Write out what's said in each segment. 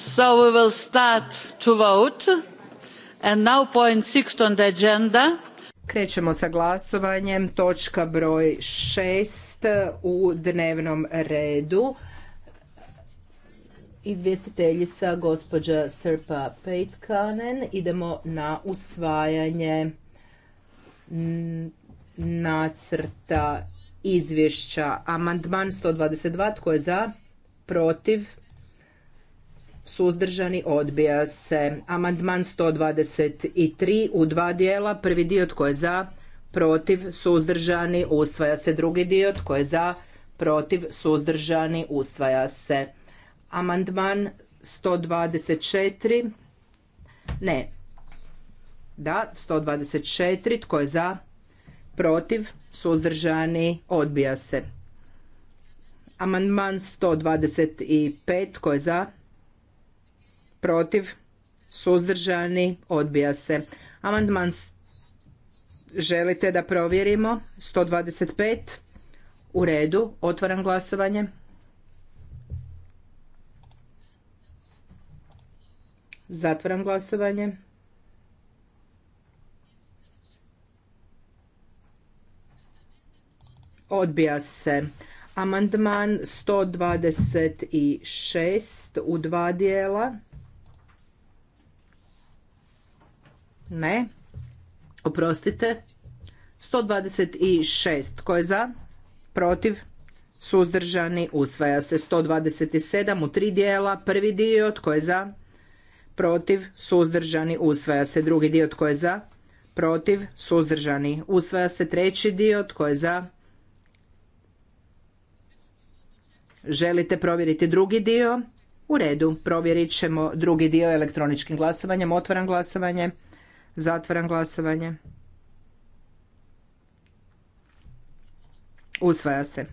So we will start to vote. And now point six on the agenda. Krećemo sa glasovanjem. Točka broj šest u dnevnom redu. Izvjestiteljica gospođa Srpa Pejtkanen. Idemo na usvajanje nacrta izvješća. Amandman 122. Tko je za? Protiv? suzdržani, odbija se. Amandman 123 u dva dijela, prvi dio tko je za, protiv, suzdržani, usvaja se. Drugi dio tko je za, protiv, suzdržani, usvaja se. Amandman 124, ne, da, 124, tko je za, protiv, suzdržani, odbija se. Amandman 125, tko je za, protiv, suzdržani, odbija se. Amandman želite da provjerimo 125 u redu, otvaram glasovanje. Zatvaram glasovanje. Odbija se. Amandman 126 u dva dijela. Ne. Oprostite. 126. Tko je za? Protiv? Suzdržani? Usvaja se. 127 u tri dijela. Prvi dio. Tko je za? Protiv? Suzdržani? Usvaja se. Drugi dio. Tko je za? Protiv? Suzdržani? Usvaja se. Treći dio. Tko je za? Želite provjeriti drugi dio? U redu. Provjerit ćemo drugi dio elektroničkim glasovanjem. Otvaram glasovanje. Zatvaram glasovanje. Usvaja se.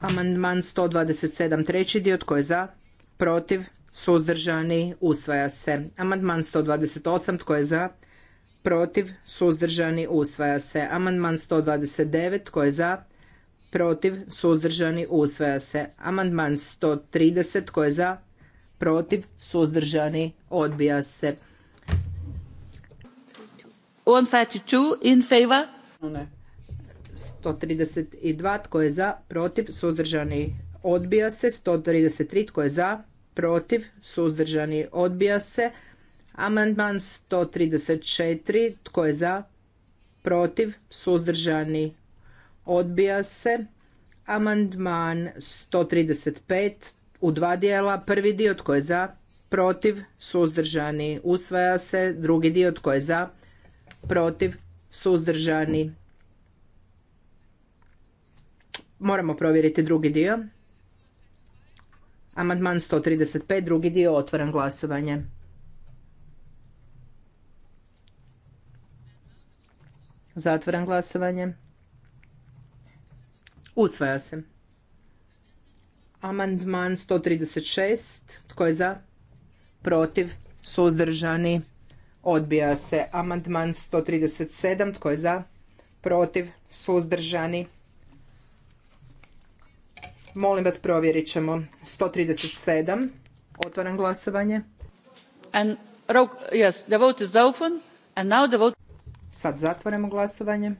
Amandman 127. treći dio. Tko je za? Protiv? Suzdržani? Usvaja se. Amandman 128. Tko je za? Protiv? Suzdržani? Usvaja se. Amandman 129. Tko je za? Protiv? Suzdržani? Usvaja se. Amandman 130. Tko je za? protiv, suzdržani, odbija se. 132 in favor. 132 tko je za, protiv, suzdržani, odbija se. 133 tko je za, protiv, suzdržani, odbija se. Amandman 134 tko je za, protiv, suzdržani, odbija se. Amandman 135 u dva dijela. Prvi dio tko je za, protiv, suzdržani, usvaja se. Drugi dio tko je za, protiv, suzdržani. Moramo provjeriti drugi dio. Amandman 135, drugi dio, otvoren glasovanje. Zatvoren glasovanje. Usvaja se. Amandman 136. Tko je za? Protiv? Suzdržani? Odbija se. Amandman 137. Tko je za? Protiv? Suzdržani? Molim vas provjerit ćemo. 137. Otvaram glasovanje. yes, the vote is open. Sad zatvaramo glasovanje.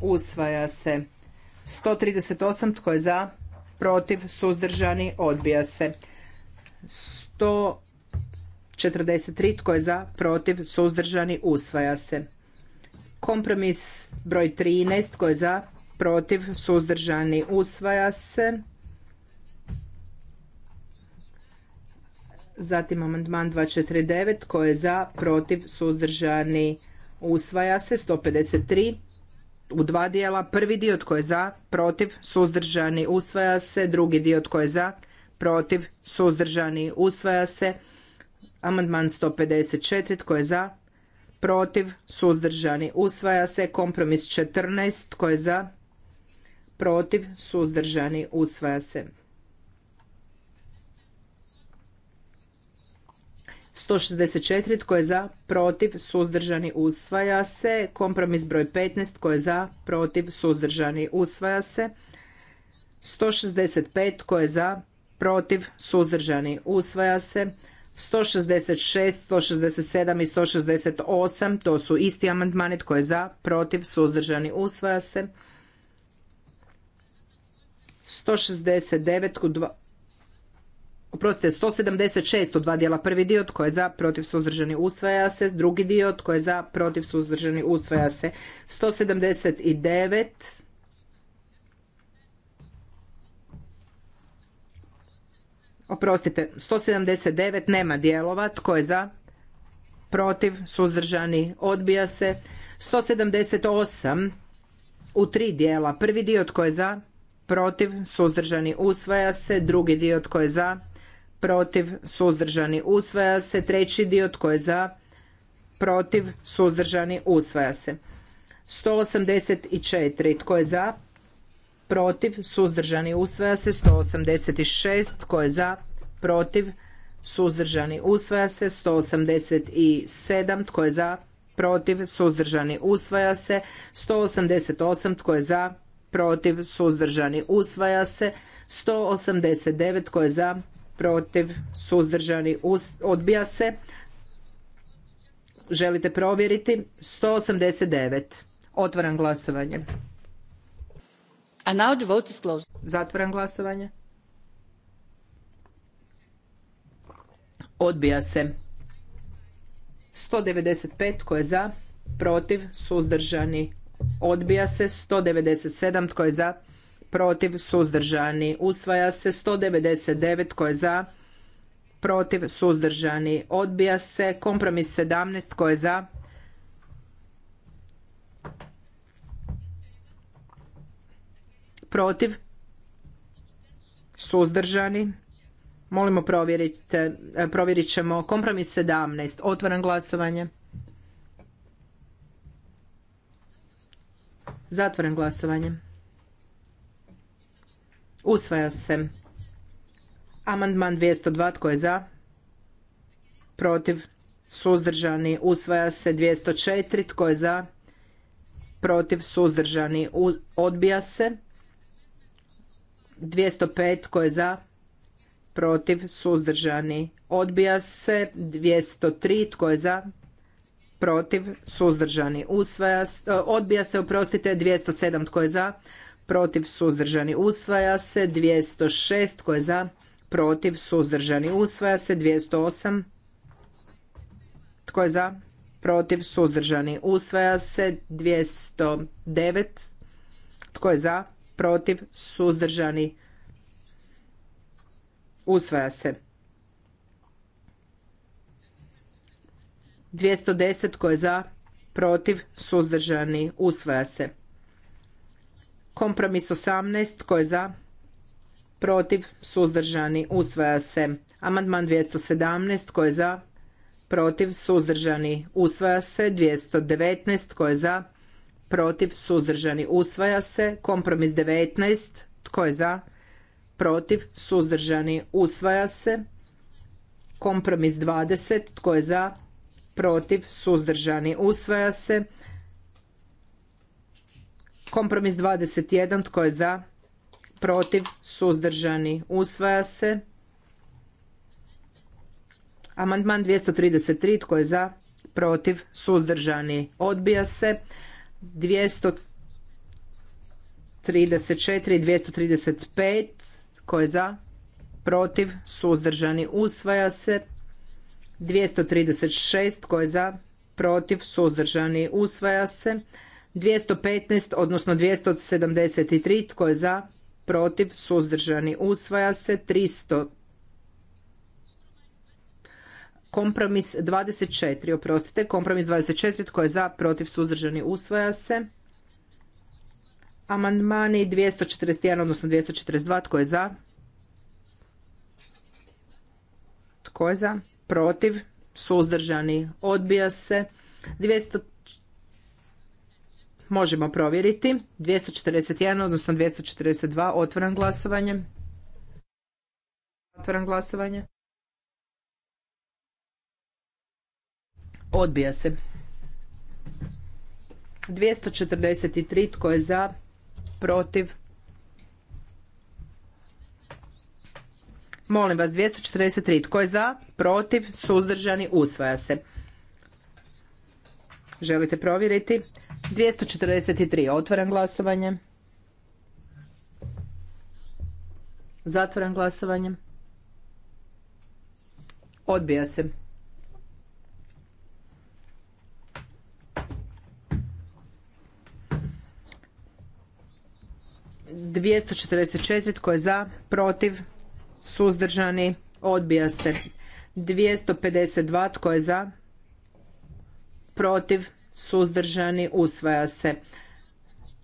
usvaja se. 138 tko je za, protiv, suzdržani, odbija se. 143 tko je za, protiv, suzdržani, usvaja se. Kompromis broj 13 tko je za, protiv, suzdržani, usvaja se. Zatim amandman 249 tko je za, protiv, suzdržani, usvaja se. 153 u dva dijela. Prvi dio tko je za, protiv, suzdržani, usvaja se. Drugi dio tko je za, protiv, suzdržani, usvaja se. Amandman 154 tko je za, protiv, suzdržani, usvaja se. Kompromis 14 tko je za, protiv, suzdržani, usvaja se. 164 tko je za, protiv, suzdržani, usvaja se. Kompromis broj 15 tko je za, protiv, suzdržani, usvaja se. 165 tko je za, protiv, suzdržani, usvaja se. 166, 167 i 168, to su isti amandmani, tko je za, protiv, suzdržani, usvaja se. 169 u dva, oprostite, 176 od dva dijela. Prvi dio tko je za, protiv suzdržani usvaja se. Drugi dio tko je za, protiv suzdržani usvaja se. 179 Oprostite, 179 nema dijelova. Tko je za? Protiv, suzdržani, odbija se. 178 u tri dijela. Prvi dio tko je za? Protiv, suzdržani, usvaja se. Drugi dio tko je za? protiv, suzdržani, usvaja se. Treći dio tko je za, protiv, suzdržani, usvaja se. 184 tko je za, protiv, suzdržani, usvaja se. 186 tko je za, protiv, suzdržani, usvaja se. 187 tko je za, protiv, suzdržani, usvaja se. 188 tko je za, protiv, suzdržani, usvaja se. 189 tko je za, protiv, suzdržani, odbija se. Želite provjeriti? 189. Otvaram glasovanje. A now glasovanje. Odbija se. 195 tko je za, protiv, suzdržani. Odbija se. 197 tko je za, protiv, suzdržani. Usvaja se 199 tko je za, protiv, suzdržani. Odbija se kompromis 17 tko je za, protiv, suzdržani. Molimo provjerite, provjerit ćemo kompromis 17. Otvaram glasovanje. Zatvaram glasovanje. Usvaja se. Amandman 202. Tko je za? Protiv? Suzdržani? Usvaja se. 204. Tko je za? Protiv? Suzdržani? Odbija se. 205. Tko je za? Protiv? Suzdržani? Odbija se. 203. Tko je za? Protiv? Suzdržani? Usvaja se. Odbija se. Oprostite. 207. Tko je za? protiv suzdržani usvaja se 206 tko je za protiv suzdržani usvaja se 208 tko je za protiv suzdržani usvaja se 209 tko je za protiv suzdržani usvaja se 210 tko je za protiv suzdržani usvaja se Kompromis 18. Tko je za? Protiv? Suzdržani? Usvaja se. Amandman 217. Tko je za? Protiv? Suzdržani? Usvaja se. 219. Tko je za? Protiv? Suzdržani? Usvaja se. Kompromis 19. Tko je za? Protiv? Suzdržani? Usvaja se. Kompromis 20. Tko je za? Protiv? Suzdržani? Usvaja se. Kompromis 21. Tko je za? Protiv? Suzdržani? Usvaja se. Amandman 233. Tko je za? Protiv? Suzdržani? Odbija se. 234 i 235. Tko je za? Protiv? Suzdržani? Usvaja se. 236. Tko je za? Protiv? Suzdržani? Usvaja se. 215 odnosno 273 tko je za protiv suzdržani usvaja se 300 kompromis 24 oprostite kompromis 24 tko je za protiv suzdržani usvaja se amandmani 241 odnosno 242 tko je za tko je za protiv suzdržani odbija se 200 Možemo provjeriti. 241, odnosno 242, otvoram glasovanje. Otvoram glasovanje. Odbija se. 243, tko je za, protiv. Molim vas, 243, tko je za, protiv, suzdržani, usvaja se. Želite provjeriti? 243. Otvoren glasovanje. Zatvoren glasovanje. Odbija se. dvjesto četrdeset četiri tko je za, protiv, suzdržani, odbija se. dvjesto pedeset dva tko je za, protiv, suzdržani, usvaja se.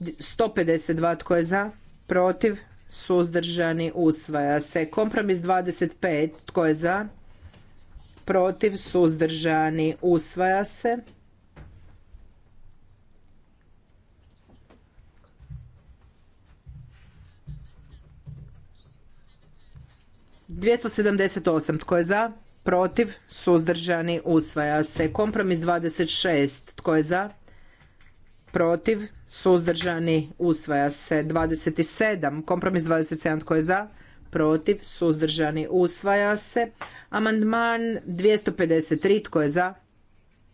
152 tko je za, protiv, suzdržani, usvaja se. Kompromis 25 tko je za, protiv, suzdržani, usvaja se. Dvjesto sedamdeset osam tko je za protiv, suzdržani, usvaja se. Kompromis 26, tko je za, protiv, suzdržani, usvaja se. 27, kompromis 27, tko je za, protiv, suzdržani, usvaja se. Amandman 253, tko je za,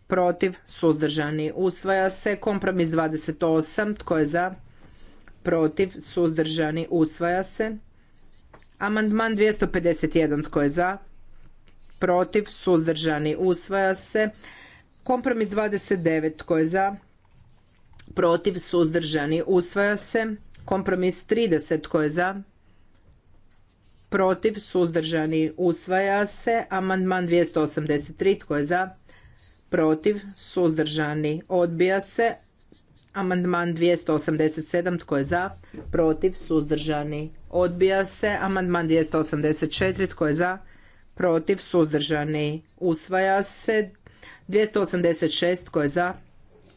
protiv, suzdržani, usvaja se. Kompromis 28, tko je za, protiv, suzdržani, usvaja se. Amandman 251, tko je za, protiv, suzdržani, usvaja se. Kompromis 29 tko je za, protiv, suzdržani, usvaja se. Kompromis 30 tko je za, protiv, suzdržani, usvaja se. Amandman 283 tko je za, protiv, suzdržani, odbija se. Amandman 287. Tko je za? Protiv? Suzdržani? Odbija se. Amandman 284. Tko je za? protiv, suzdržani, usvaja se. 286 tko je za,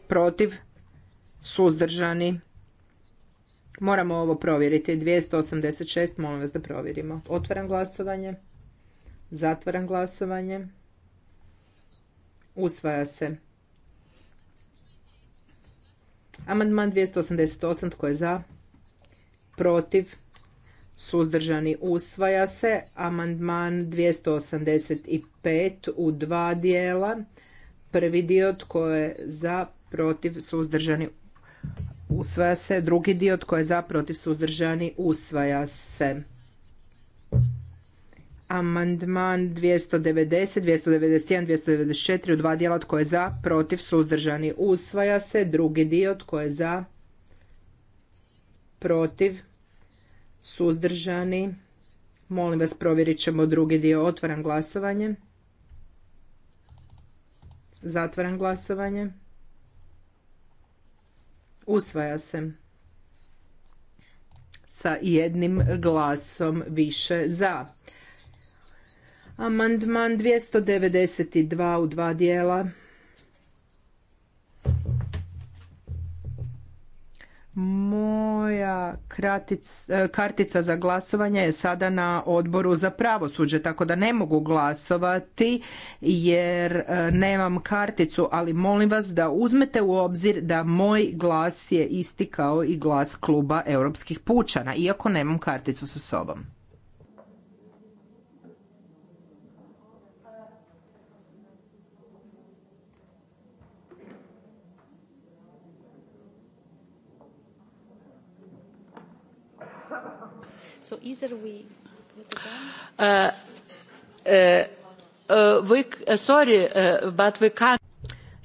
protiv, suzdržani. Moramo ovo provjeriti. 286, molim vas da provjerimo. Otvaram glasovanje. Zatvaram glasovanje. Usvaja se. Amandman 288, tko je za? Protiv? suzdržani usvaja se. Amandman 285 u dva dijela. Prvi dio tko je za, protiv, suzdržani usvaja se. Drugi dio tko je za, protiv, suzdržani usvaja se. Amandman 290, 291, 294 u dva dijela tko je za, protiv, suzdržani usvaja se. Drugi dio tko je za, protiv, suzdržani. Molim vas provjerit ćemo drugi dio. Otvaram glasovanje. Zatvaram glasovanje. Usvaja se sa jednim glasom više za. Amandman 292 u dva dijela. Moja e, kartica za glasovanje je sada na odboru za pravosuđe, tako da ne mogu glasovati jer e, nemam karticu, ali molim vas da uzmete u obzir da moj glas je isti kao i glas kluba europskih pučana, iako nemam karticu sa sobom.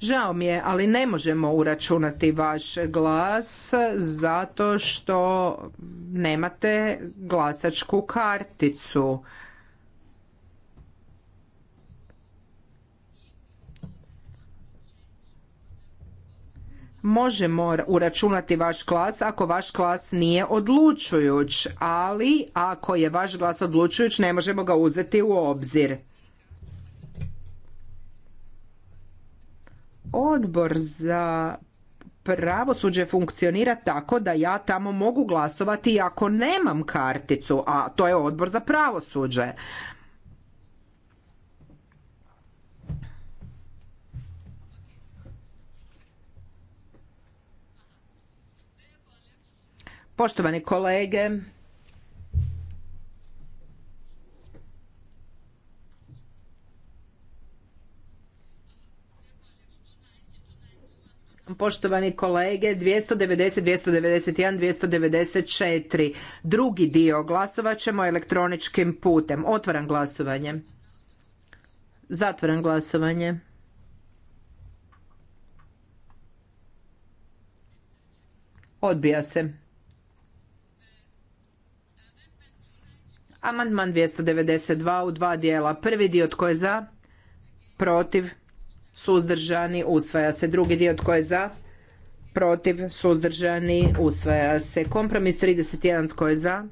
Žao mi je, ali ne možemo uračunati vaš glas zato što nemate glasačku karticu. možemo uračunati vaš glas ako vaš glas nije odlučujuć, ali ako je vaš glas odlučujuć ne možemo ga uzeti u obzir. Odbor za pravosuđe funkcionira tako da ja tamo mogu glasovati ako nemam karticu, a to je odbor za pravosuđe. Poštovani kolege, Poštovani kolege, 290, 291, 294. Drugi dio glasovat ćemo elektroničkim putem. Otvaram glasovanje. Zatvaram glasovanje. Odbija se. Amandman 292 u dva dijela. Prvi dio tko je za? Protiv? Suzdržani? Usvaja se. Drugi dio tko je za? Protiv? Suzdržani? Usvaja se. Kompromis 31 tko je za?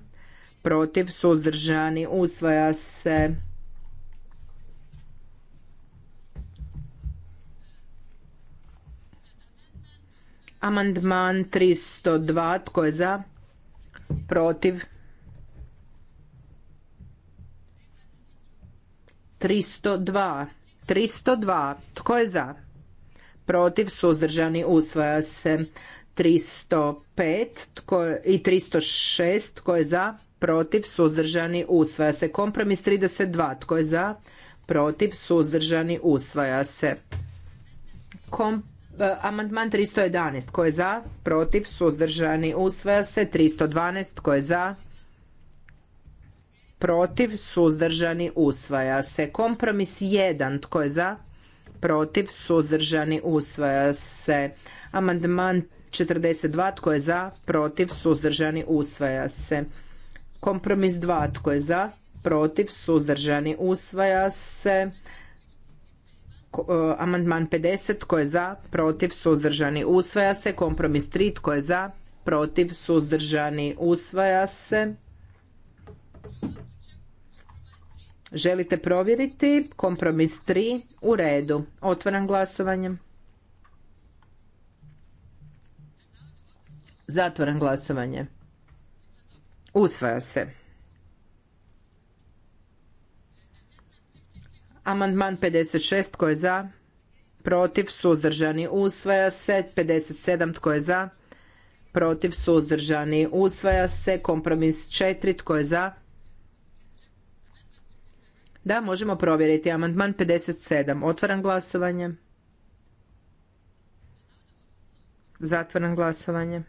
Protiv? Suzdržani? Usvaja se. Amandman 302 tko je za? Protiv? 302. 302. Tko je za? Protiv, suzdržani, usvaja se. 305 tko je, i 306. Tko je za? Protiv, suzdržani, usvaja se. Kompromis 32. Tko je za? Protiv, suzdržani, usvaja se. E, amandman 311. Tko je za? Protiv, suzdržani, usvaja se. 312. Tko je za? protiv, suzdržani, usvaja se. Kompromis 1, tko je za, protiv, suzdržani, usvaja se. Amandman 42, tko je za, protiv, suzdržani, usvaja se. Kompromis 2, tko je za, protiv, suzdržani, usvaja se. E, amandman 50, tko je za, protiv, suzdržani, usvaja se. Kompromis 3, tko je za, protiv, suzdržani, usvaja se. Želite provjeriti? Kompromis 3 u redu. Otvaram glasovanje. Zatvaram glasovanje. Usvaja se. Amandman 56 tko je za? Protiv suzdržani usvaja se. 57 tko je za? Protiv suzdržani usvaja se. Kompromis 4 tko je za? Da, možemo provjeriti. Amandman 57. Otvaram glasovanje. Zatvaram glasovanje.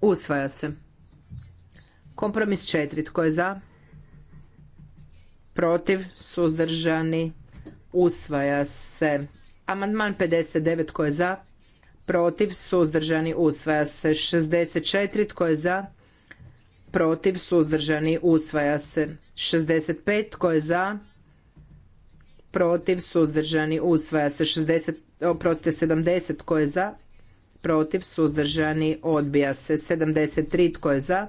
Usvaja se. Kompromis četiri. Tko je za? Protiv? Suzdržani? Usvaja se. Amandman 59. Tko je za? Protiv? Suzdržani? Usvaja se. 64. Tko je za? protiv, suzdržani, usvaja se. 65 tko je za, protiv, suzdržani, usvaja se. 60, oprostite, 70 tko je za, protiv, suzdržani, odbija se. 73 tko je za,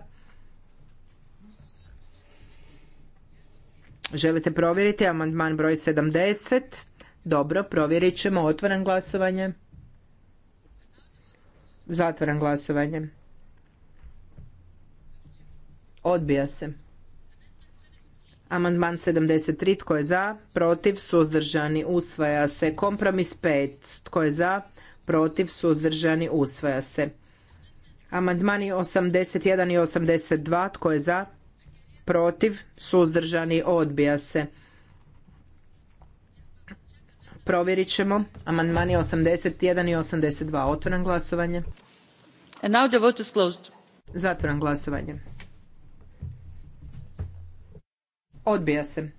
Želite provjeriti amandman broj 70? Dobro, provjerit ćemo. Otvoren glasovanje. Zatvoren glasovanje. Odbija se. Amandman 73. Tko je za? Protiv? Suzdržani? Usvaja se. Kompromis 5. Tko je za? Protiv? Suzdržani? Usvaja se. Amandmani 81 i 82. Tko je za? Protiv? Suzdržani? Odbija se. Provjerit ćemo. Amandmani 81 i 82. Otvoram glasovanje. And now the glasovanje. Odbija se.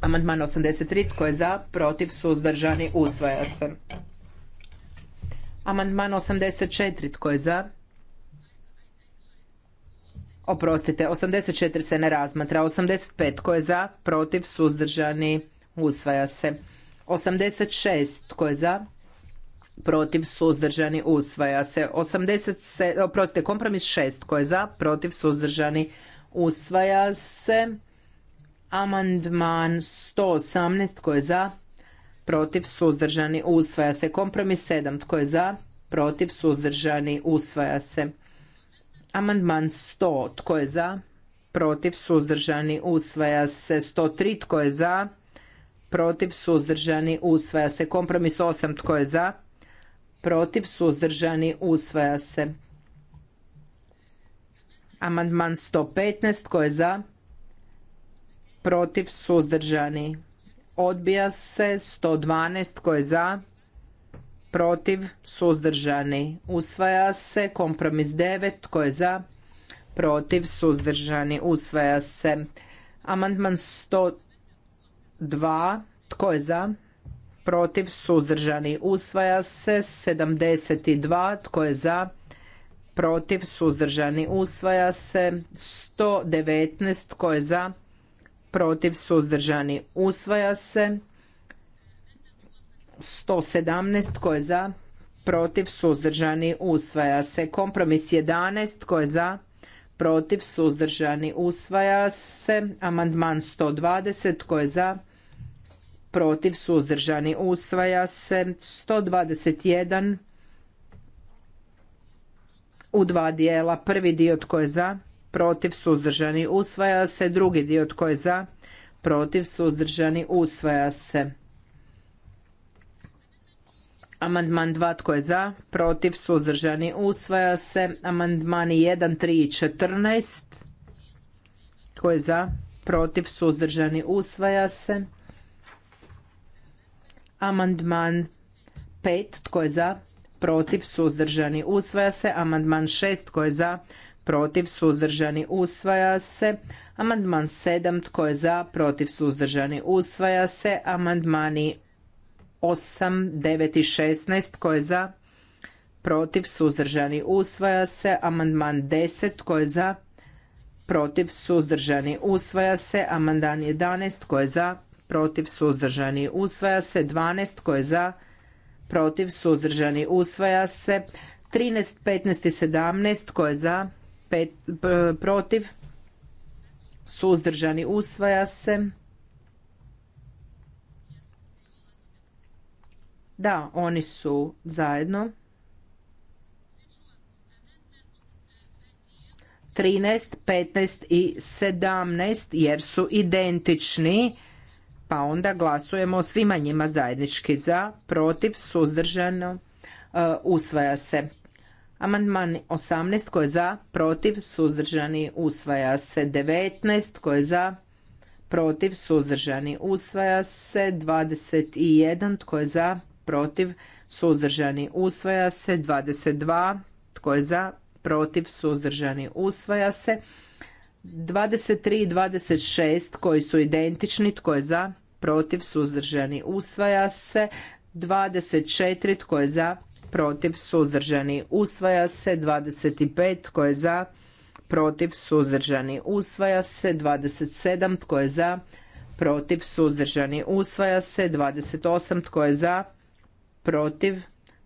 Amandman 83. Tko je za? Protiv? Suzdržani? Usvaja se. Amandman 84. Tko je za? Oprostite, 84 se ne razmatra. 85. Tko je za? Protiv? Suzdržani? Usvaja se. 86. Tko je za? protiv suzdržani usvaja se. oprostite, kompromis 6 koje je za, protiv suzdržani usvaja se. Amandman 118 tko je za, protiv suzdržani usvaja se. Kompromis 7 tko je za, protiv suzdržani usvaja se. Amandman 100 tko je za, protiv suzdržani usvaja se. 103 tko je za, protiv suzdržani usvaja se. Kompromis 8 tko je za, protiv, suzdržani, usvaja se. Amandman 115, tko je za? Protiv, suzdržani. Odbija se 112, tko je za? Protiv, suzdržani. Usvaja se kompromis 9, tko je za? Protiv, suzdržani. Usvaja se. Amandman 102, tko je za? protiv, suzdržani, usvaja se. 72 tko je za, protiv, suzdržani, usvaja se. 119 tko je za, protiv, suzdržani, usvaja se. 117 tko je za, protiv, suzdržani, usvaja se. Kompromis 11 tko je za, protiv, suzdržani, usvaja se. Amandman 120 tko je za, protiv, suzdržani, usvaja se. 121 u dva dijela. Prvi dio tko je za, protiv, suzdržani, usvaja se. Drugi dio tko je za, protiv, suzdržani, usvaja se. Amandman 2 tko je za, protiv, suzdržani, usvaja se. Amandmani 1, 3 i 14 tko je za, protiv, suzdržani, usvaja se. Amandman 5. Tko je za? Protiv. Suzdržani. Usvaja se. Amandman 6. Tko je za? Protiv. Suzdržani. Usvaja se. Amandman 7. Tko je za? Protiv. Suzdržani. Usvaja se. Amandmani 8, 9 i 16. Tko je za? Protiv. Suzdržani. Usvaja se. Amandman 10. Tko je za? Protiv. Suzdržani. Usvaja se. Amandman 11. Tko je za? protiv suzdržani usvaja se 12 tko je za protiv suzdržani usvaja se 13 15 i 17 tko je za pet, protiv suzdržani usvaja se Da, oni su zajedno. 13, 15 i 17 jer su identični pa onda glasujemo svima njima zajednički za, protiv, suzdržano, e, usvaja se. Amandman 18 tko je za, protiv, suzdržani, usvaja se. 19 tko je za, protiv, suzdržani, usvaja se. 21 tko je za, protiv, suzdržani, usvaja se. 22 tko je za, protiv, suzdržani, usvaja se. 23 i 26 koji su identični, tko je za, protiv, suzdržani, usvaja se. 24 tko je za, protiv, suzdržani, usvaja se. 25 tko je za, protiv, suzdržani, usvaja se. 27 tko je za, protiv, suzdržani, usvaja se. 28 tko je za, protiv,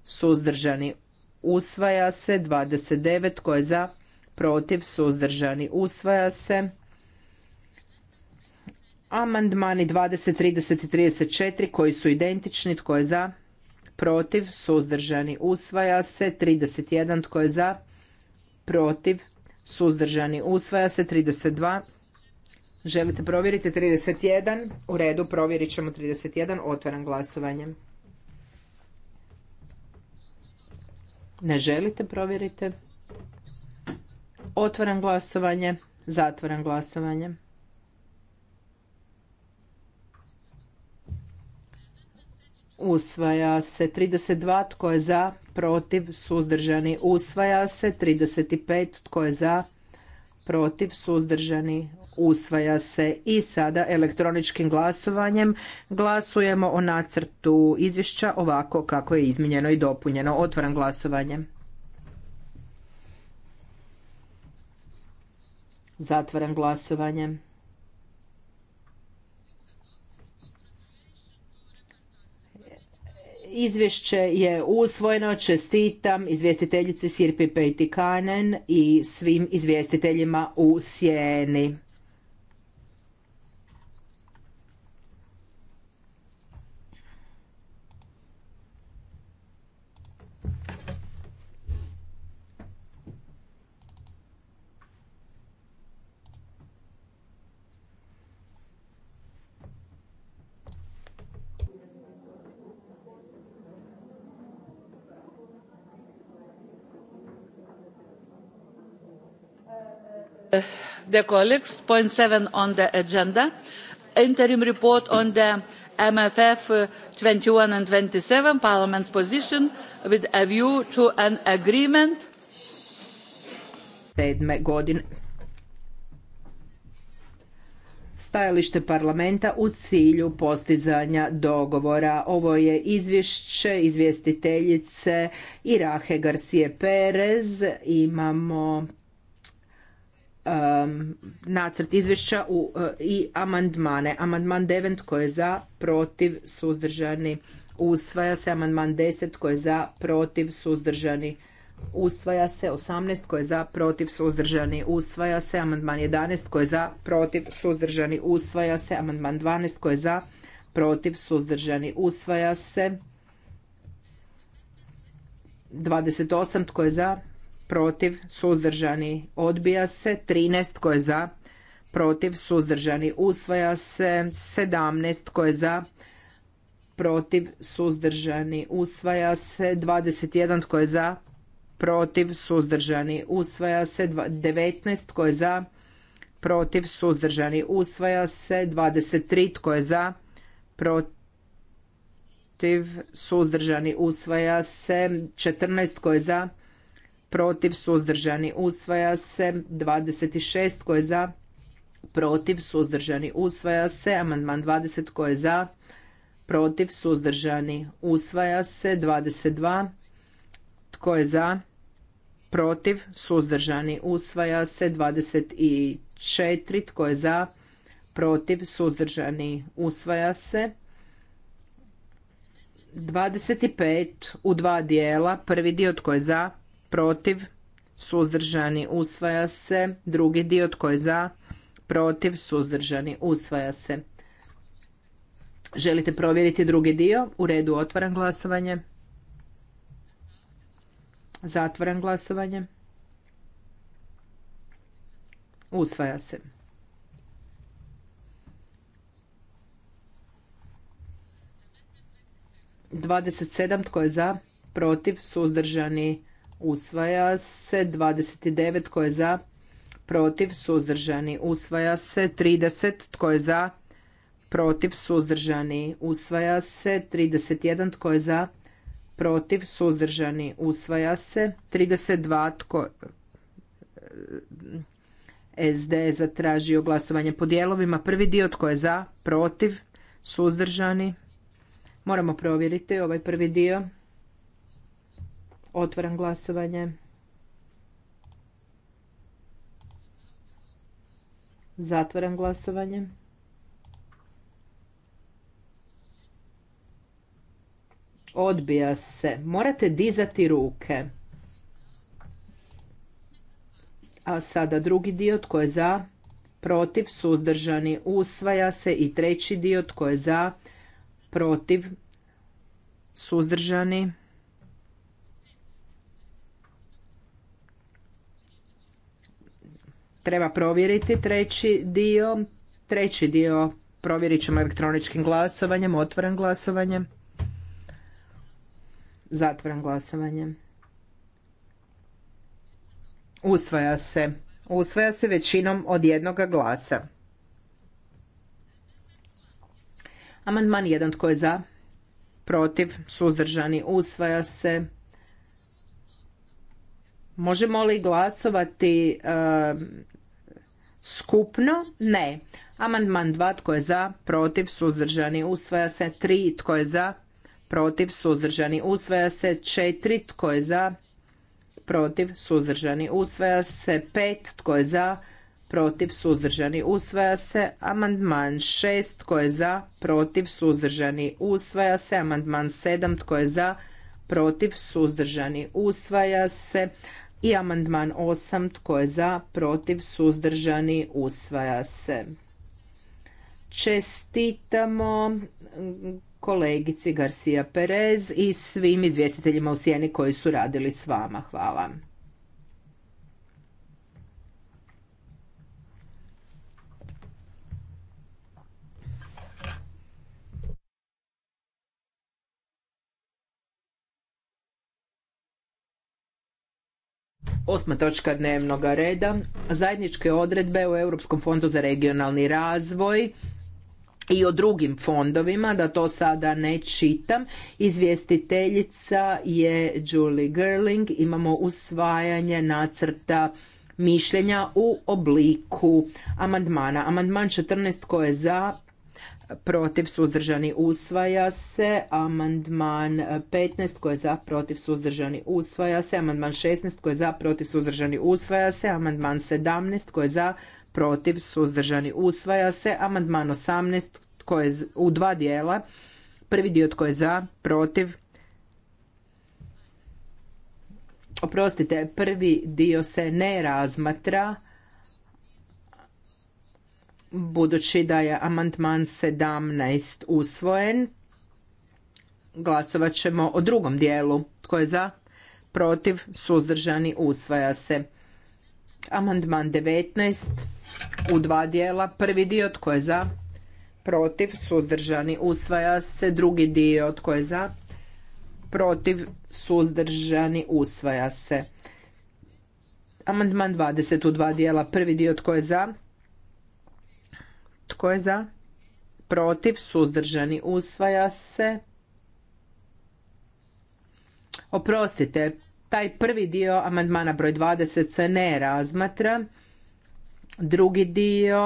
suzdržani, usvaja se. 29 tko je za, protiv, suzdržani, usvaja se. Amandmani 20, 30 i 34 koji su identični, tko je za, protiv, suzdržani, usvaja se. 31 tko je za, protiv, suzdržani, usvaja se. 32 Želite provjeriti 31? U redu, provjerit ćemo 31. Otvaram glasovanje. Ne želite provjerite? Otvaram glasovanje. Zatvaram glasovanje. Usvaja se 32 tko je za, protiv, suzdržani. Usvaja se 35 tko je za, protiv, suzdržani. Usvaja se i sada elektroničkim glasovanjem glasujemo o nacrtu izvješća ovako kako je izmijenjeno i dopunjeno. Otvaram glasovanje. Zatvaram glasovanje. Izvješće je usvojeno, čestitam izvjestiteljici Sirpi Pejtikanen i svim izvjestiteljima u Sjeni. the colleagues, point seven on the agenda, interim report on the MFF uh, twenty one and twenty seven, Parliament's position with a view to an agreement. godine stajalište parlamenta u cilju postizanja dogovora. Ovo je izvješće izvjestiteljice Irahe Garcije Perez. Imamo Um, nacrt izvješća u, uh, i amandmane. Amandman 9 koji je za, protiv, suzdržani, usvaja se. Amandman 10 koji je za, protiv, suzdržani, usvaja se. 18 koji je za, protiv, suzdržani, usvaja se. Amandman 11 koji je za, protiv, suzdržani, usvaja se. Amandman 12 koji je za, protiv, suzdržani, usvaja se. 28 tko je za, protiv, suzdržani, odbija se. 13 tko je za, protiv, suzdržani, usvaja se. 17 tko je za, protiv, suzdržani, usvaja se. 21 tko je za, protiv, suzdržani, usvaja se. 19 tko je za, protiv, suzdržani, usvaja se. 23 tko je za, protiv, suzdržani usvaja se, 14 tko je za, protiv, suzdržani, usvaja se. 26 tko je za, protiv, suzdržani, usvaja se. Amandman 20 tko je za, protiv, suzdržani, usvaja se. 22 tko je za, protiv, suzdržani, usvaja se. 24 tko je za, protiv, suzdržani, usvaja se. 25 u dva dijela, prvi dio tko je za, protiv, suzdržani, usvaja se. Drugi dio tko je za, protiv, suzdržani, usvaja se. Želite provjeriti drugi dio? U redu otvaram glasovanje. Zatvaram glasovanje. Usvaja se. Dvadeset sedam tko je za, protiv, suzdržani, usvaja se 29 tko je za protiv suzdržani usvaja se 30 tko je za protiv suzdržani usvaja se 31 tko je za protiv suzdržani usvaja se 32 tko SD je zatražio glasovanje po dijelovima prvi dio tko je za protiv suzdržani moramo provjeriti ovaj prvi dio Otvaram glasovanje. Zatvaram glasovanje. Odbija se. Morate dizati ruke. A sada drugi dio tko je za, protiv, suzdržani, usvaja se i treći dio tko je za, protiv, suzdržani, treba provjeriti treći dio. Treći dio provjerit ćemo elektroničkim glasovanjem. Otvoren glasovanjem. Zatvoren glasovanjem. Usvaja se. Usvaja se većinom od jednoga glasa. Amandman 1. Tko je za? Protiv? Suzdržani? Usvaja se. Možemo li glasovati e, skupno? Ne. Amandman 2. Tko je za? Protiv? Suzdržani? Usvaja se. 3. Tko je za? Protiv? Suzdržani? Usvaja se. 4. Tko je za? Protiv? Suzdržani? Usvaja se. 5. Tko je za? Protiv? Suzdržani? Usvaja se. Amandman 6. Tko je za? Protiv? Suzdržani? Usvaja se. Amandman 7. Tko je za? Protiv? Suzdržani? Usvaja se. I amandman 8. Tko je za? Protiv? Suzdržani? Usvaja se. Čestitamo mm, kolegici Garcia Perez i svim izvjestiteljima u Sjeni koji su radili s vama. Hvala. Osma točka dnevnog reda, zajedničke odredbe u Europskom fondu za regionalni razvoj i o drugim fondovima, da to sada ne čitam. Izvjestiteljica je Julie Gerling. Imamo usvajanje nacrta mišljenja u obliku amandmana. Amandman 14 ko je za, protiv suzdržani usvaja se. Amandman 15 koji je za protiv suzdržani usvaja se. Amandman 16 koji je za protiv suzdržani usvaja se. Amandman 17 koji je za protiv suzdržani usvaja se. Amandman 18 koji u dva dijela. Prvi dio tko je za protiv Oprostite, prvi dio se ne razmatra Budući da je amandman 17 usvojen, glasovat ćemo o drugom dijelu. Tko je za? Protiv? Suzdržani? Usvaja se. Amandman 19 u dva dijela. Prvi dio tko je za? Protiv? Suzdržani? Usvaja se. Drugi dio tko je za? Protiv? Suzdržani? Usvaja se. Amandman 20 u dva dijela. Prvi dio tko je za? Tko je za? Protiv, suzdržani, usvaja se. Oprostite, taj prvi dio amandmana broj 20 se ne razmatra. Drugi dio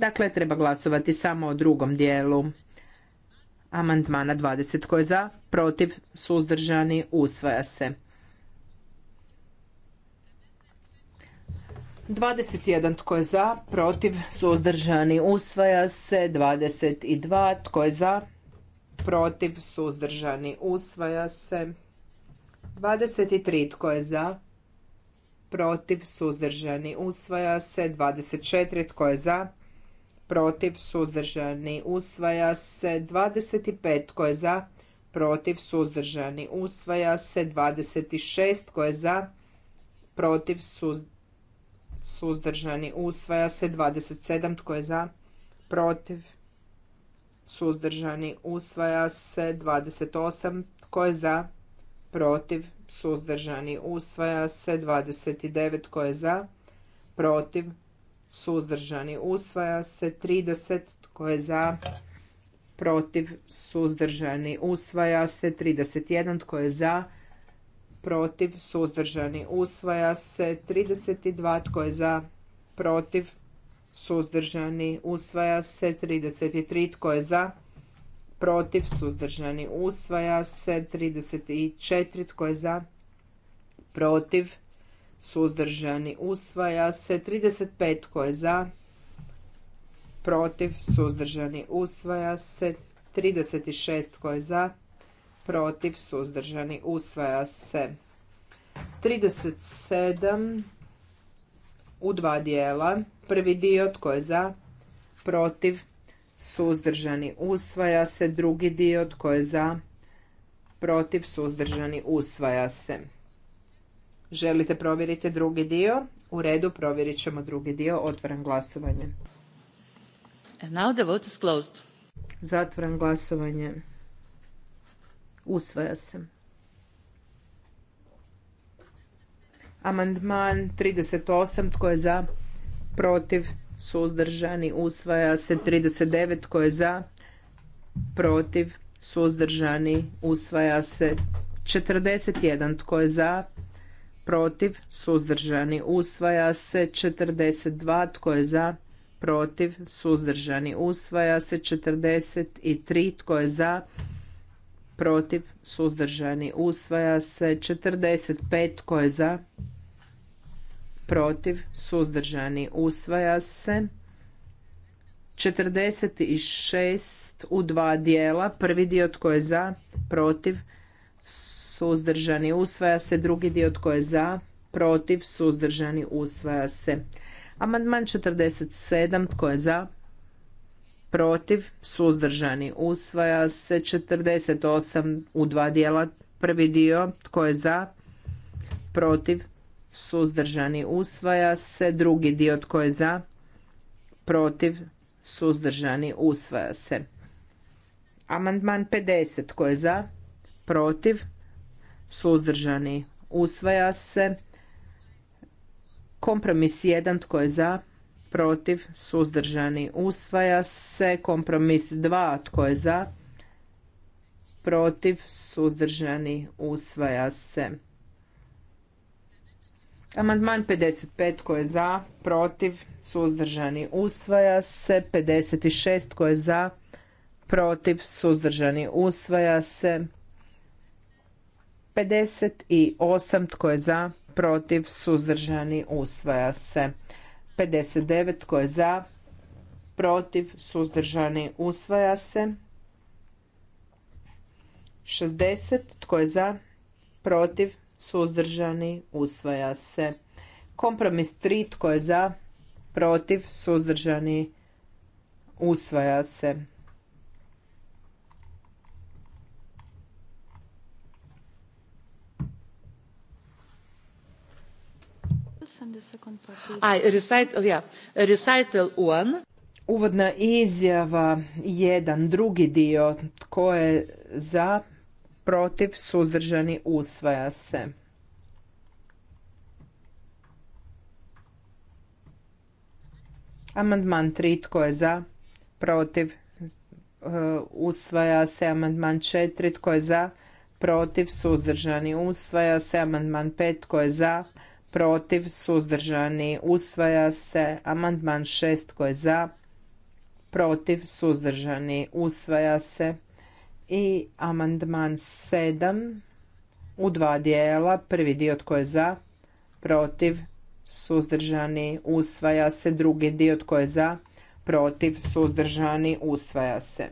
Dakle, treba glasovati samo o drugom dijelu. Amandmana 20. Tko je za? Protiv? Suzdržani? Usvaja se. 21 tko je za, protiv, suzdržani, usvaja se. 22 tko je za, protiv, suzdržani, usvaja se. 23 tko je za, protiv, suzdržani, usvaja se. 24 tko je za, protiv, suzdržani, usvaja se. 25 tko je za, protiv, suzdržani, usvaja se. 26 tko je za, protiv, suzdržani suzdržani, usvaja se 27, tko je za, protiv, suzdržani, usvaja se 28, tko je za, protiv, suzdržani, usvaja se 29, tko je za, protiv, suzdržani, usvaja se 30, tko je za, protiv, suzdržani, usvaja se 31, tko je za, protiv, suzdržani. Usvaja se 32. Tko je za, protiv, suzdržani. Usvaja se 33. Tko je za, protiv, suzdržani. Usvaja se 34. Tko je za, protiv, suzdržani. Usvaja se 35. Tko je za, protiv, suzdržani. Usvaja se 36. Tko je za, protiv, suzdržani, usvaja se. 37 u dva dijela. Prvi dio tko je za, protiv, suzdržani, usvaja se. Drugi dio tko je za, protiv, suzdržani, usvaja se. Želite provjeriti drugi dio? U redu, provjerit ćemo drugi dio. Otvoren glasovanje. And now the glasovanje. Usvaja se. Amandman 38. Tko je za? Protiv? Suzdržani? Usvaja se. 39. Tko je za? Protiv? Suzdržani? Usvaja se. 41. Tko je za? Protiv? Suzdržani? Usvaja se. 42. Tko je za? Protiv? Suzdržani? Usvaja se. 43. Tko je za? Protiv? protiv, suzdržani, usvaja se. 45 tko je za, protiv, suzdržani, usvaja se. 46 u dva dijela, prvi dio tko je za, protiv, suzdržani, usvaja se. Drugi dio tko je za, protiv, suzdržani, usvaja se. Amandman 47 tko je za, protiv, suzdržani, usvaja se 48 u dva dijela, prvi dio, tko je za, protiv, suzdržani, usvaja se, drugi dio, tko je za, protiv, suzdržani, usvaja se. Amandman 50, tko je za, protiv, suzdržani, usvaja se. Kompromis 1, tko je za, protiv, suzdržani, usvaja se. Kompromis 2, tko je za, protiv, suzdržani, usvaja se. Amandman 55 tko je za, protiv, suzdržani, usvaja se. 56 tko je za, protiv, suzdržani, usvaja se. 58 tko je za, protiv, suzdržani, usvaja se. 59 tko je za, protiv, suzdržani, usvaja se. 60 tko je za, protiv, suzdržani, usvaja se. Kompromis 3 tko je za, protiv, suzdržani, usvaja se. and the second part. A, recital, yeah. Recital one. Uvodna izjava, jedan, drugi dio, tko je za, protiv, suzdržani, usvaja se. Amandman 3, tko je za, protiv, uh, usvaja se. Amandman 4, tko je za, protiv, suzdržani, usvaja se. Amandman 5, tko je za, protiv, suzdržani, usvaja se. Amandman 6 tko je za, protiv, suzdržani, usvaja se. I amandman 7 u dva dijela, prvi dio tko je za, protiv, suzdržani, usvaja se. Drugi dio tko je za, protiv, suzdržani, usvaja se.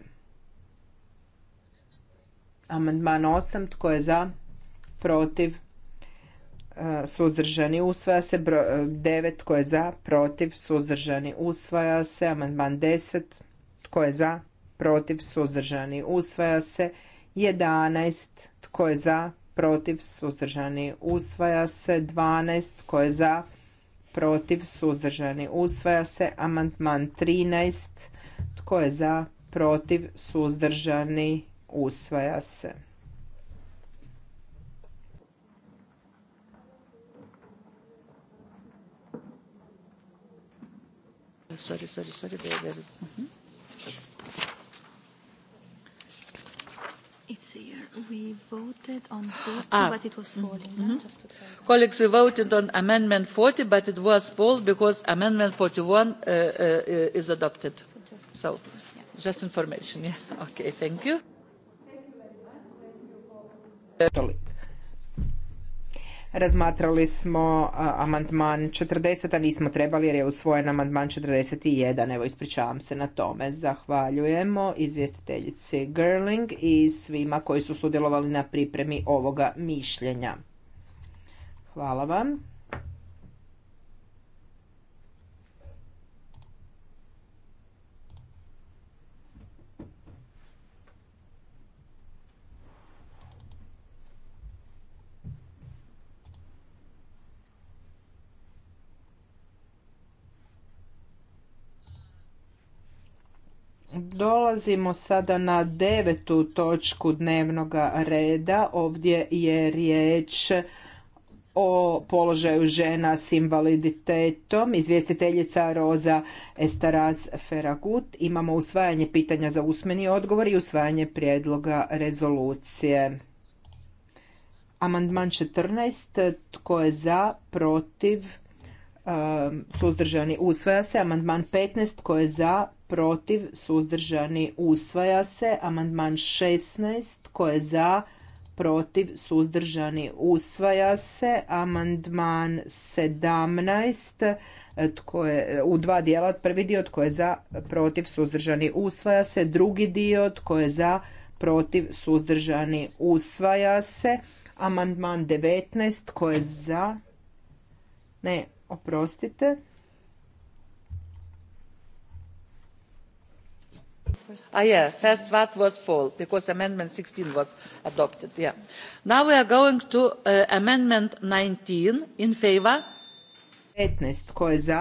Amandman 8 tko je za, protiv, suzdržani usvaja se, Devet tko je za, protiv, suzdržani usvaja se, amandman 10 tko je za, protiv, suzdržani usvaja se, 11 tko je za, protiv, suzdržani usvaja se, 12 tko je za, protiv, suzdržani usvaja se, amandman 13 tko je za, protiv, suzdržani usvaja se. sorry, sorry, sorry, there, there is... Mm It's here. We voted on 40, ah, but it was mm-hmm, falling. Mm Colleagues, we voted on Amendment 40, but it was pulled because Amendment 41 uh, uh, is adopted. So, just, so, yeah. just information. Yeah. Okay, thank you. Thank you very much. Uh, Razmatrali smo amandman 40, a nismo trebali jer je usvojen amandman 41. Evo, ispričavam se na tome. Zahvaljujemo izvjestiteljici Girling i svima koji su sudjelovali na pripremi ovoga mišljenja. Hvala vam. Dolazimo sada na devetu točku dnevnog reda. Ovdje je riječ o položaju žena s invaliditetom. Izvjestiteljica Roza Estaraz Feragut. Imamo usvajanje pitanja za usmeni odgovor i usvajanje prijedloga rezolucije. Amandman 14. Tko je za, protiv, um, suzdržani, usvaja se. Amandman 15. Tko je za, protiv, suzdržani, usvaja se. Amandman 16, tko je za, protiv, suzdržani, usvaja se. Amandman 17, tko je, u dva dijela, prvi dio tko je za, protiv, suzdržani, usvaja se. Drugi dio tko je za, protiv, suzdržani, usvaja se. Amandman 19, tko je za, ne, oprostite. Ah, yes VAT was because Amendment 16 was adopted. Now we are going to uh, Amendment 19 in favor. petnaest Tko je za?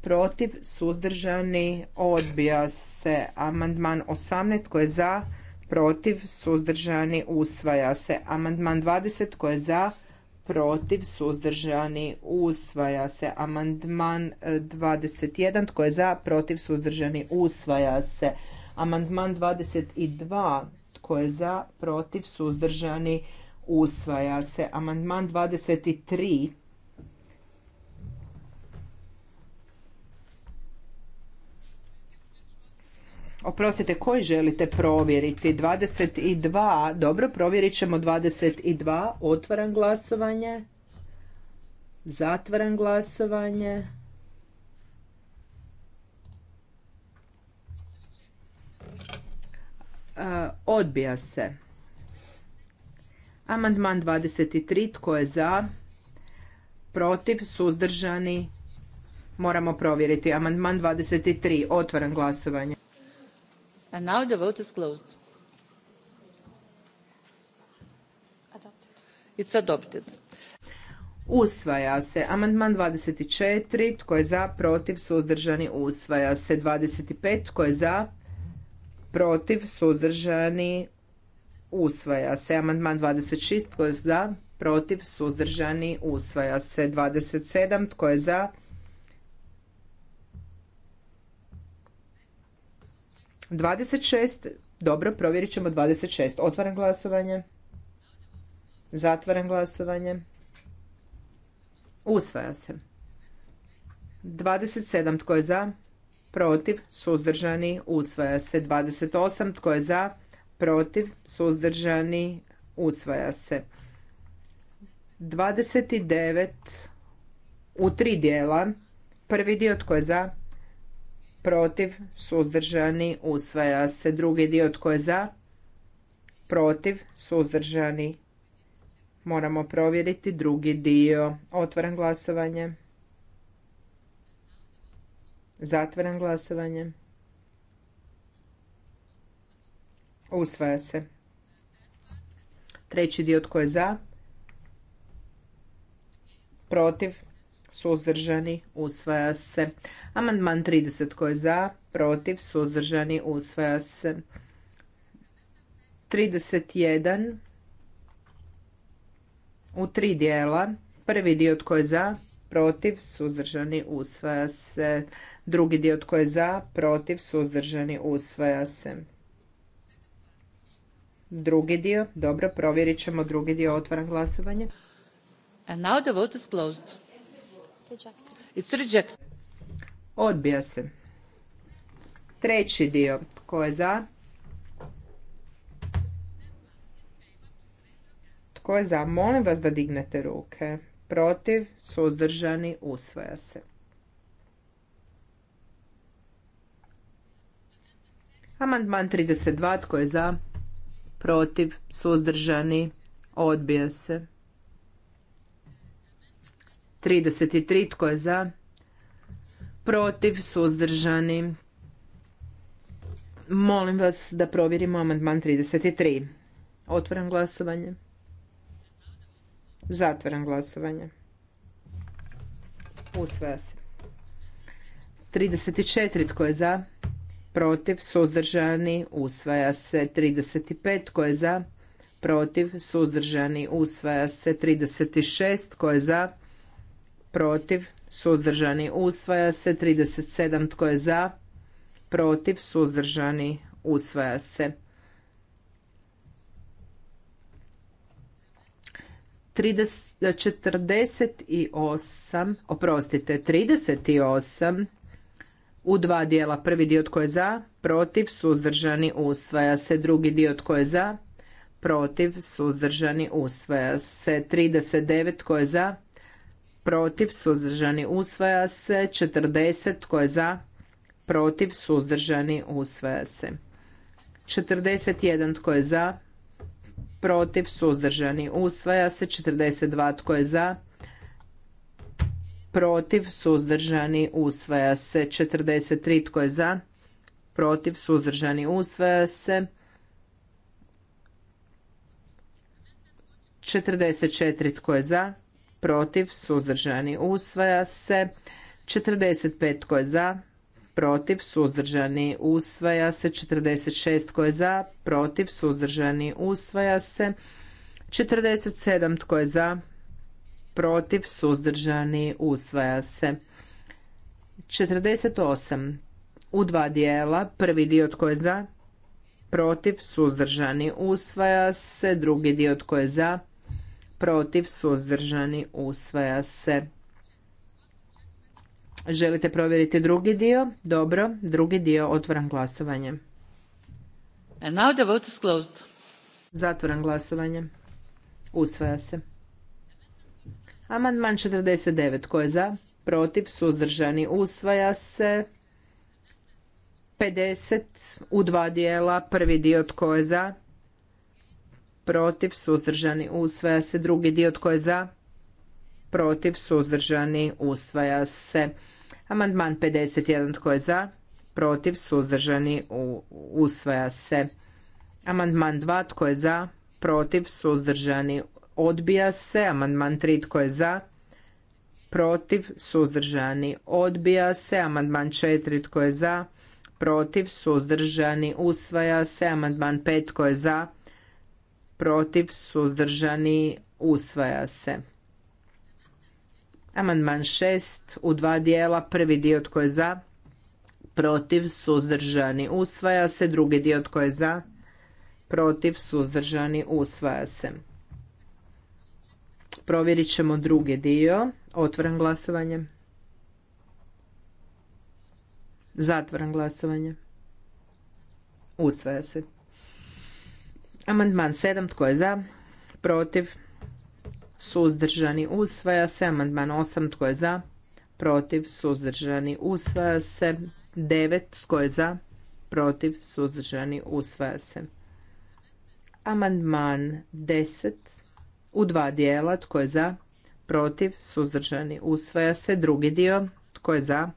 Protiv? Suzdržani? Odbija se. Amandman osamnaest Tko je za? Protiv? Suzdržani? Usvaja se. Amandman dvadeset Tko je za? protiv, suzdržani, usvaja se. Amandman 21, e, tko je za, protiv, suzdržani, usvaja se. Amandman 22, tko je za, protiv, suzdržani, usvaja se. Amandman 23, Oprostite, koji želite provjeriti? 22. Dobro, provjerit ćemo 22. Otvaram glasovanje. Zatvaram glasovanje. E, odbija se. Amandman 23. Tko je za? Protiv? Suzdržani? Moramo provjeriti. Amandman 23. Otvaram glasovanje now the vote is closed. It's adopted. Usvaja se amandman 24, tko je za, protiv, suzdržani, usvaja se 25, tko je za, protiv, suzdržani, usvaja se amandman 26, tko je za, protiv, suzdržani, usvaja se 27, tko je za, 26, dobro, provjerit ćemo 26. Otvaram glasovanje. Zatvaram glasovanje. Usvaja se. 27. Tko je za? Protiv. Suzdržani. Usvaja se. 28. Tko je za? Protiv. Suzdržani. Usvaja se. 29. U tri dijela. Prvi dio tko je za? protiv, suzdržani, usvaja se. Drugi dio tko je za, protiv, suzdržani. Moramo provjeriti drugi dio. otvoren glasovanje. zatvoren glasovanje. Usvaja se. Treći dio tko je za, protiv, suzdržani, usvaja se. Amandman 30 koji je za, protiv, suzdržani, usvaja se. 31 u tri dijela. Prvi dio tko je za, protiv, suzdržani, usvaja se. Drugi dio tko je za, protiv, suzdržani, usvaja se. Drugi dio, dobro, provjerit ćemo drugi dio, otvaram glasovanje. And now the vote is closed. It's rejected. Odbija se. Treći dio. Tko je za? Tko je za? Molim vas da dignete ruke. Protiv, suzdržani, usvaja se. Amandman 32. Tko je za? Protiv, suzdržani, odbija se. 33 tko je za? Protiv, suzdržani. Molim vas da provjerimo amandman 33. Otvaram glasovanje. Zatvaram glasovanje. Usvaja se. 34 tko je za? Protiv, suzdržani, usvaja se. 35 tko je za? Protiv, suzdržani, usvaja se. 36 tko je za? protiv, suzdržani, usvaja se. 37 tko je za, protiv, suzdržani, usvaja se. 30, 48, oprostite, 38 u dva dijela. Prvi dio tko je za, protiv, suzdržani, usvaja se. Drugi dio tko je za, protiv, suzdržani, usvaja se. 39 tko je za, protiv, suzdržani, usvaja se. 40 tko je za, protiv, suzdržani, usvaja se. 41 tko je za, protiv, suzdržani, usvaja se. 42 tko je za, protiv, suzdržani, usvaja se. 43 tko je za, protiv, suzdržani, usvaja se. 44 tko je za, protiv, suzdržani, usvaja se. 45 tko je za, protiv, suzdržani, usvaja se. 46 tko je za, protiv, suzdržani, usvaja se. 47 tko je za, protiv, suzdržani, usvaja se. 48 u dva dijela, prvi dio tko je za, protiv, suzdržani, usvaja se. Drugi dio tko je za, protiv, suzdržani, usvaja se. Želite provjeriti drugi dio? Dobro, drugi dio, otvoram glasovanje. And now the glasovanje. Usvaja se. Amandman 49. ko je za? Protiv? Suzdržani? Usvaja se. 50 u dva dijela. Prvi dio tko je za? protiv, suzdržani, usvaja se. Drugi dio tko je za, protiv, suzdržani, usvaja se. Amandman 51 tko je za, protiv, suzdržani, usvaja se. Amandman 2 tko je za, protiv, suzdržani, odbija se. Amandman 3 tko je za, protiv, suzdržani, odbija se. Amandman 4 tko je za, protiv, suzdržani, usvaja se. Amandman 5 tko je za, protiv, suzdržani, usvaja se. Amandman 6 u dva dijela, prvi dio tko je za, protiv, suzdržani, usvaja se, drugi dio tko je za, protiv, suzdržani, usvaja se. Provjerit ćemo drugi dio. Otvoren glasovanje. Zatvoren glasovanje. Usvaja se. Amandman 7. Tko je za? Protiv? Suzdržani? Usvaja se. Amandman 8. Tko je za? Protiv? Suzdržani? Usvaja se. 9. Tko je za? Protiv? Suzdržani? Usvaja se. Amandman 10. U dva dijela. Tko je za? Protiv? Suzdržani? Usvaja se. Drugi dio. Tko je za?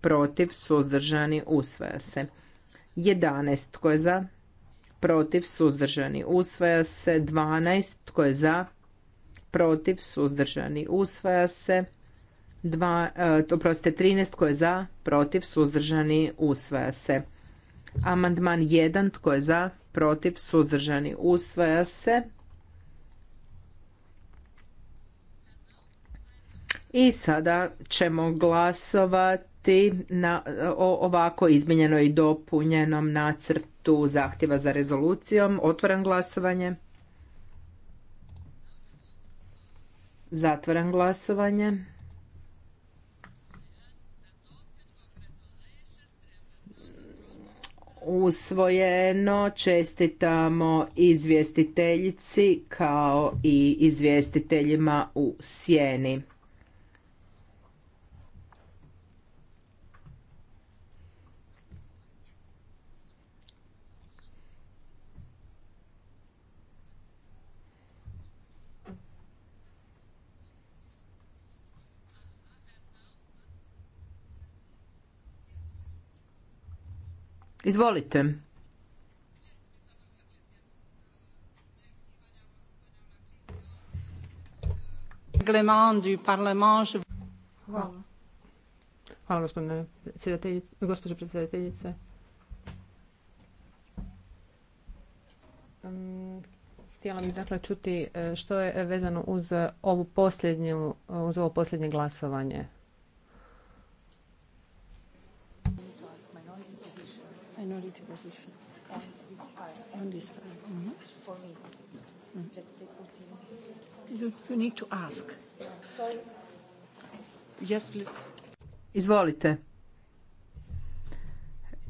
Protiv? Suzdržani? Usvaja se. 11. Tko je za? protiv, suzdržani, usvaja se. 12 tko je za, protiv, suzdržani, usvaja se. Dva, e, oprostite, 13 tko je za, protiv, suzdržani, usvaja se. Amandman 1 tko je za, protiv, suzdržani, usvaja se. I sada ćemo glasovati na, o ovako izmijenjenom i dopunjenom nacrtu tu zahtjeva za rezolucijom. Otvaram glasovanje. Zatvaram glasovanje. Usvojeno čestitamo izvjestiteljici kao i izvjestiteljima u sjeni. Izvolite. Hvala. Hvala gospođo predsjedateljice. Htjela bih dakle čuti e, što je vezano uz ovu uz ovo posljednje glasovanje. minority position. For me. Mm-hmm. need to ask. Izvolite.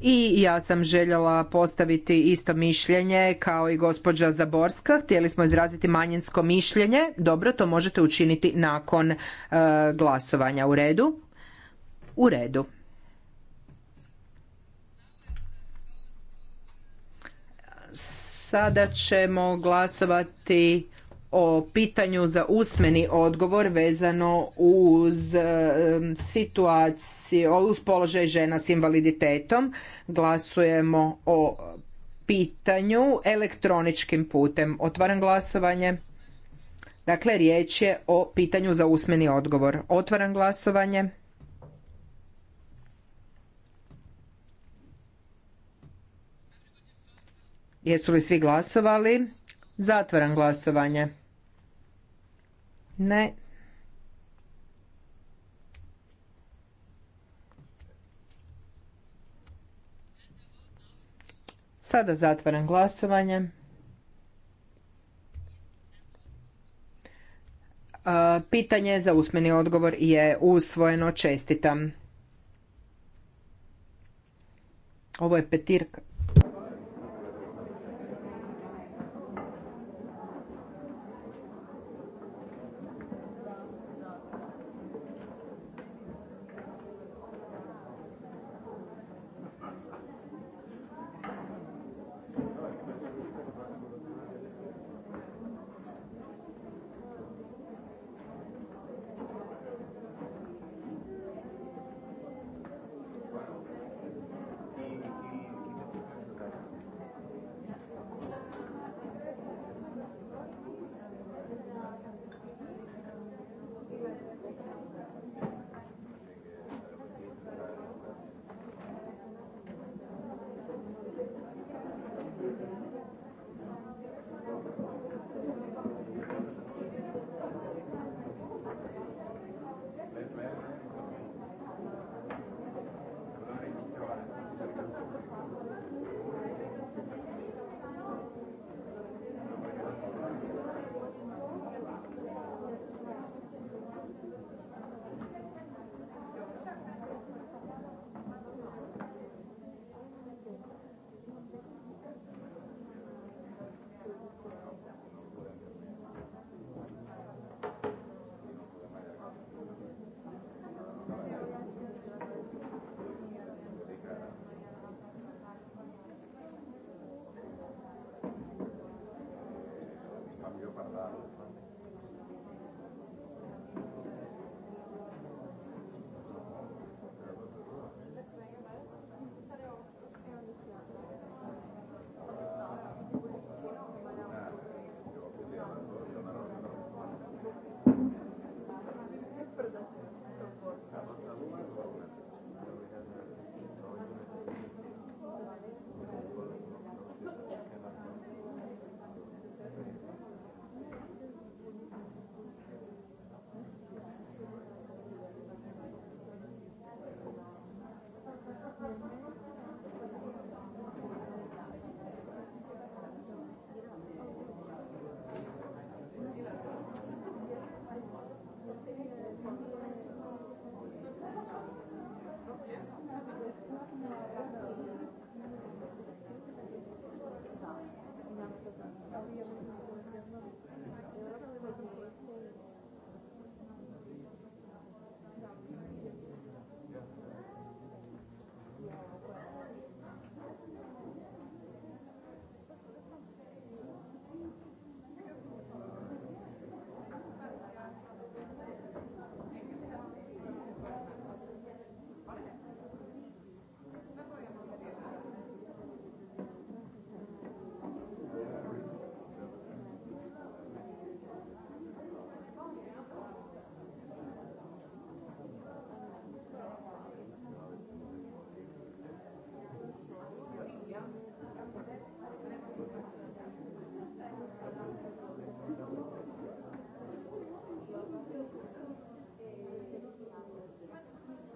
I ja sam željela postaviti isto mišljenje kao i gospođa Zaborska. Htjeli smo izraziti manjinsko mišljenje. Dobro, to možete učiniti nakon e, glasovanja. U redu? U redu. Sada ćemo glasovati o pitanju za usmeni odgovor vezano uz situaciju, uz položaj žena s invaliditetom. Glasujemo o pitanju elektroničkim putem. Otvaram glasovanje. Dakle, riječ je o pitanju za usmeni odgovor. Otvaram glasovanje. Jesu li svi glasovali? Zatvaram glasovanje. Ne. Sada zatvaram glasovanje. Pitanje za usmeni odgovor je usvojeno. Čestitam. Ovo je petirka. Hvala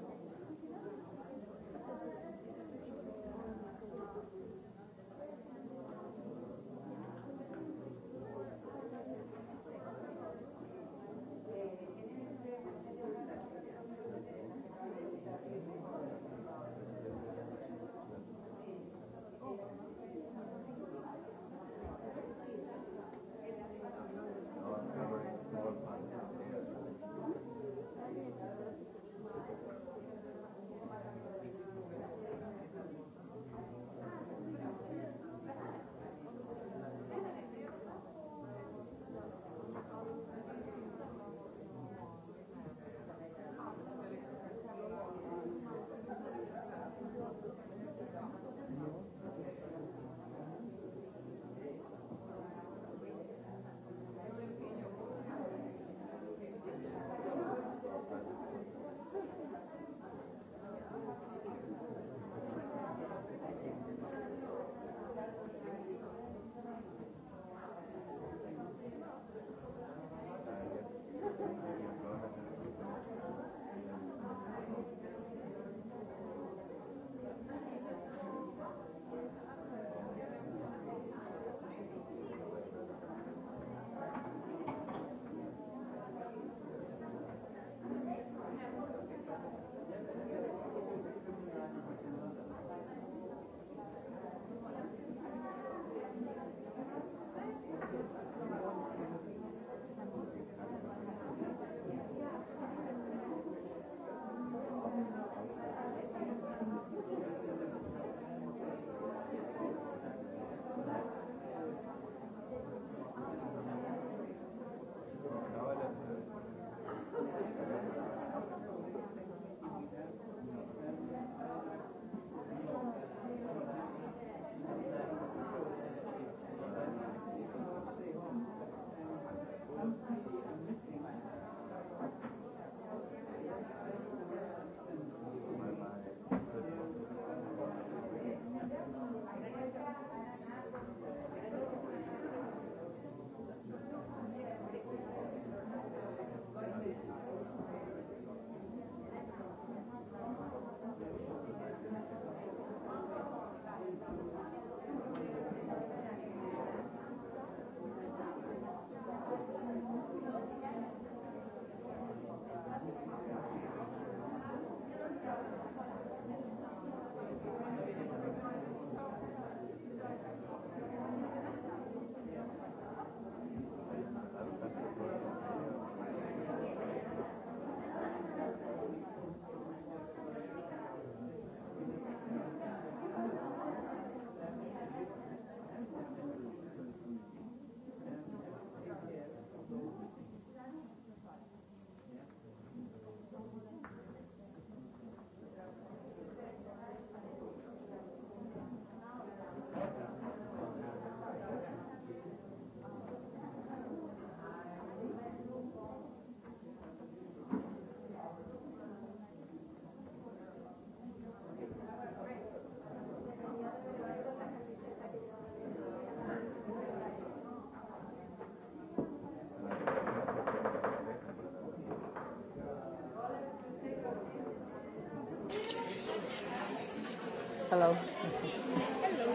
Hello. Hello.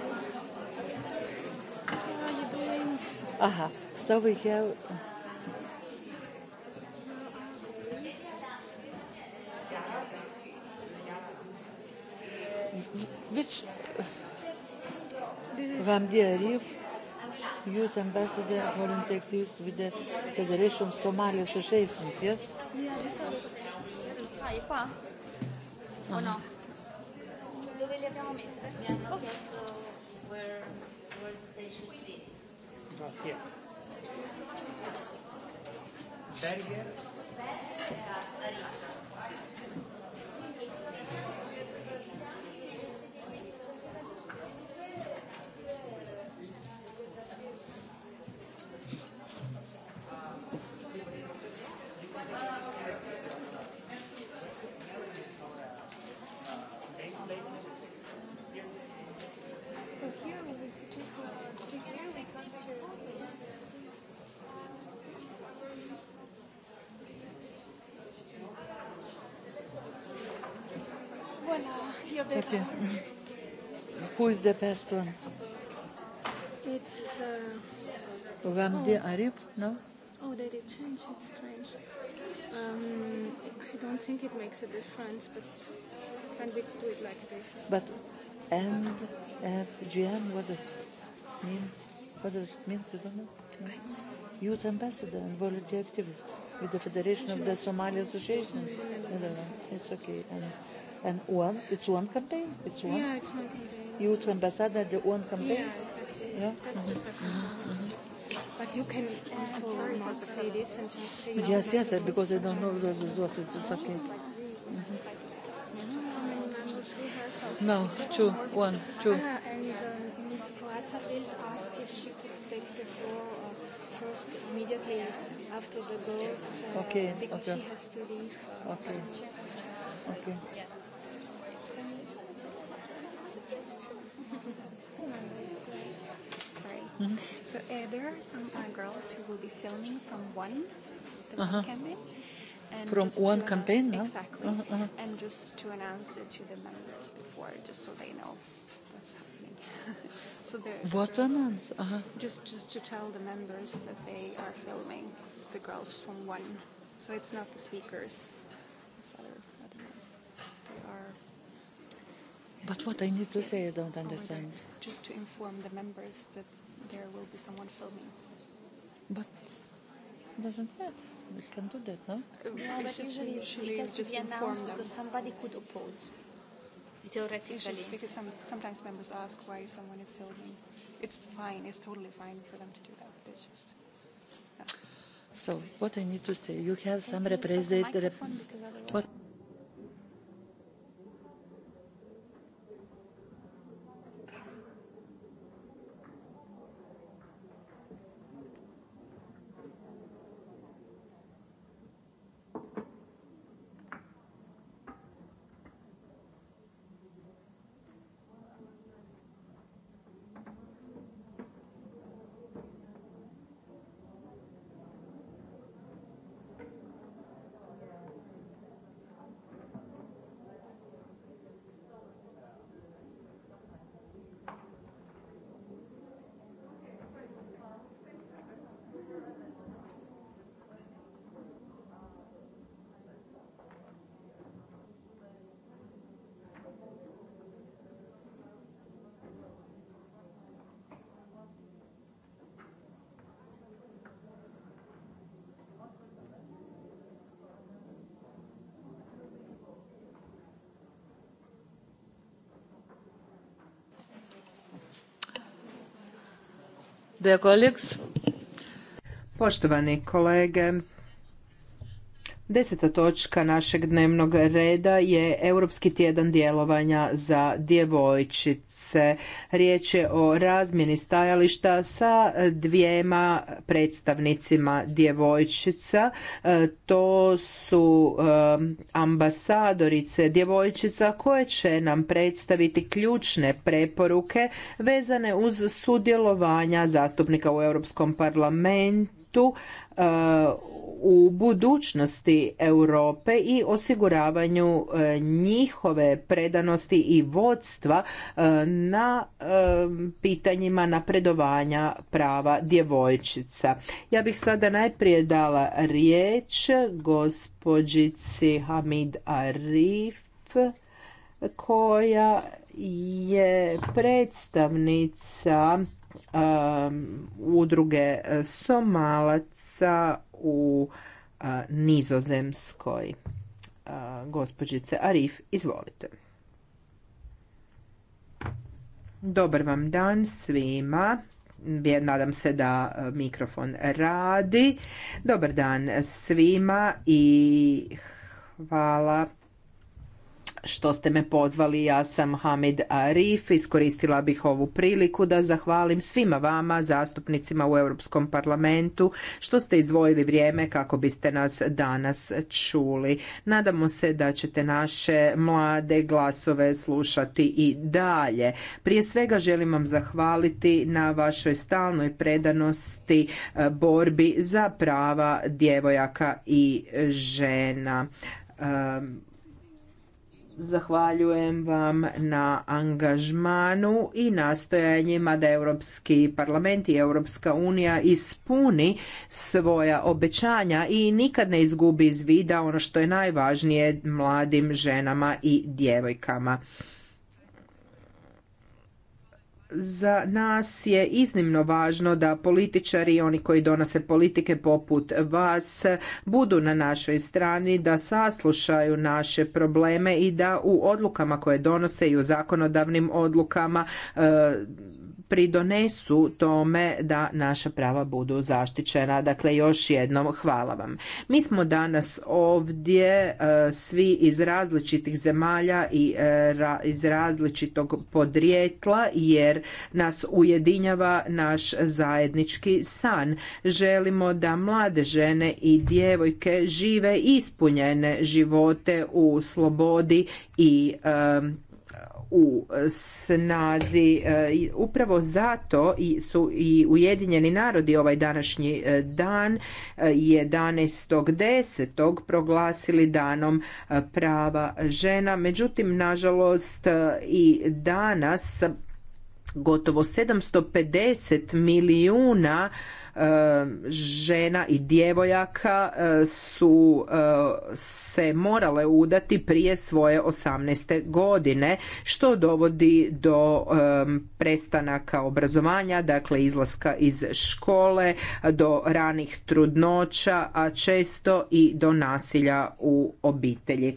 How are you doing? Aha, so we have... Which Van Dieriv, Youth Ambassador volunteer activist with the Federation of Somali Associations, yes? Yeah, the first. Saipa. Oh, no dove le abbiamo messe? Mi hanno oh. chiesto where, where they should be. Oh, here. Berger. Berger era arrivato. Who is the best one? It's. Uh, Ramdi oh. Arif, no? Oh, they did change it. Strange. Um, I don't think it makes a difference, but can we do it like this? But and FGM, what does it mean? What does it mean? You don't know? Right. Youth ambassador and volunteer activist with the Federation of the Somali Association. It's okay. And, And one, it's one campaign. It's one. Yeah, it's one campaign. Youth ambassador, the one campaign. Yeah, exactly. Yeah. That's mm -hmm. the second Mm -hmm. But you can also uh, mm-hmm. sorry, not say this and just say. Yes, yes, uh, because I don't know what is what is the second. No, two, one, two. Ah, and um, uh, Ms. Corazza will ask if she could take the floor uh, first immediately after the girls uh, okay, because okay. she has to leave. Uh, okay. Okay. -hmm. So uh, there are some uh, girls who will be filming from one, the uh -huh. campaign. And from one campaign, no? Exactly. Uh-huh, uh-huh. And just to announce it to the members before, just so they know what's happening. so there, what announce? Uh Just, just to tell the members that they are filming the girls from one. So it's not the speakers. It's other, other ones. They are but what I need to say, I don't oh understand. Just to inform the members that there will be someone filming. But it doesn't matter. We can do that, no? Uh, no, but usually, usually it has to be announced because somebody could oppose. Theoretically. Just because some, sometimes members ask why someone is filming. It's fine. It's totally fine for them to do that. it's just... So, what I need to say, you have some representative... What? Poštovani kolege, Deseta točka našeg dnevnog reda je Europski tjedan djelovanja za djevojčice. Riječ je o razmjeni stajališta sa dvijema predstavnicima djevojčica. E, to su e, ambasadorice djevojčica koje će nam predstaviti ključne preporuke vezane uz sudjelovanja zastupnika u Europskom parlamentu e, u budućnosti Europe i osiguravanju e, njihove predanosti i vodstva e, na e, pitanjima napredovanja prava djevojčica. Ja bih sada najprije dala riječ gospođici Hamid Arif koja je predstavnica Um, udruge e, Somalaca u e, Nizozemskoj. E, gospođice Arif, izvolite. Dobar vam dan svima. Nadam se da mikrofon radi. Dobar dan svima i hvala što ste me pozvali. Ja sam Hamid Arif. Iskoristila bih ovu priliku da zahvalim svima vama, zastupnicima u Europskom parlamentu, što ste izdvojili vrijeme kako biste nas danas čuli. Nadamo se da ćete naše mlade glasove slušati i dalje. Prije svega želim vam zahvaliti na vašoj stalnoj predanosti e, borbi za prava djevojaka i žena. Zahvaljujem vam na angažmanu i nastojanjima da Europski parlament i Europska unija ispuni svoja obećanja i nikad ne izgubi iz vida ono što je najvažnije mladim ženama i djevojkama za nas je iznimno važno da političari i oni koji donose politike poput vas budu na našoj strani, da saslušaju naše probleme i da u odlukama koje donose i u zakonodavnim odlukama e, pridonesu tome da naša prava budu zaštićena. Dakle, još jednom hvala vam. Mi smo danas ovdje e, svi iz različitih zemalja i e, iz različitog podrijetla jer nas ujedinjava naš zajednički san. Želimo da mlade žene i djevojke žive ispunjene živote u slobodi i e, u snazi. E, upravo zato su i Ujedinjeni narodi ovaj današnji e, dan 11.10. E, proglasili danom prava žena. Međutim, nažalost i danas gotovo 750 milijuna žena i djevojaka e, su e, se morale udati prije svoje 18. godine što dovodi do e, prestanaka obrazovanja, dakle izlaska iz škole, do ranih trudnoća, a često i do nasilja u obitelji.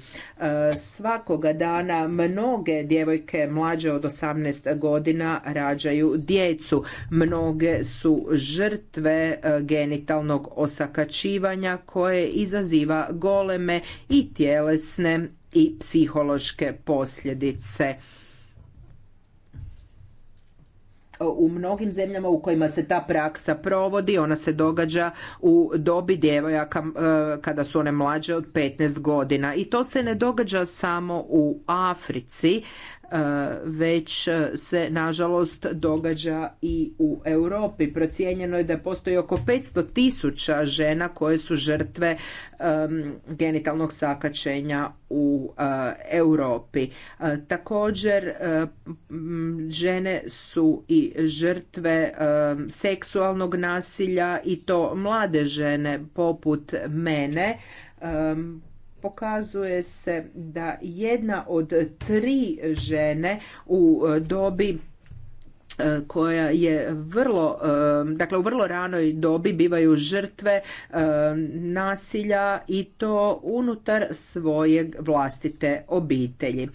Svakoga dana mnoge djevojke mlađe od 18 godina rađaju djecu. Mnoge su žrtve E, genitalnog osakačivanja koje izaziva goleme i tjelesne i psihološke posljedice u mnogim zemljama u kojima se ta praksa provodi, ona se događa u dobi djevojaka e, kada su one mlađe od 15 godina. I to se ne događa samo u Africi, već e, se nažalost događa i u Europi. Procijenjeno je da postoji oko 500 tisuća žena koje su žrtve genitalnog sakačenja u e, Europi. E, također žene su i žrtve seksualnog nasilja i to mlade žene poput mene pokazuje se da jedna od tri žene u e, dobi E, koja je vrlo, e, dakle u vrlo ranoj dobi bivaju žrtve e, nasilja i to unutar svojeg vlastite obitelji.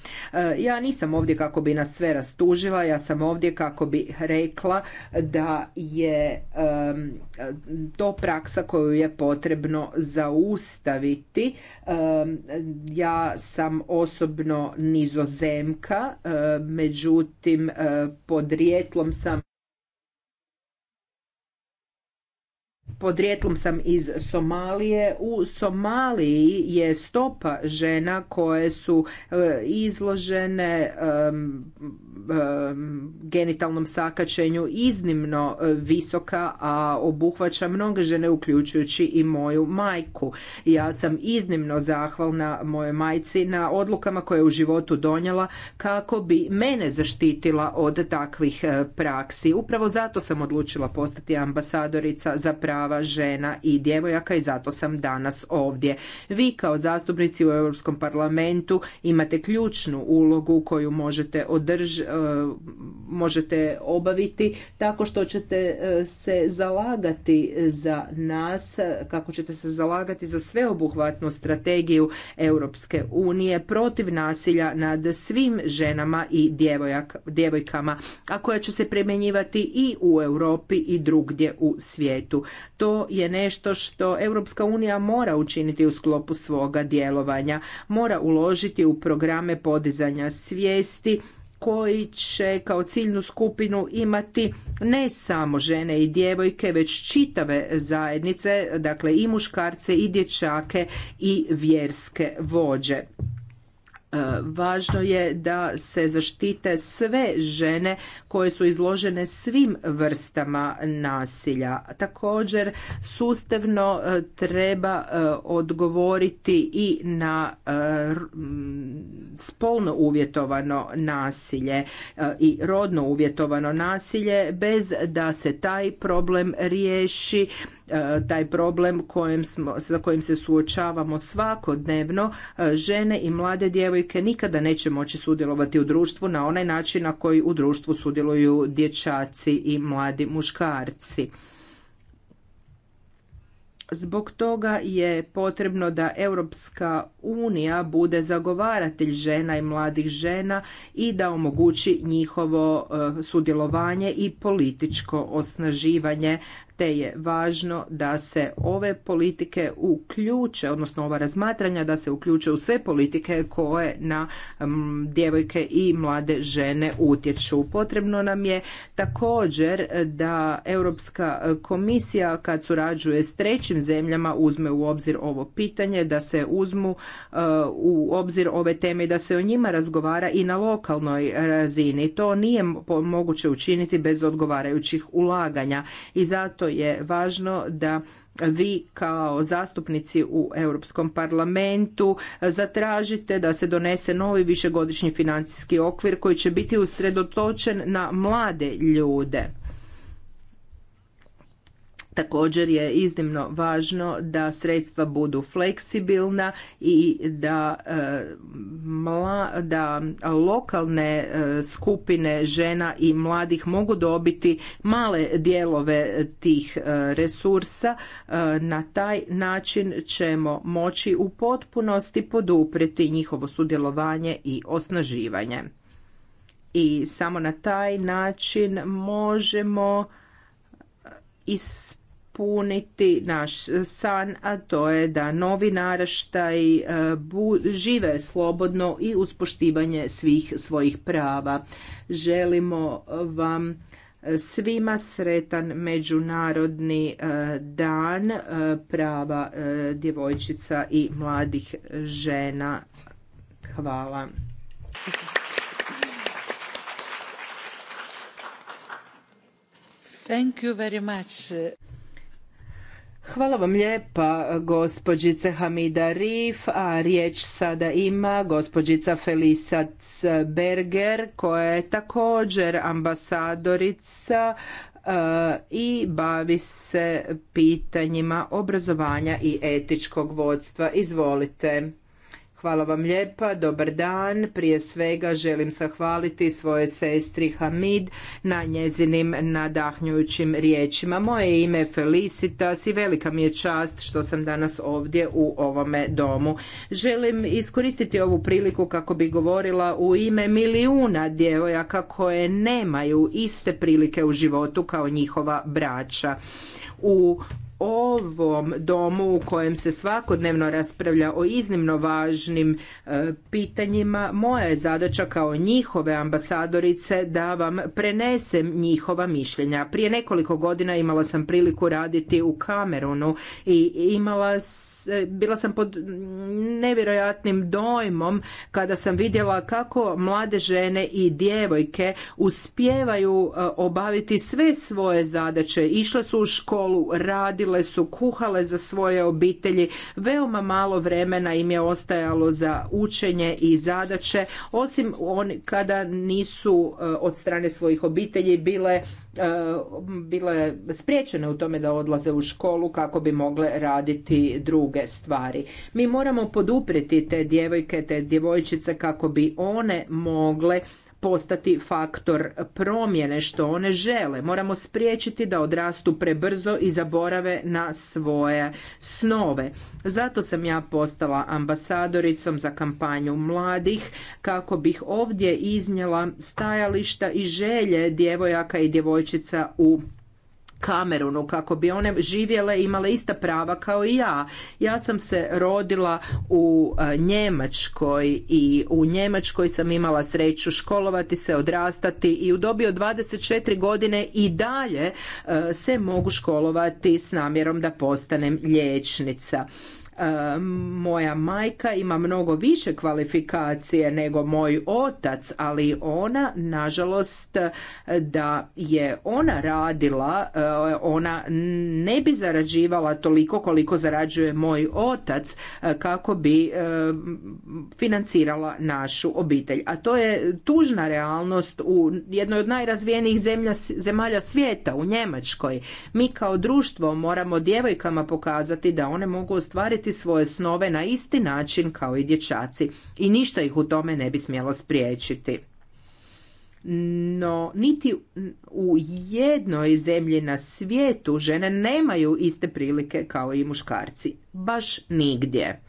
Ja nisam ovdje kako bi nas sve rastužila, ja sam ovdje kako bi rekla da je to praksa koju je potrebno zaustaviti. Ja sam osobno nizozemka, međutim podrijet poreklom sam podrijetlom sam iz Somalije. U Somaliji je stopa žena koje su e, izložene genitalnom sakaćenju iznimno e, visoka, a obuhvaća mnoge žene uključujući i moju majku. Ja sam iznimno zahvalna mojoj majci na odlukama koje je u životu donijela kako bi mene zaštitila od takvih e, praksi. Upravo zato sam odlučila postati ambasadorica za prava žena i djevojaka i zato sam danas ovdje. Vi kao zastupnici u Europskom parlamentu imate ključnu ulogu koju možete održ, e, možete obaviti tako što ćete e, se zalagati za nas, kako ćete se zalagati za sveobuhvatnu strategiju Europske unije protiv nasilja nad svim ženama i djevojkama, a koja će se primjenjivati i u Europi i drugdje u svijetu. To to je nešto što Europska unija mora učiniti u sklopu svoga djelovanja, mora uložiti u programe podizanja svijesti koji će kao ciljnu skupinu imati ne samo žene i djevojke, već čitave zajednice, dakle i muškarce i dječake i vjerske vođe. E, važno je da se zaštite sve žene koje su izložene svim vrstama nasilja. Također sustavno e, treba e, odgovoriti i na spolno uvjetovano nasilje i rodno uvjetovano nasilje bez da se taj problem riješi E, taj problem kojim smo, sa kojim se suočavamo svakodnevno, e, žene i mlade djevojke nikada neće moći sudjelovati u društvu na onaj način na koji u društvu sudjeluju dječaci i mladi muškarci. Zbog toga je potrebno da Europska unija bude zagovaratelj žena i mladih žena i da omogući njihovo e, sudjelovanje i političko osnaživanje te je važno da se ove politike uključe, odnosno ova razmatranja da se uključe u sve politike koje na djevojke i mlade žene utječu. Potrebno nam je također da Europska komisija kad surađuje s trećim zemljama uzme u obzir ovo pitanje, da se uzmu uh, u obzir ove teme i da se o njima razgovara i na lokalnoj razini. To nije moguće učiniti bez odgovarajućih ulaganja i zato je važno da vi kao zastupnici u Europskom parlamentu zatražite da se donese novi višegodišnji financijski okvir koji će biti usredotočen na mlade ljude Također je iznimno važno da sredstva budu fleksibilna i da, e, da lokalne e, skupine žena i mladih mogu dobiti male dijelove tih e, resursa. Na taj način ćemo moći u potpunosti poduprijeti njihovo sudjelovanje i osnaživanje. I samo na taj način možemo ispraviti puniti naš san, a to je da novi naraštaj e, žive slobodno i uz poštivanje svih svojih prava. Želimo vam svima sretan međunarodni e, dan e, prava djevojčica i mladih žena. Hvala. Hvala vam lijepa, gospođice Hamida Rif, a riječ sada ima gospođica Felisac Berger, koja je također ambasadorica eh, i bavi se pitanjima obrazovanja i etičkog vodstva. Izvolite. Hvala vam lijepa, dobar dan. Prije svega želim zahvaliti svoje sestri Hamid na njezinim nadahnjujućim riječima. Moje ime je Felicitas i velika mi je čast što sam danas ovdje u ovome domu. Želim iskoristiti ovu priliku kako bi govorila u ime milijuna djevojaka koje nemaju iste prilike u životu kao njihova braća. U ovom domu u kojem se svakodnevno raspravlja o iznimno važnim e, pitanjima, moja je zadaća kao njihove ambasadorice da vam prenesem njihova mišljenja. Prije nekoliko godina imala sam priliku raditi u Kamerunu i imala e, bila sam pod nevjerojatnim dojmom kada sam vidjela kako mlade žene i djevojke uspijevaju e, obaviti sve svoje zadaće. Išle su u školu, radile radile su, kuhale za svoje obitelji, veoma malo vremena im je ostajalo za učenje i zadaće, osim kada nisu eh, od strane svojih obitelji bile eh, bile spriječene u tome da odlaze u školu kako bi mogle raditi druge stvari. Mi moramo poduprijeti te djevojke, te djevojčice kako bi one mogle postati faktor promjene što one žele. Moramo spriječiti da odrastu prebrzo i zaborave na svoje snove. Zato sam ja postala ambasadoricom za kampanju mladih kako bih ovdje iznijela stajališta i želje djevojaka i djevojčica u Kamerunu kako bi one živjele i imale ista prava kao i ja. Ja sam se rodila u e, Njemačkoj i u Njemačkoj sam imala sreću školovati se, odrastati i u dobi od 24 godine i dalje e, se mogu školovati s namjerom da postanem liječnica. E, moja majka ima mnogo više kvalifikacije nego moj otac, ali ona nažalost da je ona radila, e, ona ne bi zarađivala toliko koliko zarađuje moj otac e, kako bi financirala našu obitelj. A to je tužna realnost u jednoj od najrazvijenijih zemlja, zemalja svijeta, u Njemačkoj. Mi kao društvo moramo djevojkama pokazati da one mogu ostvariti ostvariti svoje snove na isti način kao i dječaci i ništa ih u tome ne bi smjelo spriječiti. No, niti u jednoj zemlji na svijetu žene nemaju iste prilike kao i muškarci. Baš nigdje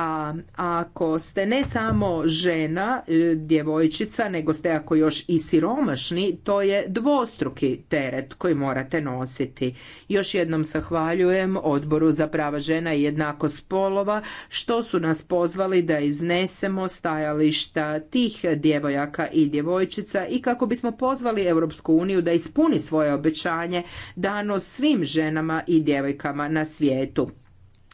a ako ste ne samo žena, e, djevojčica, nego ste ako još i siromašni, to je dvostruki teret koji morate nositi. Još jednom zahvaljujem Odboru za prava žena i jednakost spolova što su nas pozvali da iznesemo stajališta tih djevojaka i djevojčica i kako bismo pozvali Europsku uniju da ispuni svoje obećanje dano svim ženama i djevojkama na svijetu.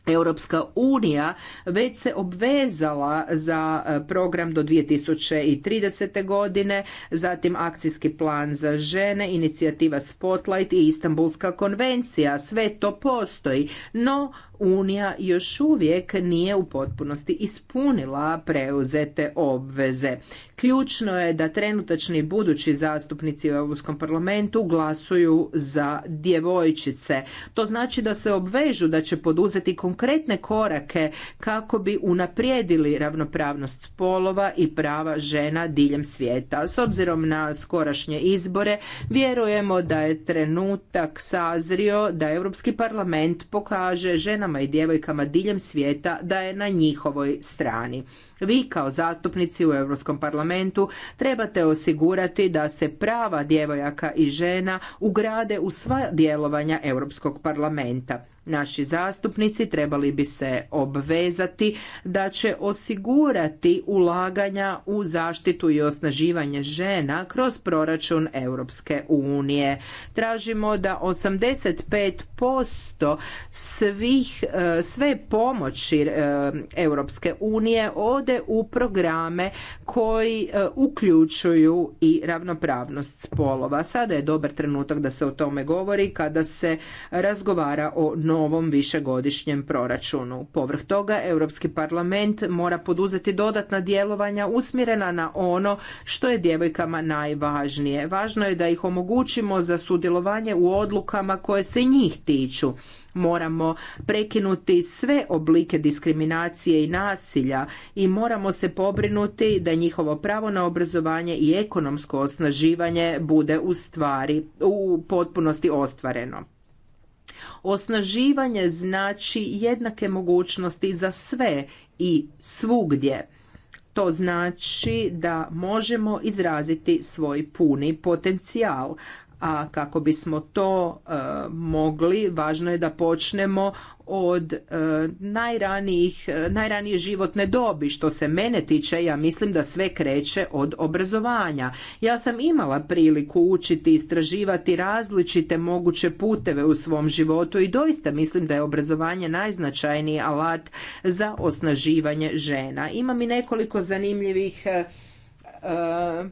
Europska unija već se obvezala za e, program do 2030. godine, zatim akcijski plan za žene, inicijativa Spotlight i Istanbulska konvencija. Sve to postoji, no unija još uvijek nije u potpunosti ispunila preuzete obveze. Ključno je da trenutačni budući zastupnici u Europskom parlamentu glasuju za djevojčice. To znači da se obvežu da će poduzeti konkretne korake kako bi unaprijedili ravnopravnost spolova i prava žena diljem svijeta. S obzirom na skorašnje izbore, vjerujemo da je trenutak sazrio da Europski parlament pokaže žena ženama i djevojkama diljem svijeta da je na njihovoj strani. Vi kao zastupnici u Europskom parlamentu trebate osigurati da se prava djevojaka i žena ugrade u sva djelovanja Europskog parlamenta. Naši zastupnici trebali bi se obvezati da će osigurati ulaganja u zaštitu i osnaživanje žena kroz proračun Europske unije. Tražimo da 85% svih e, sve pomoći e, Europske unije ode u programe koji e, uključuju i ravnopravnost spolova. Sada je dobar trenutak da se o tome govori kada se razgovara o ovom višegodišnjem proračunu. Povrh toga, Europski parlament mora poduzeti dodatna djelovanja usmjerena na ono što je djevojkama najvažnije. Važno je da ih omogućimo za sudjelovanje u odlukama koje se njih tiču. Moramo prekinuti sve oblike diskriminacije i nasilja i moramo se pobrinuti da njihovo pravo na obrazovanje i ekonomsko osnaživanje bude u stvari u potpunosti ostvareno. Osnaživanje znači jednake mogućnosti za sve i svugdje. To znači da možemo izraziti svoj puni potencijal a kako bismo to e, mogli važno je da počnemo od e, najranijih e, najranije životne dobi što se mene tiče ja mislim da sve kreće od obrazovanja ja sam imala priliku učiti istraživati različite moguće puteve u svom životu i doista mislim da je obrazovanje najznačajniji alat za osnaživanje žena imam i nekoliko zanimljivih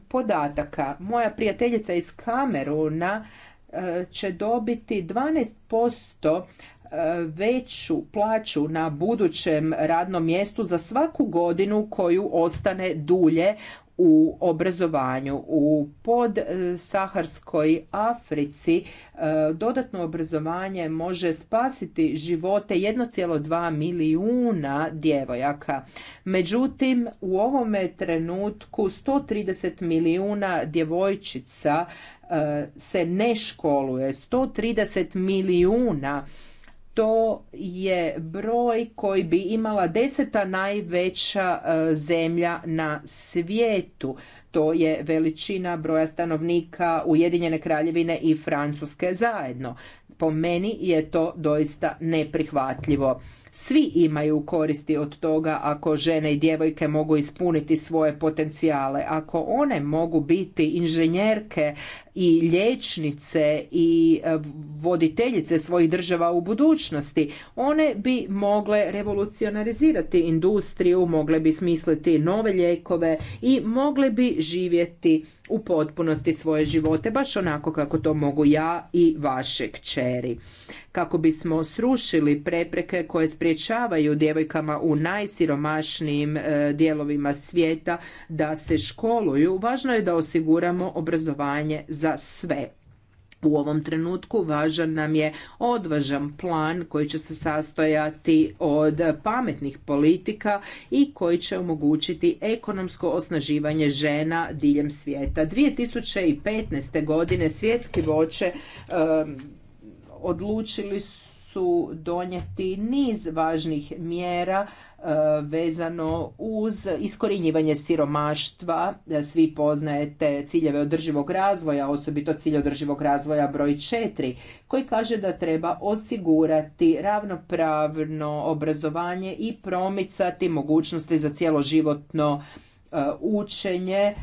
podataka. Moja prijateljica iz Kameruna e, će dobiti 12% e, veću plaću na budućem radnom mjestu za svaku godinu koju ostane dulje u obrazovanju. U podsaharskoj Africi e, dodatno obrazovanje može spasiti živote 1,2 milijuna djevojaka. Međutim, u ovome trenutku 130 milijuna djevojčica e, se ne školuje. 130 milijuna to je broj koji bi imala deseta najveća e, zemlja na svijetu. To je veličina broja stanovnika Ujedinjene kraljevine i Francuske zajedno. Po meni je to doista neprihvatljivo. Svi imaju koristi od toga ako žene i djevojke mogu ispuniti svoje potencijale, ako one mogu biti inženjerke, i liječnice i e, voditeljice svojih država u budućnosti. One bi mogle revolucionarizirati industriju, mogle bi smisliti nove lijekove i mogle bi živjeti u potpunosti svoje živote, baš onako kako to mogu ja i vaše kćeri. Kako bismo srušili prepreke koje spriječavaju djevojkama u najsiromašnijim e, dijelovima svijeta da se školuju, važno je da osiguramo obrazovanje za za sve. U ovom trenutku važan nam je odvažan plan koji će se sastojati od pametnih politika i koji će omogućiti ekonomsko osnaživanje žena diljem svijeta. 2015. godine svjetski voće odlučili su donijeti niz važnih mjera E, vezano uz iskorjenjivanje siromaštva. E, svi poznajete ciljeve održivog razvoja, osobito cilj održivog razvoja broj 4, koji kaže da treba osigurati ravnopravno obrazovanje i promicati mogućnosti za cjeloživotno E, učenje e,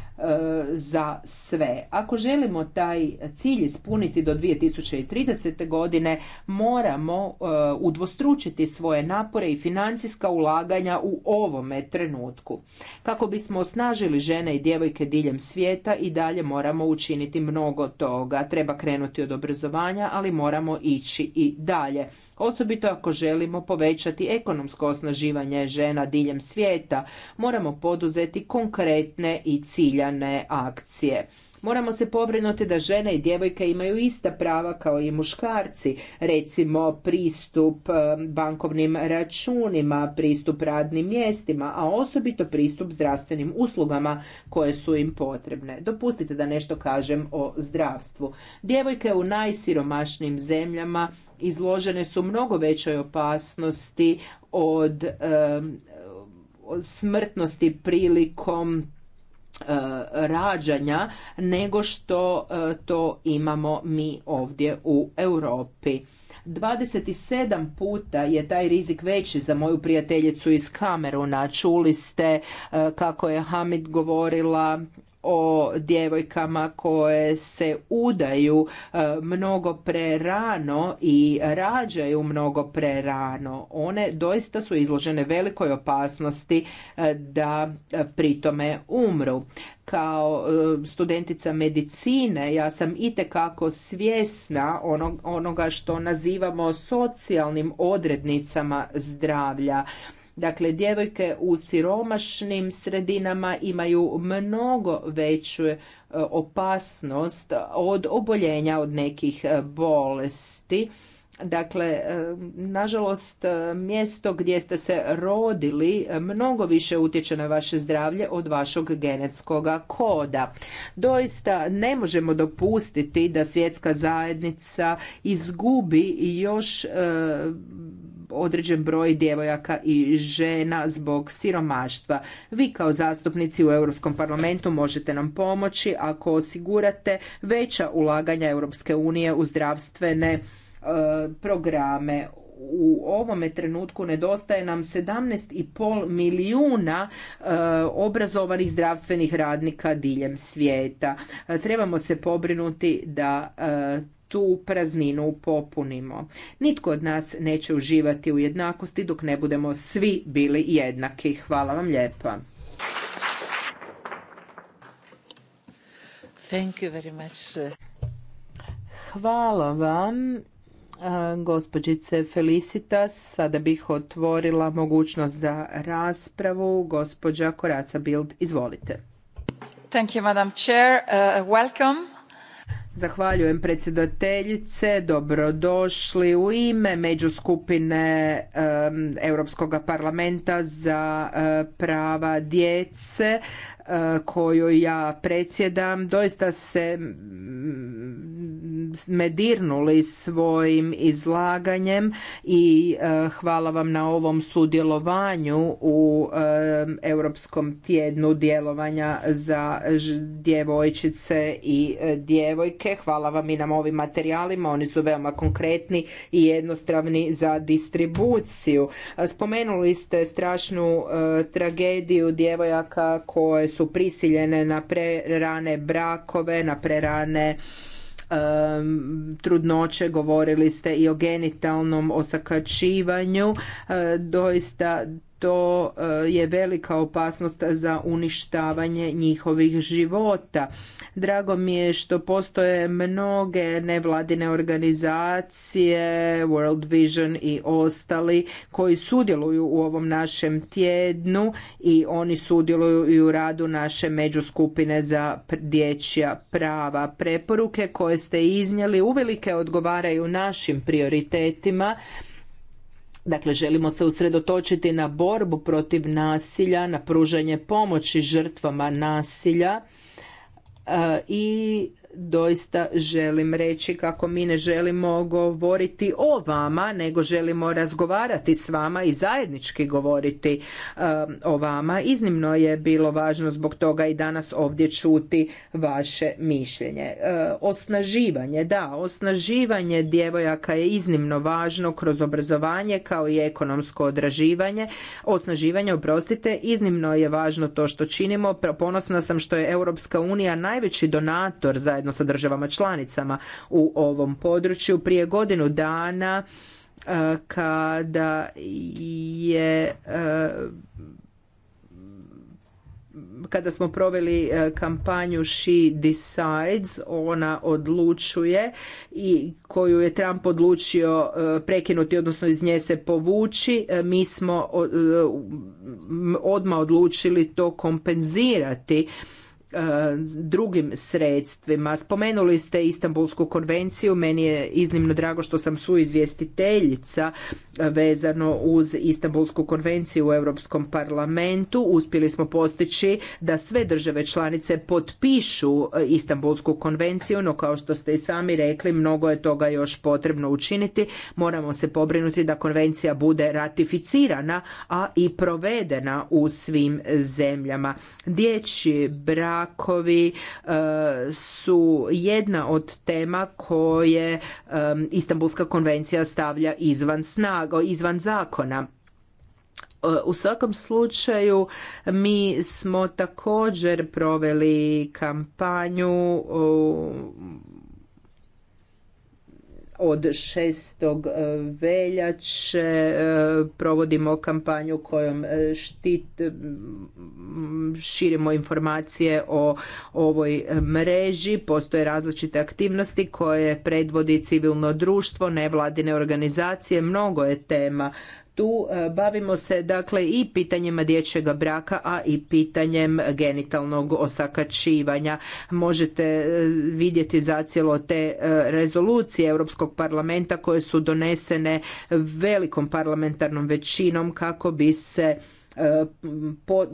za sve. Ako želimo taj cilj ispuniti do 2030. godine, moramo e, udvostručiti svoje napore i financijska ulaganja u ovome trenutku. Kako bismo osnažili žene i djevojke diljem svijeta i dalje moramo učiniti mnogo toga. Treba krenuti od obrazovanja, ali moramo ići i dalje osobito ako želimo povećati ekonomsko osnaživanje žena diljem svijeta moramo poduzeti konkretne i ciljane akcije Moramo se pobrinuti da žene i djevojke imaju ista prava kao i muškarci, recimo pristup e, bankovnim računima, pristup radnim mjestima, a osobito pristup zdravstvenim uslugama koje su im potrebne. Dopustite da nešto kažem o zdravstvu. Djevojke u najsiromašnijim zemljama izložene su mnogo većoj opasnosti od e, smrtnosti prilikom E, rađanja nego što e, to imamo mi ovdje u Europi. 27 puta je taj rizik veći za moju prijateljicu iz Kameruna. Čuli ste e, kako je Hamid govorila o djevojkama koje se udaju e, mnogo prerano i rađaju mnogo prerano. One doista su izložene velikoj opasnosti e, da e, pritome umru. Kao studentica medicine ja sam itekako svjesna ono, onoga što nazivamo socijalnim odrednicama zdravlja Dakle, djevojke u siromašnim sredinama imaju mnogo veću e, opasnost od oboljenja od nekih e, bolesti. Dakle, e, nažalost, mjesto gdje ste se rodili mnogo više utječe na vaše zdravlje od vašeg genetskog koda. Doista ne možemo dopustiti da svjetska zajednica izgubi još određen broj djevojaka i žena zbog siromaštva. Vi kao zastupnici u Europskom parlamentu možete nam pomoći ako osigurate veća ulaganja Europske unije u zdravstvene e, programe u ovome trenutku nedostaje nam 17,5 milijuna e, obrazovanih zdravstvenih radnika diljem svijeta. E, trebamo se pobrinuti da tu prazninu popunimo. Nitko od nas neće uživati u jednakosti dok ne budemo svi bili jednaki. Hvala vam lijepa. Hvala vam gospođice Felicitas. Sada bih otvorila mogućnost za raspravu. Gospođa Koraca Bild, izvolite. Thank you, Madam Chair. Uh, welcome. Zahvaljujem predsjedateljice, dobrodošli u ime međuskupine um, Europskog parlamenta za e, prava djece e, koju ja predsjedam. Doista se me dirnuli svojim izlaganjem i e, hvala vam na ovom sudjelovanju u e, Europskom tjednu djelovanja za djevojčice i e, djevojke. Hvala vam i na ovim materijalima, oni su veoma konkretni i jednostavni za distribuciju. Spomenuli ste strašnu tragediju djevojaka koje su prisiljene na prerane brakove, na prerane trudnoće, govorili ste i o genitalnom osakačivanju. E, doista to e, je velika opasnost za uništavanje njihovih života. Drago mi je što postoje mnoge nevladine organizacije, World Vision i ostali koji sudjeluju u ovom našem tjednu i oni sudjeluju i u radu naše međuskupine za dječja prava. Preporuke koje ste iznijeli uvelike odgovaraju našim prioritetima Dakle, želimo se usredotočiti na borbu protiv nasilja, na pružanje pomoći žrtvama nasilja e, i doista želim reći kako mi ne želimo govoriti o vama, nego želimo razgovarati s vama i zajednički govoriti um, o vama. Iznimno je bilo važno zbog toga i danas ovdje čuti vaše mišljenje. Uh, osnaživanje, da, osnaživanje djevojaka je iznimno važno kroz obrazovanje kao i ekonomsko odraživanje. Osnaživanje, oprostite, iznimno je važno to što činimo. Ponosna sam što je Europska unija najveći donator za zajedno sa državama članicama u ovom području. Prije godinu dana e, kada je e, kada smo proveli e, kampanju She Decides, ona odlučuje i koju je Trump odlučio prekinuti, odnosno iz nje se povući, mi smo odmah odlučili to kompenzirati E, drugim sredstvima. Spomenuli ste Istanbulsku konvenciju, meni je iznimno drago što sam suizvjestiteljica vezano uz Istanbulsku konvenciju u Europskom parlamentu. Uspjeli smo postići da sve države članice potpišu e, Istanbulsku konvenciju, no kao što ste i sami rekli, mnogo je toga još potrebno učiniti. Moramo se pobrinuti da konvencija bude ratificirana, a i provedena u svim zemljama. Dječji brakovi e, su jedna od tema koje e, Istanbulska konvencija stavlja izvan sna, blago izvan zakona. E, u svakom slučaju mi smo također proveli kampanju od 6. E, veljače e, provodimo kampanju kojom e, štit, širimo informacije o ovoj mreži. Postoje različite aktivnosti koje predvodi civilno društvo, nevladine organizacije. Mnogo je tema tu e, bavimo se dakle i pitanjima dječjega braka, a i pitanjem genitalnog osakačivanja. Možete e, vidjeti zacijelo te e, rezolucije Europskog parlamenta koje su donesene velikom parlamentarnom većinom kako bi se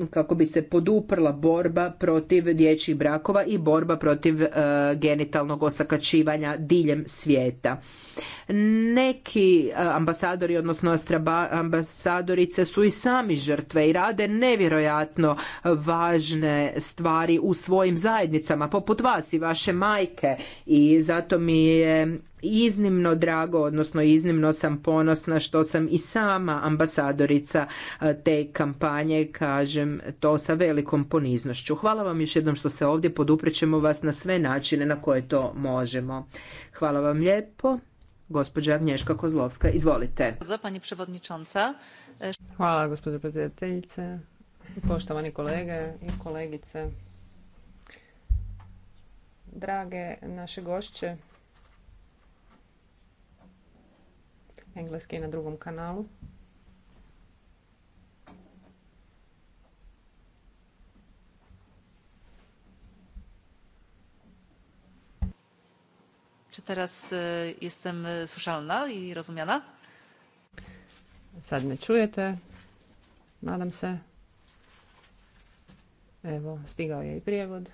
kako bi se poduprla borba protiv dječjih brakova i borba protiv genitalnog osakačivanja diljem svijeta. Neki e, ambasadori, odnosno ambasadorice su i sami žrtve i rade nevjerojatno važne stvari u svojim zajednicama, poput vas i vaše majke i zato mi je iznimno drago, odnosno iznimno sam ponosna što sam i sama ambasadorica e, te kampanje, kažem to sa velikom poniznošću. Hvala vam još jednom što se ovdje poduprećemo vas na sve načine na koje to možemo. Hvala vam lijepo. Gospođa Agnješka Kozlovska, izvolite. Hvala gospođo predsjedateljice, poštovani kolege i kolegice. Drage naše gošće, engleski na drugom kanalu. teraz e, jestem e, słyszalna i rozumiana? Sad me čujete, nadam se. Evo, stigao je i prijevod.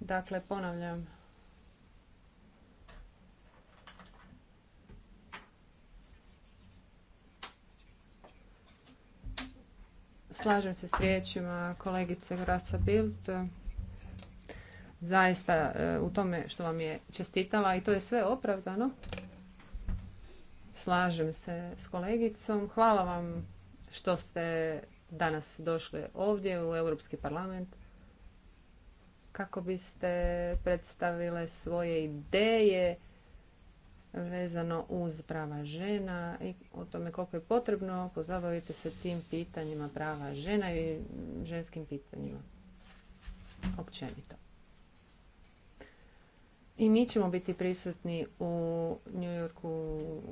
Dakle, ponavljam. Slažem se s riječima kolegice Grasa Bild zaista e, u tome što vam je čestitala i to je sve opravdano. Slažem se s kolegicom. Hvala vam što ste danas došli ovdje u Europski parlament kako biste predstavile svoje ideje vezano uz prava žena i o tome koliko je potrebno pozabavite se tim pitanjima prava žena i ženskim pitanjima općenito. I mi ćemo biti prisutni u New Yorku u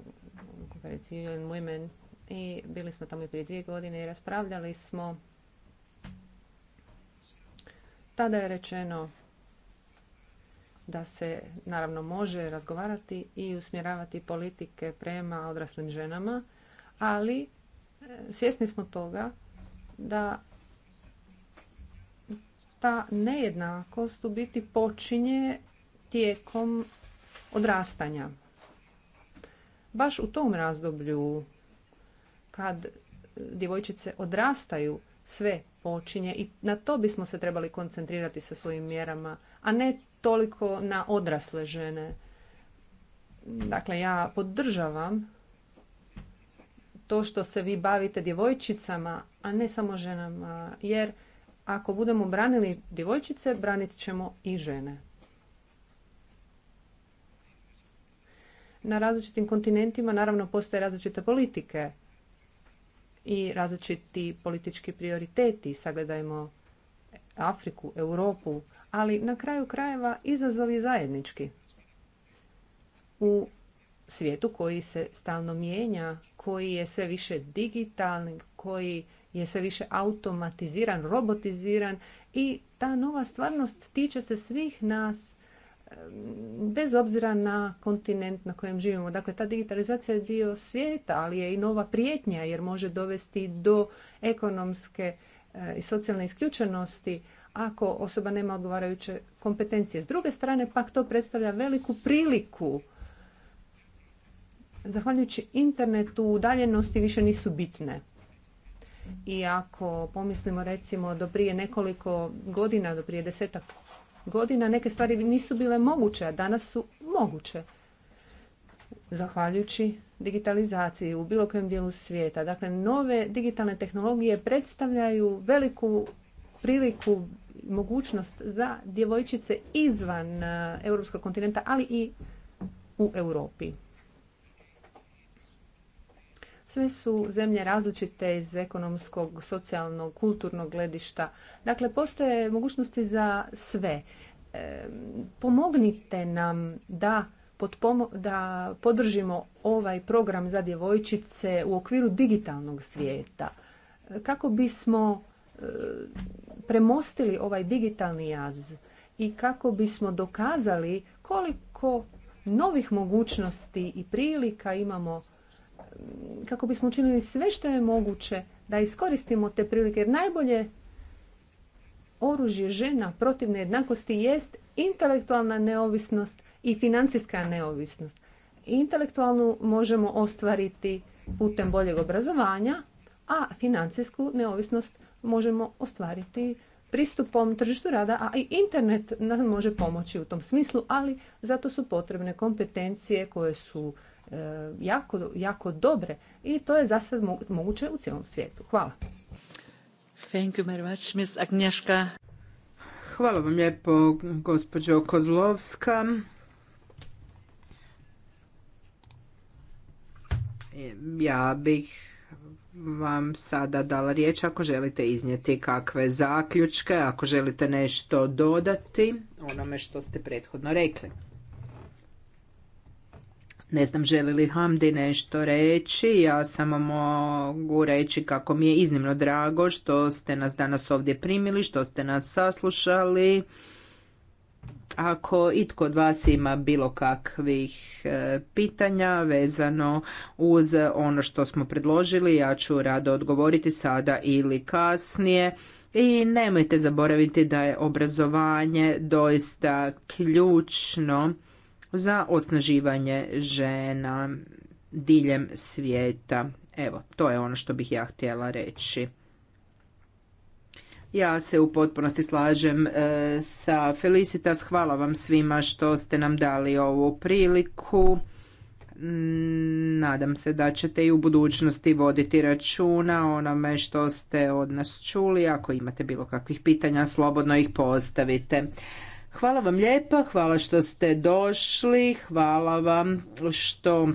konferenciji UN Women i bili smo tamo i prije dvije godine i raspravljali smo. Tada je rečeno da se naravno može razgovarati i usmjeravati politike prema odraslim ženama, ali e, svjesni smo toga da ta nejednakost u biti počinje tijekom odrastanja. Baš u tom razdoblju kad djevojčice odrastaju sve počinje i na to bismo se trebali koncentrirati sa svojim mjerama, a ne toliko na odrasle žene. Dakle, ja podržavam to što se vi bavite djevojčicama, a ne samo ženama, jer ako budemo branili djevojčice, branit ćemo i žene. na različitim kontinentima naravno postoje različite politike i različiti politički prioriteti. Sagledajmo Afriku, Europu, ali na kraju krajeva izazov je zajednički. U svijetu koji se stalno mijenja, koji je sve više digitalni, koji je sve više automatiziran, robotiziran i ta nova stvarnost tiče se svih nas bez obzira na kontinent na kojem živimo. Dakle, ta digitalizacija je dio svijeta, ali je i nova prijetnja jer može dovesti do ekonomske eh, i socijalne isključenosti ako osoba nema odgovarajuće kompetencije. S druge strane, pak to predstavlja veliku priliku. Zahvaljujući internetu, udaljenosti više nisu bitne. I ako pomislimo recimo do prije nekoliko godina, do prije desetak godina neke stvari nisu bile moguće, a danas su moguće. Zahvaljujući digitalizaciji u bilo kojem dijelu svijeta. Dakle, nove digitalne tehnologije predstavljaju veliku priliku, mogućnost za djevojčice izvan eh, europskog kontinenta, ali i u Europi. Sve su zemlje različite iz ekonomskog, socijalnog, kulturnog gledišta. Dakle, postoje mogućnosti za sve. E, pomognite nam da da podržimo ovaj program za djevojčice u okviru digitalnog svijeta. Kako bismo e, premostili ovaj digitalni jaz i kako bismo dokazali koliko novih mogućnosti i prilika imamo kako bismo učinili sve što je moguće da iskoristimo te prilike jer najbolje oružje žena protiv nejednakosti jest intelektualna neovisnost i financijska neovisnost. Intelektualnu možemo ostvariti putem boljeg obrazovanja, a financijsku neovisnost možemo ostvariti pristupom tržištu rada, a i internet nam može pomoći u tom smislu, ali zato su potrebne kompetencije koje su E, jako, jako dobre i to je za sad moguće u cijelom svijetu. Hvala. Thank you very Agnieszka. Hvala vam lijepo, gospođo Kozlovska. E, ja bih vam sada dala riječ ako želite iznijeti kakve zaključke, ako želite nešto dodati onome što ste prethodno rekli. Ne znam želi li Hamdi nešto reći, ja samo mogu reći kako mi je iznimno drago što ste nas danas ovdje primili, što ste nas saslušali. Ako itko od vas ima bilo kakvih e, pitanja vezano uz ono što smo predložili, ja ću rado odgovoriti sada ili kasnije. I nemojte zaboraviti da je obrazovanje doista ključno za osnaživanje žena diljem svijeta. Evo, to je ono što bih ja htjela reći. Ja se u potpunosti slažem e, sa Felicitas. Hvala vam svima što ste nam dali ovu priliku. Nadam se da ćete i u budućnosti voditi računa onome što ste od nas čuli. Ako imate bilo kakvih pitanja, slobodno ih postavite. Hvala vam lijepa, hvala što ste došli, hvala vam što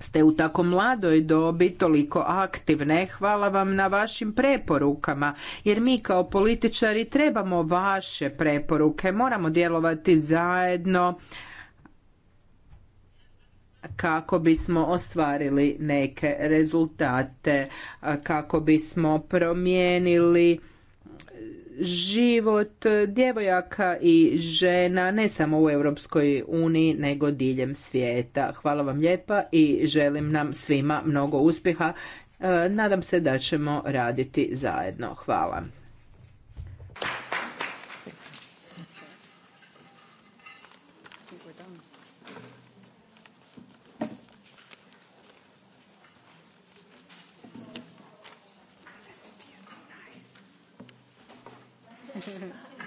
ste u tako mladoj dobi toliko aktivne. Hvala vam na vašim preporukama, jer mi kao političari trebamo vaše preporuke, moramo djelovati zajedno kako bismo ostvarili neke rezultate, kako bismo promijenili život djevojaka i žena ne samo u Europskoj uniji nego diljem svijeta. Hvala vam lijepa i želim nam svima mnogo uspjeha. E, nadam se da ćemo raditi zajedno. Hvala. će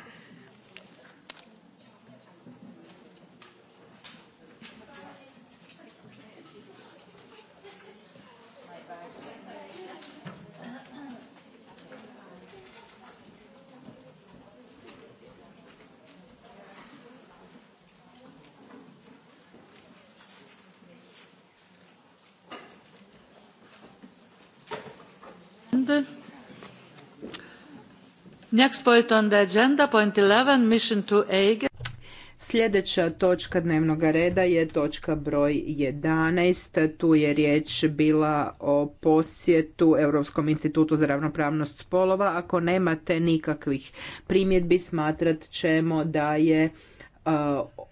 Sljedeća točka dnevnog reda je točka broj 11. Tu je riječ bila o posjetu Europskom institutu za ravnopravnost spolova. Ako nemate nikakvih primjedbi, smatrat ćemo da je e,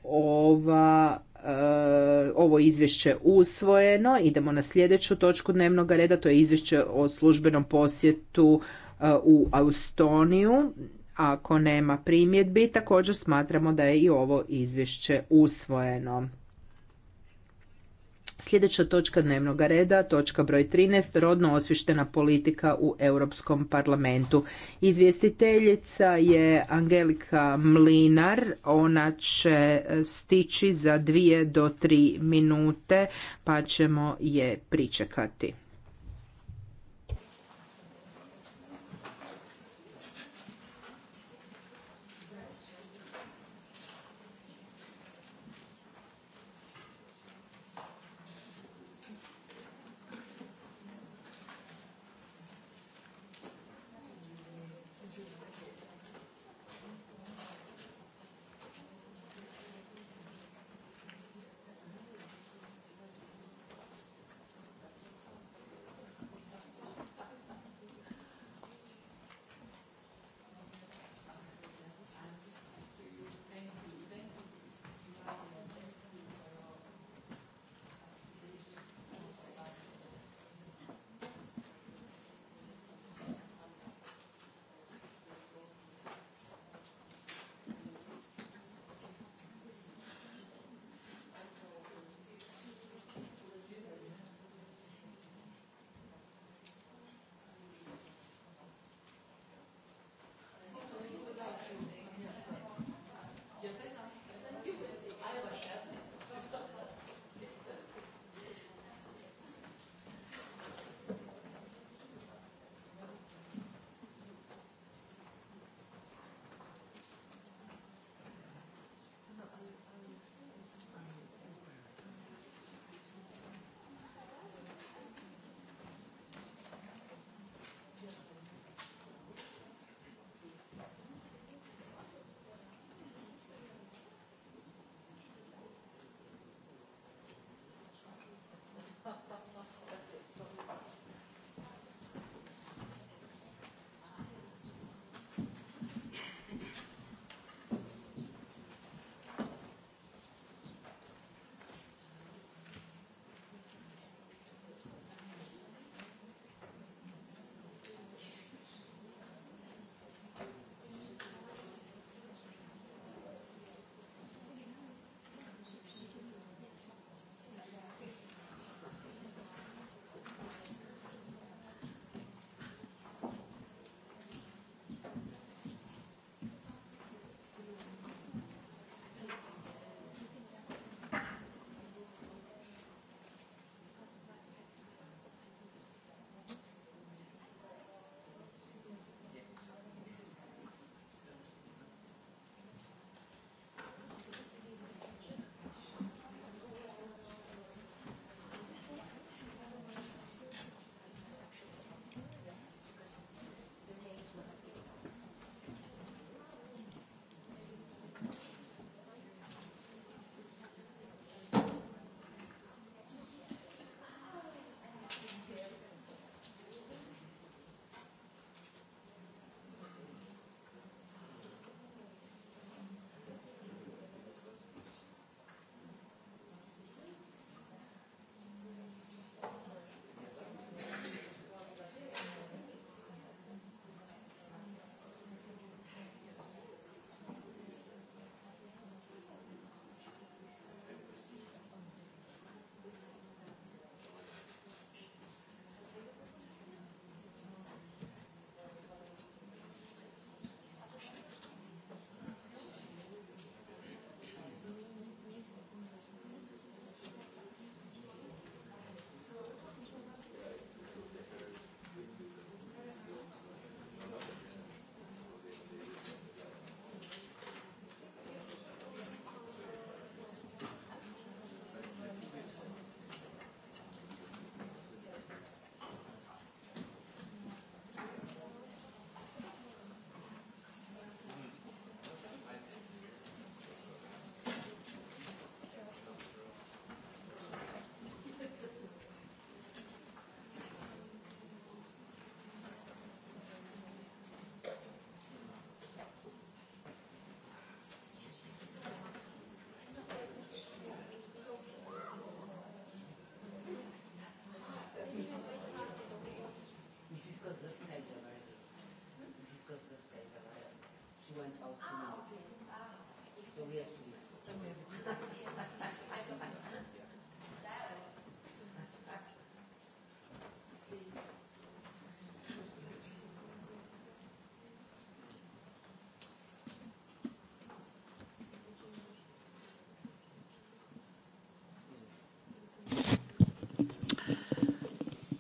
ova e, ovo izvješće usvojeno. Idemo na sljedeću točku dnevnog reda, to je izvješće o službenom posjetu u Austoniju. Ako nema primjedbi, također smatramo da je i ovo izvješće usvojeno. Sljedeća točka dnevnog reda, točka broj 13, rodno osvištena politika u Europskom parlamentu. Izvjestiteljica je Angelika Mlinar, ona će e, stići za dvije do tri minute, pa ćemo je pričekati.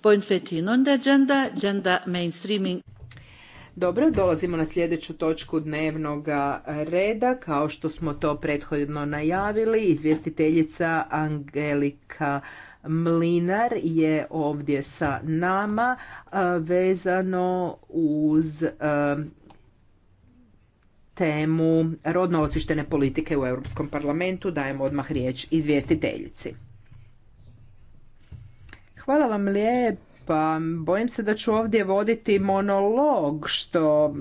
Point 15 on the agenda, agenda mainstreaming dobro, dolazimo na sljedeću točku dnevnog reda. Kao što smo to prethodno najavili, izvjestiteljica Angelika Mlinar je ovdje sa nama vezano uz temu rodno osvištene politike u Europskom parlamentu. Dajemo odmah riječ izvjestiteljici. Hvala vam lijepo pa bojim se da ću ovdje voditi monolog što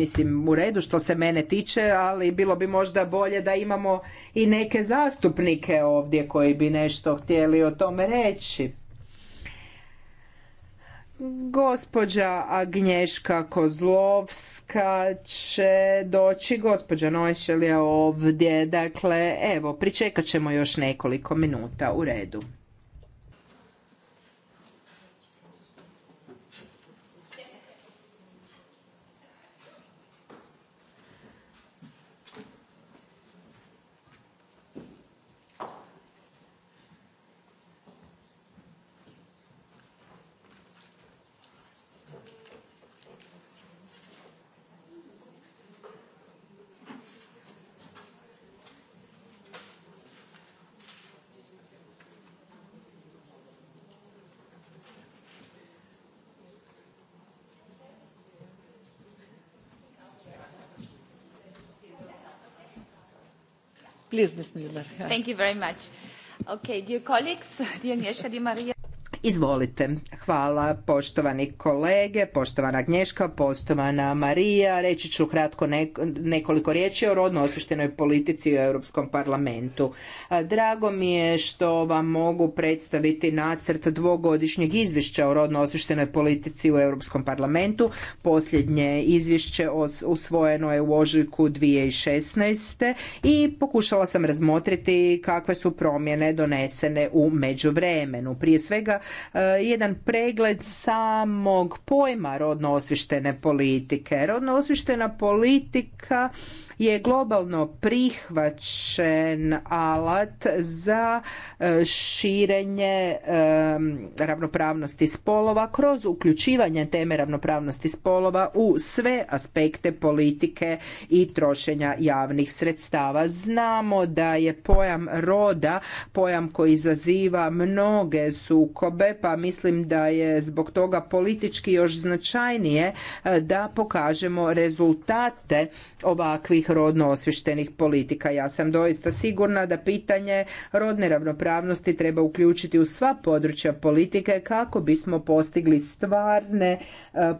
mislim u redu što se mene tiče, ali bilo bi možda bolje da imamo i neke zastupnike ovdje koji bi nešto htjeli o tome reći. Gospođa Agnješka Kozlovska će doći, gospođa Nojšel je ovdje, dakle evo pričekat ćemo još nekoliko minuta u redu. Please, Ms. Miller. Thank you very much. Okay, dear colleagues, dear Agnieszka, dear Maria, Izvolite. Hvala poštovani kolege, poštovana Gnješka, poštovana Marija. Reći ću kratko nekoliko riječi o rodno politici u Europskom parlamentu. Drago mi je što vam mogu predstaviti nacrt dvogodišnjeg izvješća o rodno osvještenoj politici u Europskom parlamentu. Posljednje izvješće usvojeno je u ožujku 2016. i pokušala sam razmotriti kakve su promjene donesene u međuvremenu. Prije svega E, jedan pregled samog pojma rodno politike. Rodno politika je globalno prihvaćen alat za e, širenje e, ravnopravnosti spolova kroz uključivanje teme ravnopravnosti spolova u sve aspekte politike i trošenja javnih sredstava. Znamo da je pojam roda pojam koji izaziva mnoge sukobe, pa mislim da je zbog toga politički još značajnije e, da pokažemo rezultate ovakvih rodno osvištenih politika. Ja sam doista sigurna da pitanje rodne ravnopravnosti treba uključiti u sva područja politike kako bismo postigli stvarne e,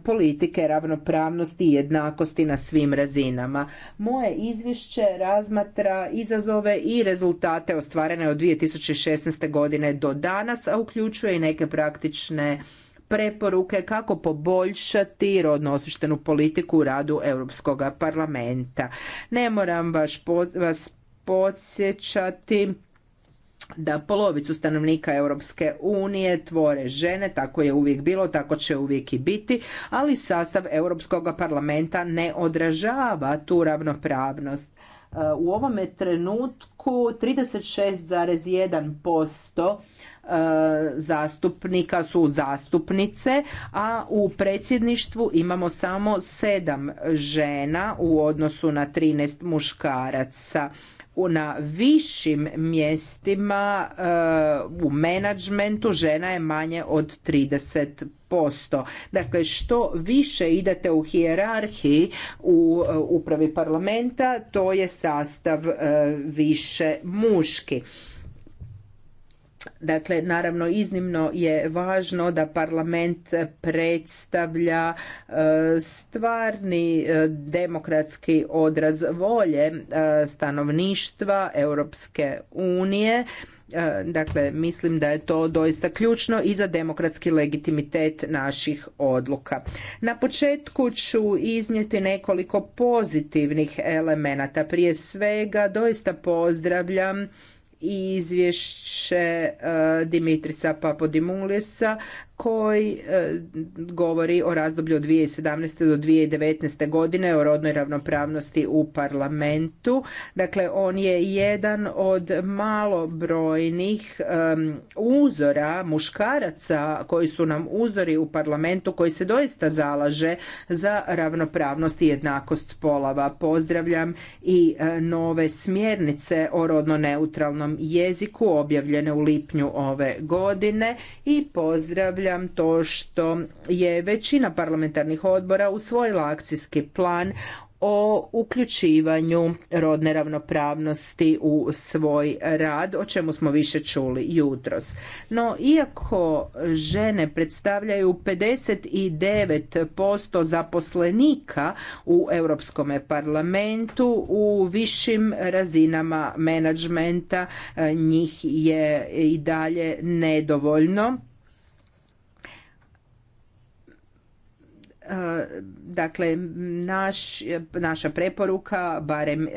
politike ravnopravnosti i jednakosti na svim razinama. Moje izvješće razmatra izazove i rezultate ostvarene od 2016. godine do danas, a uključuje i neke praktične preporuke kako poboljšati rodno osvištenu politiku u radu Europskog parlamenta. Ne moram vas podsjećati da polovicu stanovnika Europske unije tvore žene, tako je uvijek bilo, tako će uvijek i biti, ali sastav Europskog parlamenta ne odražava tu ravnopravnost. E, u ovome trenutku 36,1% zastupnika su zastupnice, a u predsjedništvu imamo samo sedam žena u odnosu na 13 muškaraca na višim mjestima e, u menadžmentu žena je manje od 30%. Dakle, što više idete u hijerarhiji u e, upravi parlamenta, to je sastav e, više muški. Dakle, naravno iznimno je važno da parlament predstavlja e, stvarni e, demokratski odraz volje e, stanovništva Europske unije. Dakle, mislim da je to doista ključno i za demokratski legitimitet naših odluka. Na početku ću iznijeti nekoliko pozitivnih elemenata. Prije svega, doista pozdravljam izvješće e, Dimitrisa Papodimulisa koji e, govori o razdoblju od 2017. do 2019. godine o rodnoj ravnopravnosti u parlamentu. Dakle, on je jedan od malobrojnih uzora muškaraca koji su nam uzori u parlamentu koji se doista zalaže za ravnopravnost i jednakost spolova. Pozdravljam i e, nove smjernice o rodno neutralnom jeziku objavljene u lipnju ove godine i pozdravljam pozdravljam to što je većina parlamentarnih odbora usvojila akcijski plan o uključivanju rodne ravnopravnosti u svoj rad, o čemu smo više čuli jutros. No, iako žene predstavljaju 59% zaposlenika u Europskom parlamentu, u višim razinama menadžmenta eh, njih je i dalje nedovoljno Dakle, naš, naša preporuka, barem e,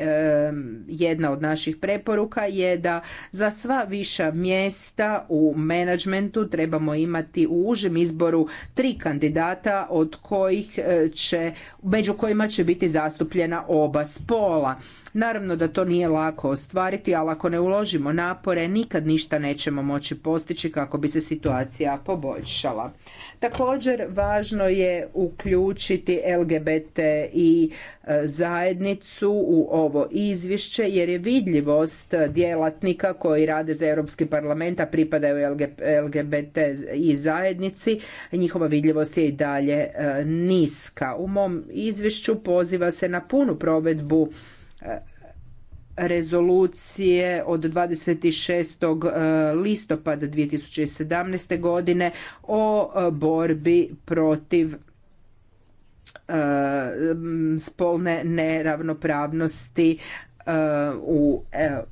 jedna od naših preporuka je da za sva viša mjesta u menadžmentu trebamo imati u užem izboru tri kandidata od kojih e, će, među kojima će biti zastupljena oba spola Naravno da to nije lako ostvariti, ali ako ne uložimo napore, nikad ništa nećemo moći postići kako bi se situacija poboljšala. Također, važno je uključiti LGBT i e, zajednicu u ovo izvješće, jer je vidljivost djelatnika koji rade za Europski parlament, a pripadaju LGBT i zajednici, njihova vidljivost je i dalje e, niska. U mom izvješću poziva se na punu provedbu rezolucije od 26. listopada 2017. godine o e, borbi protiv e, spolne neravnopravnosti e, u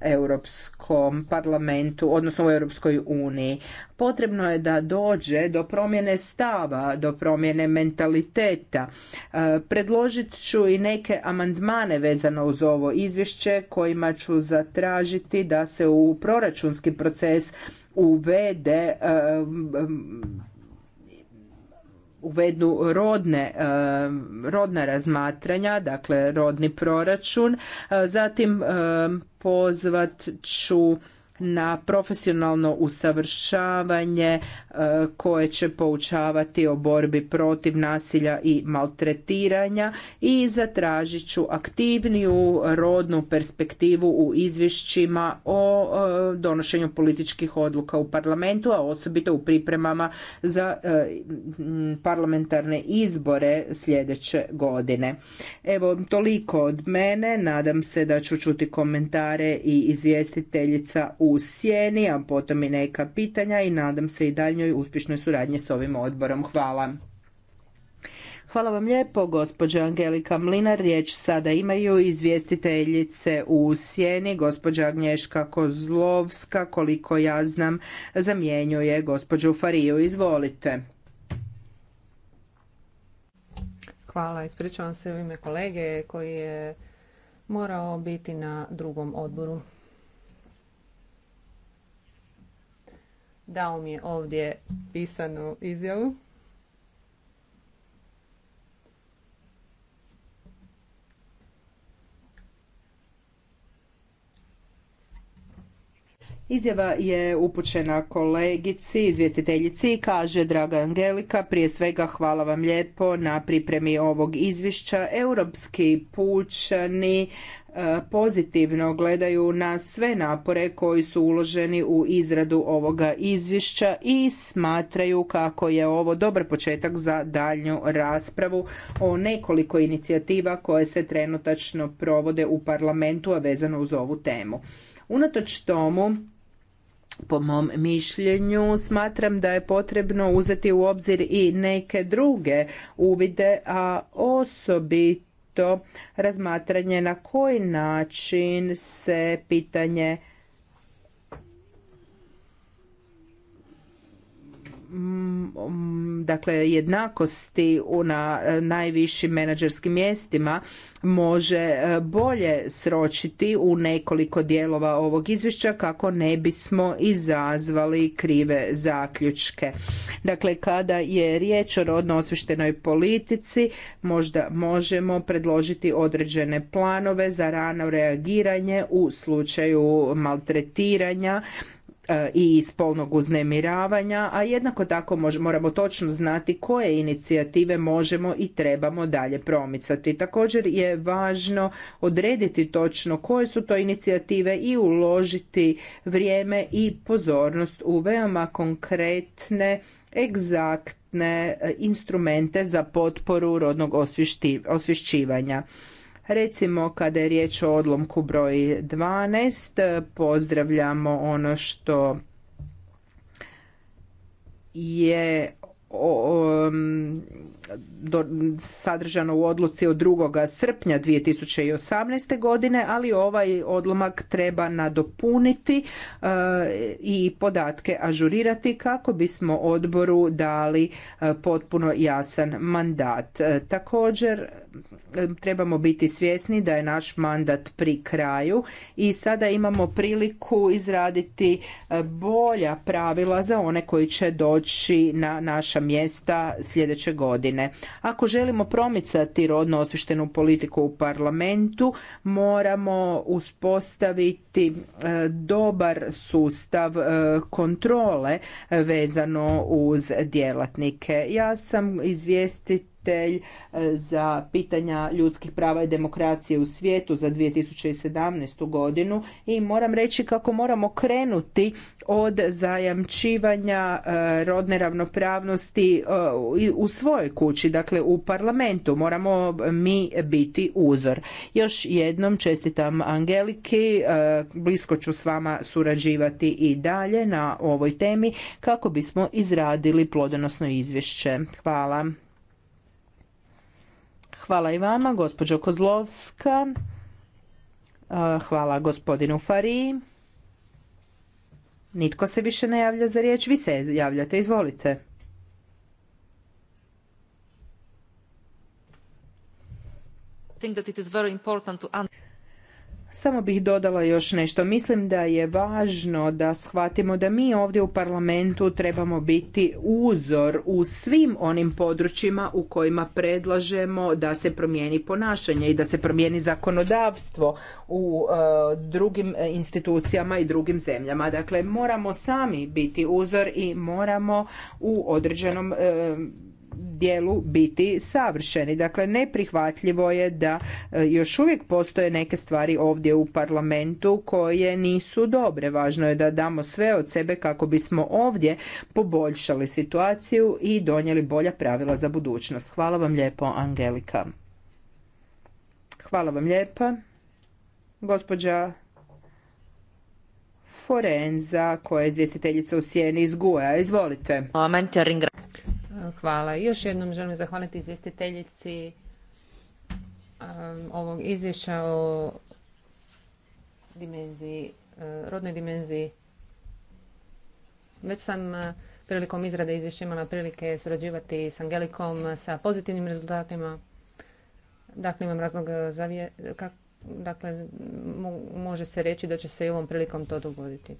europskoj Europskom parlamentu, odnosno u Europskoj uniji. Potrebno je da dođe do promjene stava, do promjene mentaliteta. E, predložit ću i neke amandmane vezano uz ovo izvješće kojima ću zatražiti da se u proračunski proces uvede e, uvedu rodne, e, rodna razmatranja, dakle rodni proračun. E, zatim e, pozvat ću na profesionalno usavršavanje e, koje će poučavati o borbi protiv nasilja i maltretiranja i zatražit ću aktivniju rodnu perspektivu u izvješćima o e, donošenju političkih odluka u parlamentu, a osobito u pripremama za e, parlamentarne izbore sljedeće godine. Evo, toliko od mene. Nadam se da ću čuti komentare i izvjestiteljica u u sjeni, a potom i neka pitanja i nadam se i daljnjoj uspješnoj suradnji s ovim odborom. Hvala. Hvala vam lijepo, gospođa Angelika Mlinar. Riječ sada imaju izvjestiteljice u Sjeni, gospođa Agnješka Kozlovska, koliko ja znam, zamjenjuje gospođu Fariju. Izvolite. Hvala, ispričavam se u ime kolege koji je morao biti na drugom odboru. Dao mi je ovdje pisanu izjavu. Izjava je upućena kolegici, izvjestiteljici kaže Draga Angelika, prije svega hvala vam lijepo na pripremi ovog izvješća. Europski pučani E, pozitivno gledaju na sve napore koji su uloženi u izradu ovoga izvješća i smatraju kako je ovo dobar početak za daljnju raspravu o nekoliko inicijativa koje se trenutačno provode u parlamentu, a vezano uz ovu temu. Unatoč tomu, po mom mišljenju smatram da je potrebno uzeti u obzir i neke druge uvide, a osobito to razmatranje na koji način se pitanje Mm, dakle jednakosti na najvišim menadžerskim mjestima može e, bolje sročiti u nekoliko dijelova ovog izvješća kako ne bismo izazvali krive zaključke. Dakle, kada je riječ o rodno osvištenoj politici, možda možemo predložiti određene planove za rano reagiranje u slučaju maltretiranja E, i spolnog uznemiravanja, a jednako tako moramo točno znati koje inicijative možemo i trebamo dalje promicati. Također je važno odrediti točno koje su to inicijative i uložiti vrijeme i pozornost u veoma konkretne, egzaktne e, instrumente za potporu rodnog osvješćivanja. Recimo kada je riječ o odlomku broj 12, pozdravljamo ono što je sadržano u odluci od 2. srpnja 2018. godine, ali ovaj odlomak treba nadopuniti e, i podatke ažurirati kako bismo odboru dali e, potpuno jasan mandat. E, također trebamo biti svjesni da je naš mandat pri kraju i sada imamo priliku izraditi e, bolja pravila za one koji će doći na naša mjesta sljedeće godine. Ako želimo promicati rodno osvištenu politiku u parlamentu, moramo uspostaviti e, dobar sustav e, kontrole vezano uz djelatnike. Ja sam izvijestiti E, za pitanja ljudskih prava i demokracije u svijetu za 2017. godinu i moram reći kako moramo krenuti od zajamčivanja e, rodne ravnopravnosti e, u svojoj kući, dakle u parlamentu. Moramo mi biti uzor. Još jednom čestitam Angeliki, blisko ću s vama surađivati i dalje na ovoj temi kako bismo izradili plodonosno izvješće. Hvala. Hvala i vama, gospođo Kozlovska. E, hvala gospodinu Fariji. Nitko se više ne javlja za riječ. Vi se javljate, izvolite. Think that it is very important samo bih dodala još nešto. Mislim da je važno da shvatimo da mi ovdje u parlamentu trebamo biti uzor u svim onim područjima u kojima predlažemo da se promijeni ponašanje i da se promijeni zakonodavstvo u e, drugim e, institucijama i drugim zemljama. Dakle, moramo sami biti uzor i moramo u određenom e, dijelu biti savršeni. Dakle, neprihvatljivo je da e, još uvijek postoje neke stvari ovdje u parlamentu koje nisu dobre. Važno je da damo sve od sebe kako bismo ovdje poboljšali situaciju i donijeli bolja pravila za budućnost. Hvala vam lijepo, Angelika. Hvala vam lijepa. Gospođa Forenza, koja je izvjestiteljica u Sijeni iz Guja. Izvolite. Hvala. Još jednom želim zahvaliti izvjestiteljici um, ovog izvješća o dimenziji, uh, rodnoj dimenziji. Već sam uh, prilikom izrade izvješća imala prilike surađivati s Angelikom uh, sa pozitivnim rezultatima. Dakle, imam razlog za Dakle, može se reći da će se i ovom prilikom to dogoditi.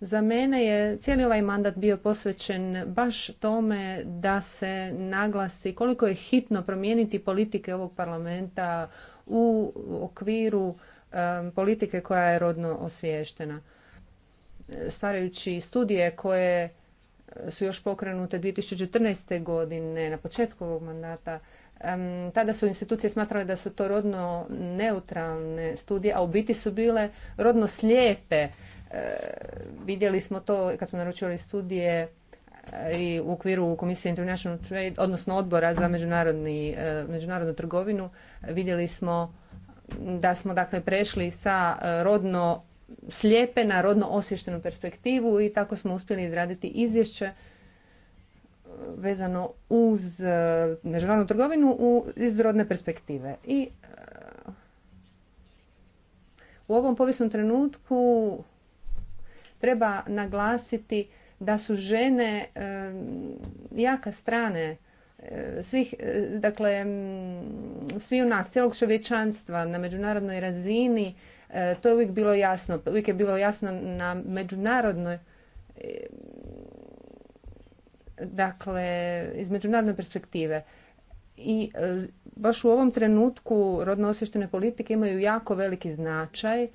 Za mene je cijeli ovaj mandat bio posvećen baš tome da se naglasi koliko je hitno promijeniti politike ovog parlamenta u okviru politike koja je rodno osviještena. Stvarajući studije koje su još pokrenute 2014. godine na početku ovog mandata, tada su institucije smatrale da su to rodno neutralne studije, a u biti su bile rodno slijepe Vidjeli smo to kad smo naručili studije e, i u okviru Komisije International Trade, odnosno odbora za e, međunarodnu trgovinu, vidjeli smo da smo dakle prešli sa e, rodno slijepe na rodno osvještenu perspektivu i tako smo uspjeli izraditi izvješće vezano uz međunarodnu trgovinu iz rodne perspektive. I u ovom povijesnom trenutku treba naglasiti da su žene jaka strane eh, svih, eh, dakle, svi u nas, cijelog čovječanstva na međunarodnoj razini, eh, to je uvijek bilo jasno, uvijek je bilo jasno na međunarodnoj dakle, iz međunarodne perspektive. I baš u ovom trenutku rodno politike imaju jako veliki značaj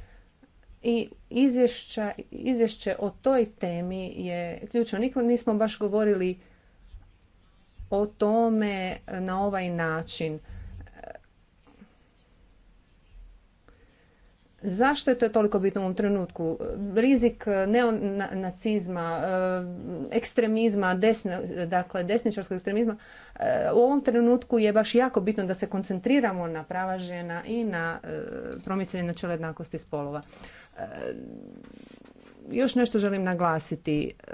i izvješća, izvješće o toj temi je ključno. Nikom nismo baš govorili o tome na ovaj način. Zašto je to toliko bitno u ovom trenutku? Rizik neonacizma, eh, ekstremizma, desne, dakle desničarskog ekstremizma, eh, u ovom trenutku je baš jako bitno da se koncentriramo na prava žena i na eh, promicanje načela jednakosti spolova. E, još nešto želim naglasiti. E,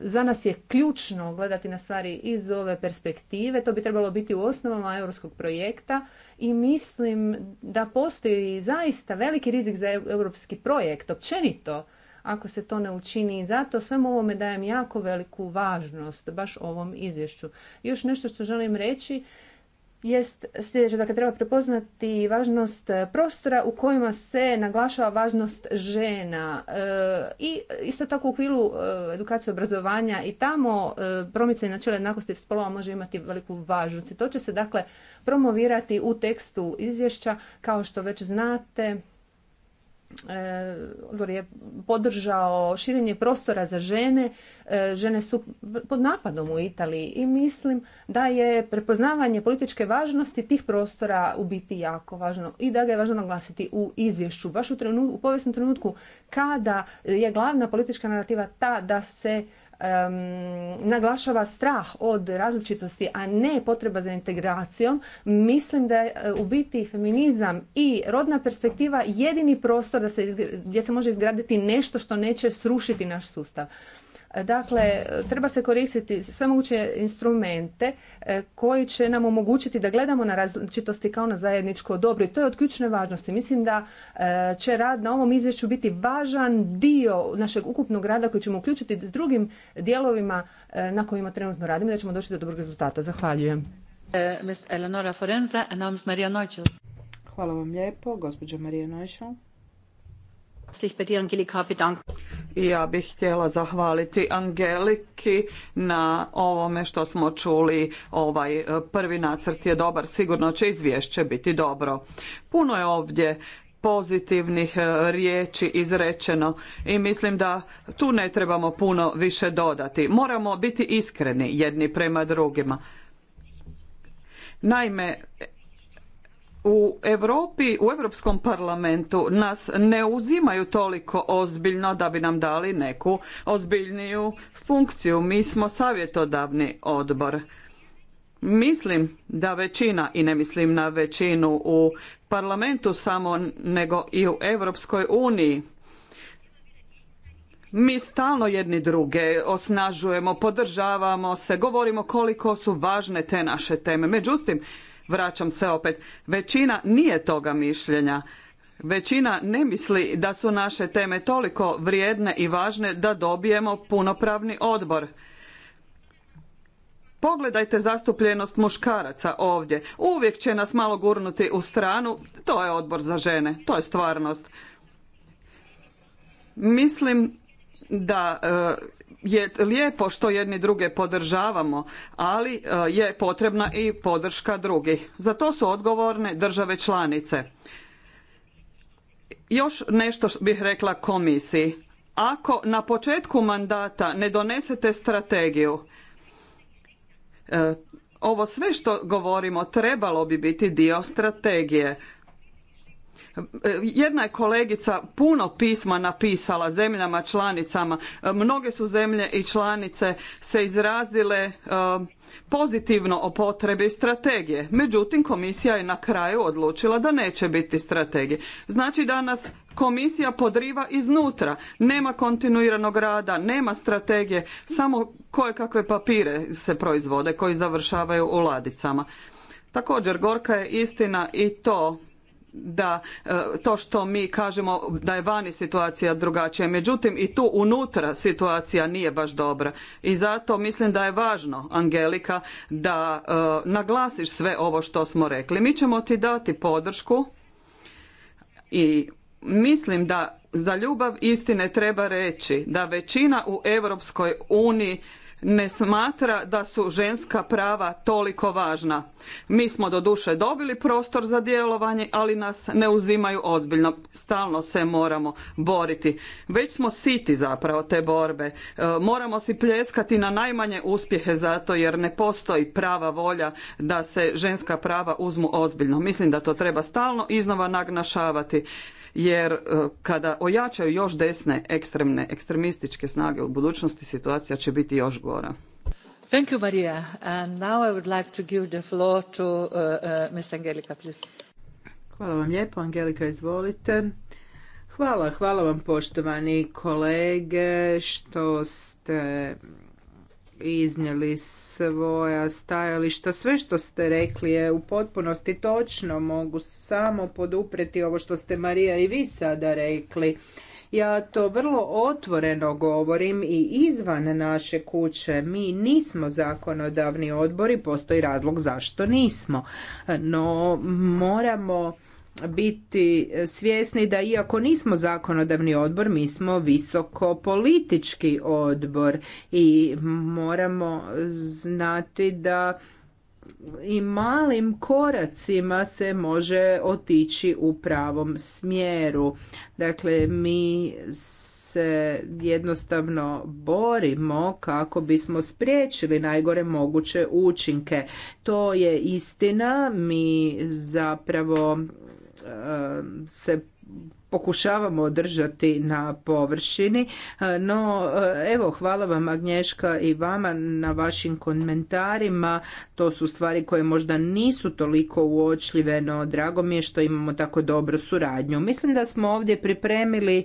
za nas je ključno gledati na stvari iz ove perspektive. To bi trebalo biti u osnovama europskog projekta i mislim da postoji zaista veliki rizik za europski projekt općenito ako se to ne učini. I zato svemu ovome dajem jako veliku važnost, baš ovom izvješću. Još nešto što želim reći jest sljedeće. Dakle, treba prepoznati važnost prostora u kojima se naglašava važnost žena. E, I isto tako u okviru e, edukacije obrazovanja i tamo e, promicanje načela jednakosti spolova može imati veliku važnost. I to će se dakle promovirati u tekstu izvješća. Kao što već znate, je podržao širenje prostora za žene. E, žene su pod napadom u Italiji i mislim da je prepoznavanje političke važnosti tih prostora u biti jako važno i da ga je važno naglasiti u izvješću. Baš u, u povijesnom trenutku kada je glavna politička narativa ta da se um, naglašava strah od različitosti, a ne potreba za integracijom, mislim da je e, u biti feminizam i rodna perspektiva jedini prostor da se, gdje se može izgraditi nešto što neće srušiti naš sustav. Dakle, treba se koristiti sve moguće instrumente e, koji će nam omogućiti da gledamo na različitosti kao na zajedničko dobro i to je od ključne važnosti. Mislim da e, će rad na ovom izvješću biti važan dio našeg ukupnog rada koji ćemo uključiti s drugim dijelovima e, na kojima trenutno radimo i da ćemo doći do dobrog rezultata. Zahvaljujem. Hvala vam lijepo, gospođa Marija ja bih htjela zahvaliti Angeliki na ovome što smo čuli. Ovaj eh, prvi nacrt je dobar, sigurno će izvješće biti dobro. Puno je ovdje pozitivnih eh, riječi izrečeno i mislim da tu ne trebamo puno više dodati. Moramo biti iskreni jedni prema drugima. Naime, u Europi, u Europskom parlamentu nas ne uzimaju toliko ozbiljno da bi nam dali neku ozbiljniju funkciju. Mi smo savjetodavni odbor. Mislim da većina, i ne mislim na većinu u parlamentu samo, nego i u Europskoj uniji, mi stalno jedni druge osnažujemo, podržavamo se, govorimo koliko su važne te naše teme. Međutim, vraćam se opet, većina nije toga mišljenja. Većina ne misli da su naše teme toliko vrijedne i važne da dobijemo punopravni odbor. Pogledajte zastupljenost muškaraca ovdje. Uvijek će nas malo gurnuti u stranu. To je odbor za žene. To je stvarnost. Mislim da e, je lijepo što jedni druge podržavamo, ali e, je potrebna i podrška drugih. Za to su odgovorne države članice. Još nešto bih rekla komisiji. Ako na početku mandata ne donesete strategiju, e, ovo sve što govorimo trebalo bi biti dio strategije. Jedna je kolegica puno pisma napisala zemljama članicama. Mnoge su zemlje i članice se izrazile e, pozitivno o potrebi strategije. Međutim, komisija je na kraju odlučila da neće biti strategije. Znači danas komisija podriva iznutra. Nema kontinuiranog rada, nema strategije, samo koje kakve papire se proizvode koji završavaju u ladicama. Također, gorka je istina i to da e, to što mi kažemo da je vani situacija drugačija. Međutim, i tu unutra situacija nije baš dobra. I zato mislim da je važno, Angelika, da e, naglasiš sve ovo što smo rekli. Mi ćemo ti dati podršku i mislim da za ljubav istine treba reći da većina u Europskoj uniji ne smatra da su ženska prava toliko važna. Mi smo do duše dobili prostor za djelovanje, ali nas ne uzimaju ozbiljno. Stalno se moramo boriti. Već smo siti zapravo te borbe. E, moramo si pljeskati na najmanje uspjehe zato jer ne postoji prava volja da se ženska prava uzmu ozbiljno. Mislim da to treba stalno iznova nagnašavati jer e, kada ojačaju još desne ekstremne, ekstremističke snage u budućnosti, situacija će biti još gora. Thank you, Maria. And now Hvala vam lijepo, Angelika, izvolite. Hvala, hvala vam poštovani kolege što ste iznijeli svoja stajališta. Sve što ste rekli je u potpunosti točno. Mogu samo podupreti ovo što ste Marija i vi sada rekli. Ja to vrlo otvoreno govorim i izvan naše kuće. Mi nismo zakonodavni odbori, postoji razlog zašto nismo. No moramo biti svjesni da iako nismo zakonodavni odbor, mi smo visoko politički odbor i moramo znati da i malim koracima se može otići u pravom smjeru. Dakle, mi se jednostavno borimo kako bismo spriječili najgore moguće učinke. To je istina, mi zapravo se pokušavamo održati na površini. E, no, e, evo, hvala vam Agnješka i vama na vašim komentarima. To su stvari koje možda nisu toliko uočljive, no drago mi je što imamo tako dobru suradnju. Mislim da smo ovdje pripremili e,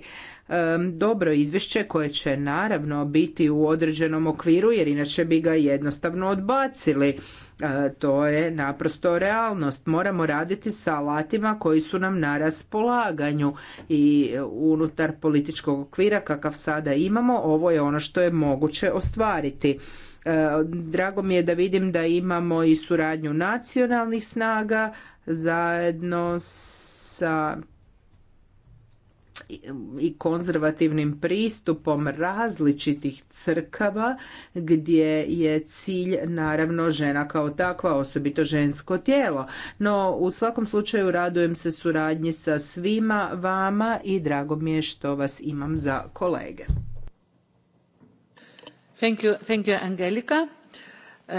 dobro izvješće koje će naravno biti u određenom okviru jer inače bi ga jednostavno odbacili E, to je naprosto realnost. Moramo raditi sa alatima koji su nam na raspolaganju i unutar političkog okvira kakav sada imamo, ovo je ono što je moguće ostvariti. E, drago mi je da vidim da imamo i suradnju nacionalnih snaga zajedno sa i konzervativnim pristupom različitih crkava gdje je cilj naravno žena kao takva, osobito žensko tijelo. No u svakom slučaju radujem se suradnji sa svima vama i drago mi je što vas imam za kolege. Thank you, Angelika. Uh,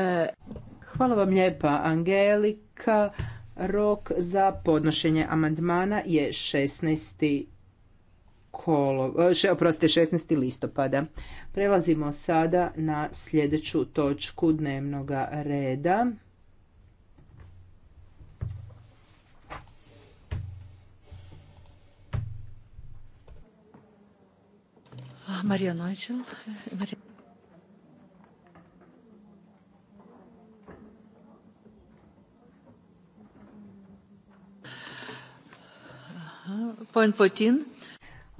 Hvala vam lijepa Angelika. Rok za podnošenje amandmana je 16 kolo, e, oprostite, 16. listopada. Prelazimo sada na sljedeću točku dnevnog reda. Ah, Marija Nojčel. Point 14.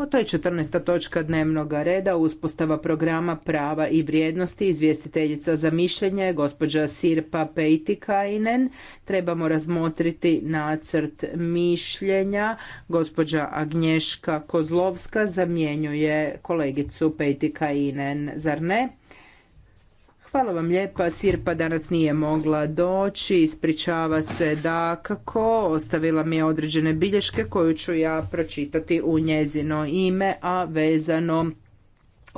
O to je 14. točka dnevnog reda, uspostava programa prava i vrijednosti, izvjestiteljica za mišljenje, gospođa Sirpa Peitikainen. Trebamo razmotriti nacrt mišljenja. Gospođa Agnješka Kozlovska zamjenjuje kolegicu Peitikainen, zar ne? Hvala vam lijepa. Sirpa danas nije mogla doći, ispričava se da kako, ostavila mi je određene bilješke koju ću ja pročitati u njezino ime, a vezano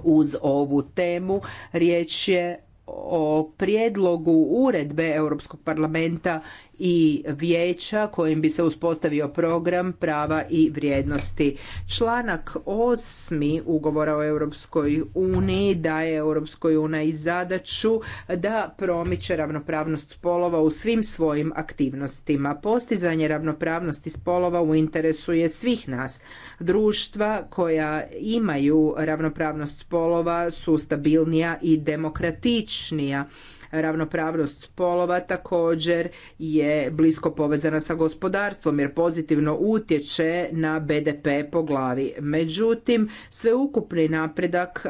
uz ovu temu. Riječ je o prijedlogu uredbe Europskog parlamenta i vijeća kojim bi se uspostavio program prava i vrijednosti. Članak osmi ugovora o Europskoj uniji daje Europskoj uniji zadaću da promiče ravnopravnost spolova u svim svojim aktivnostima. Postizanje ravnopravnosti spolova u interesu je svih nas. Društva koja imaju ravnopravnost spolova su stabilnija i demokratičnija ravnopravnost spolova također je blisko povezana sa gospodarstvom jer pozitivno utječe na BDP po glavi. Međutim, sveukupni napredak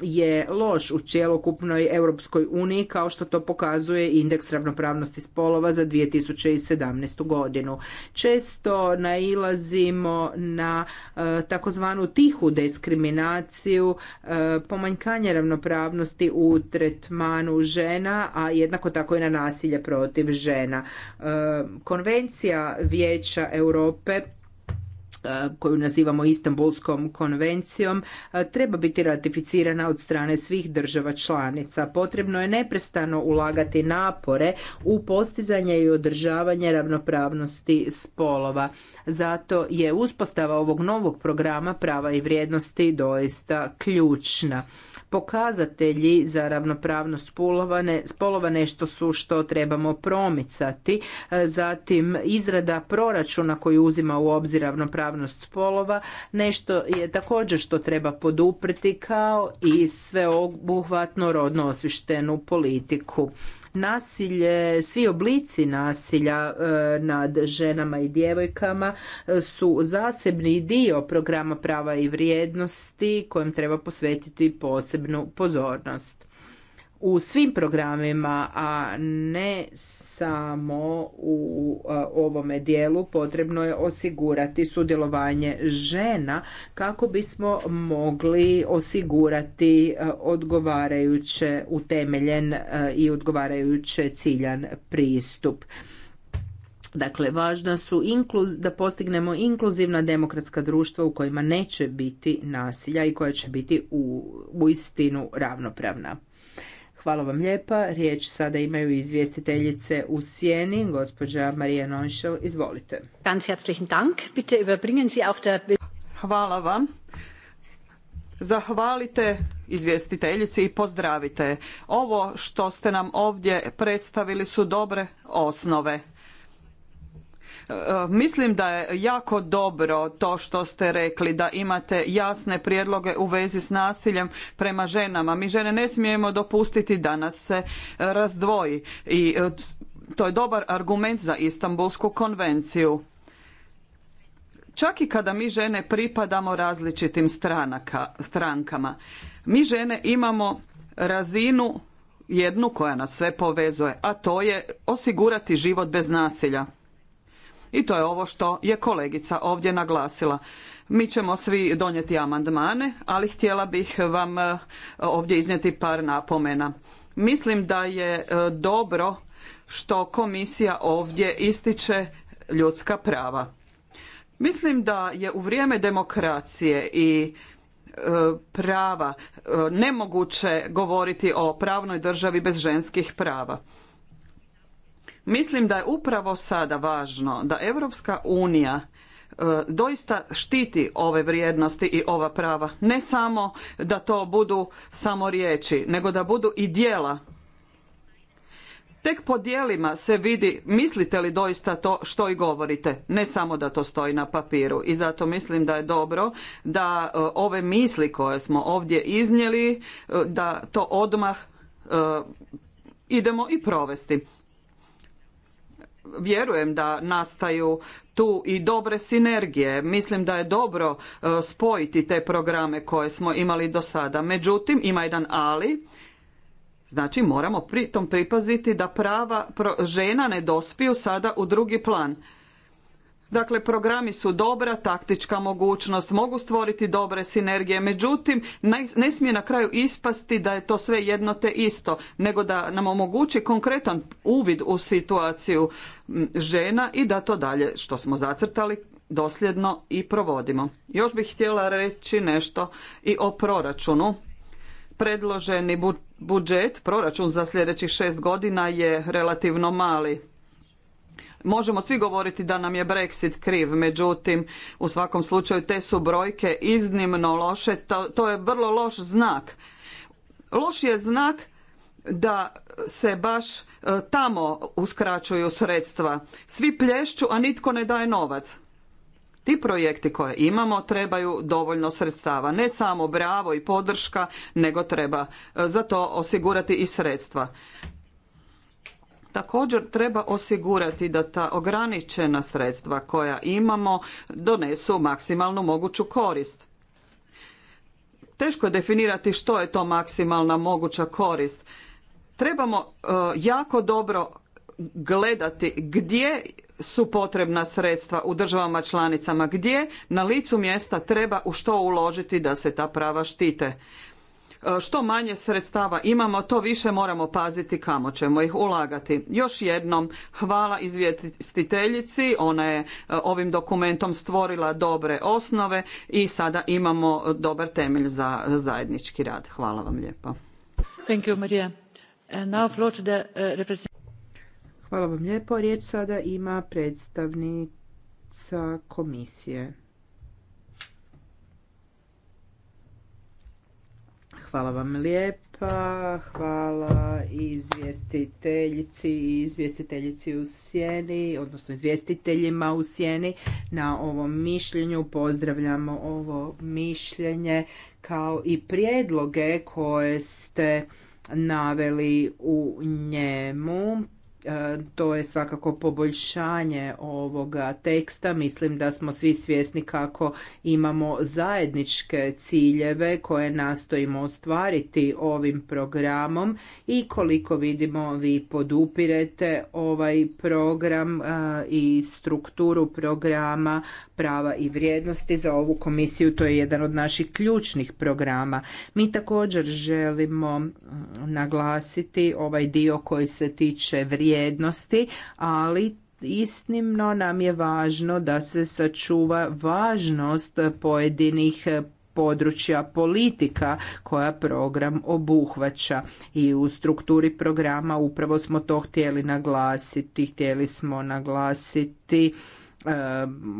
je loš u cjelokupnoj Europskoj uniji kao što to pokazuje indeks ravnopravnosti spolova za 2017. godinu. Često nailazimo na e, takozvanu tihu diskriminaciju, e, pomanjkanje ravnopravnosti u tretmanu žena a jednako tako i na nasilje protiv žena. E, Konvencija Vijeća Europe E, koju nazivamo Istanbulskom konvencijom, e, treba biti ratificirana od strane svih država članica. Potrebno je neprestano ulagati napore u postizanje i održavanje ravnopravnosti spolova. Zato je uspostava ovog novog programa prava i vrijednosti doista ključna pokazatelji za ravnopravnost spolova nešto su što trebamo promicati, e, zatim izrada proračuna koji uzima u obzir ravnopravnost ravnopravnost spolova nešto je također što treba podupriti kao i sveobuhvatno rodno osvištenu politiku nasilje, svi oblici nasilja e, nad ženama i djevojkama e, su zasebni dio programa prava i vrijednosti kojem treba posvetiti posebnu pozornost u svim programima, a ne samo u ovome dijelu potrebno je osigurati sudjelovanje žena kako bismo mogli osigurati odgovarajuće utemeljen i odgovarajuće ciljan pristup. Dakle, važna su da postignemo inkluzivna demokratska društva u kojima neće biti nasilja i koja će biti u, u istinu ravnopravna. Hvala vam lijepa. Riječ sada imaju izvjestiteljice u sjeni, gospođa Marija Nonšel. Izvolite. Hvala vam. Zahvalite izvjestiteljici i pozdravite. Ovo što ste nam ovdje predstavili su dobre osnove E, mislim da je jako dobro to što ste rekli, da imate jasne prijedloge u vezi s nasiljem prema ženama. Mi žene ne smijemo dopustiti da nas se e, razdvoji i e, to je dobar argument za Istanbulsku konvenciju. Čak i kada mi žene pripadamo različitim stranaka, strankama, mi žene imamo razinu jednu koja nas sve povezuje, a to je osigurati život bez nasilja. I to je ovo što je kolegica ovdje naglasila. Mi ćemo svi donijeti amandmane, ali htjela bih vam e, ovdje iznijeti par napomena. Mislim da je e, dobro što komisija ovdje ističe ljudska prava. Mislim da je u vrijeme demokracije i e, prava nemoguće govoriti o pravnoj državi bez ženskih prava. Mislim da je upravo sada važno da Europska unija e, doista štiti ove vrijednosti i ova prava. Ne samo da to budu samo riječi, nego da budu i dijela. Tek po dijelima se vidi mislite li doista to što i govorite, ne samo da to stoji na papiru. I zato mislim da je dobro da e, ove misli koje smo ovdje iznijeli, e, da to odmah idemo i provesti vjerujem da nastaju tu i dobre sinergije. Mislim da je dobro e, spojiti te programe koje smo imali do sada. Međutim, ima jedan ali, Znači moramo pritom pripaziti da prava žena ne dospiju sada u drugi plan. Dakle, programi su dobra taktička mogućnost, mogu stvoriti dobre sinergije, međutim, ne, smije na kraju ispasti da je to sve jedno te isto, nego da nam omogući konkretan uvid u situaciju žena i da to dalje, što smo zacrtali, dosljedno i provodimo. Još bih htjela reći nešto i o proračunu. Predloženi budžet, proračun za sljedećih šest godina je relativno mali Možemo svi govoriti da nam je Brexit kriv, međutim u svakom slučaju te su brojke iznimno loše, to, je vrlo loš znak. Loš je znak da se baš e, tamo uskraćuju sredstva. Svi plješću, a nitko ne daje novac. Ti projekti koje imamo trebaju dovoljno sredstava. Ne samo bravo i podrška, nego treba e, za to osigurati i sredstva. Također treba osigurati da ta ograničena sredstva koja imamo donesu maksimalnu moguću korist. Teško je definirati što je to maksimalna moguća korist. Trebamo e, jako dobro gledati gdje su potrebna sredstva u državama članicama gdje na licu mjesta treba u što uložiti da se ta prava štite. E, što manje sredstava imamo, to više moramo paziti kamo ćemo ih ulagati. Još jednom, hvala izvjestiteljici, ona je e, ovim dokumentom stvorila dobre osnove i sada imamo dobar temelj za zajednički rad. Hvala vam lijepo. E, hvala vam lijepo. Riječ sada ima predstavnica komisije. Hvala vam lijepa, hvala izvjestiteljici i izvjestiteljici u sjeni, odnosno izvjestiteljima u sjeni na ovom mišljenju. Pozdravljamo ovo mišljenje kao i prijedloge koje ste naveli u njemu. E, to je svakako poboljšanje ovoga teksta. Mislim da smo svi svjesni kako imamo zajedničke ciljeve koje nastojimo ostvariti ovim programom i koliko vidimo vi podupirete ovaj program e, i strukturu programa prava i vrijednosti za ovu komisiju. To je jedan od naših ključnih programa. Mi također želimo naglasiti ovaj dio koji se tiče vrijednosti vrijednosti, ali Istimno nam je važno da se sačuva važnost pojedinih područja politika koja program obuhvaća i u strukturi programa upravo smo to htjeli naglasiti. Htjeli smo naglasiti Eh,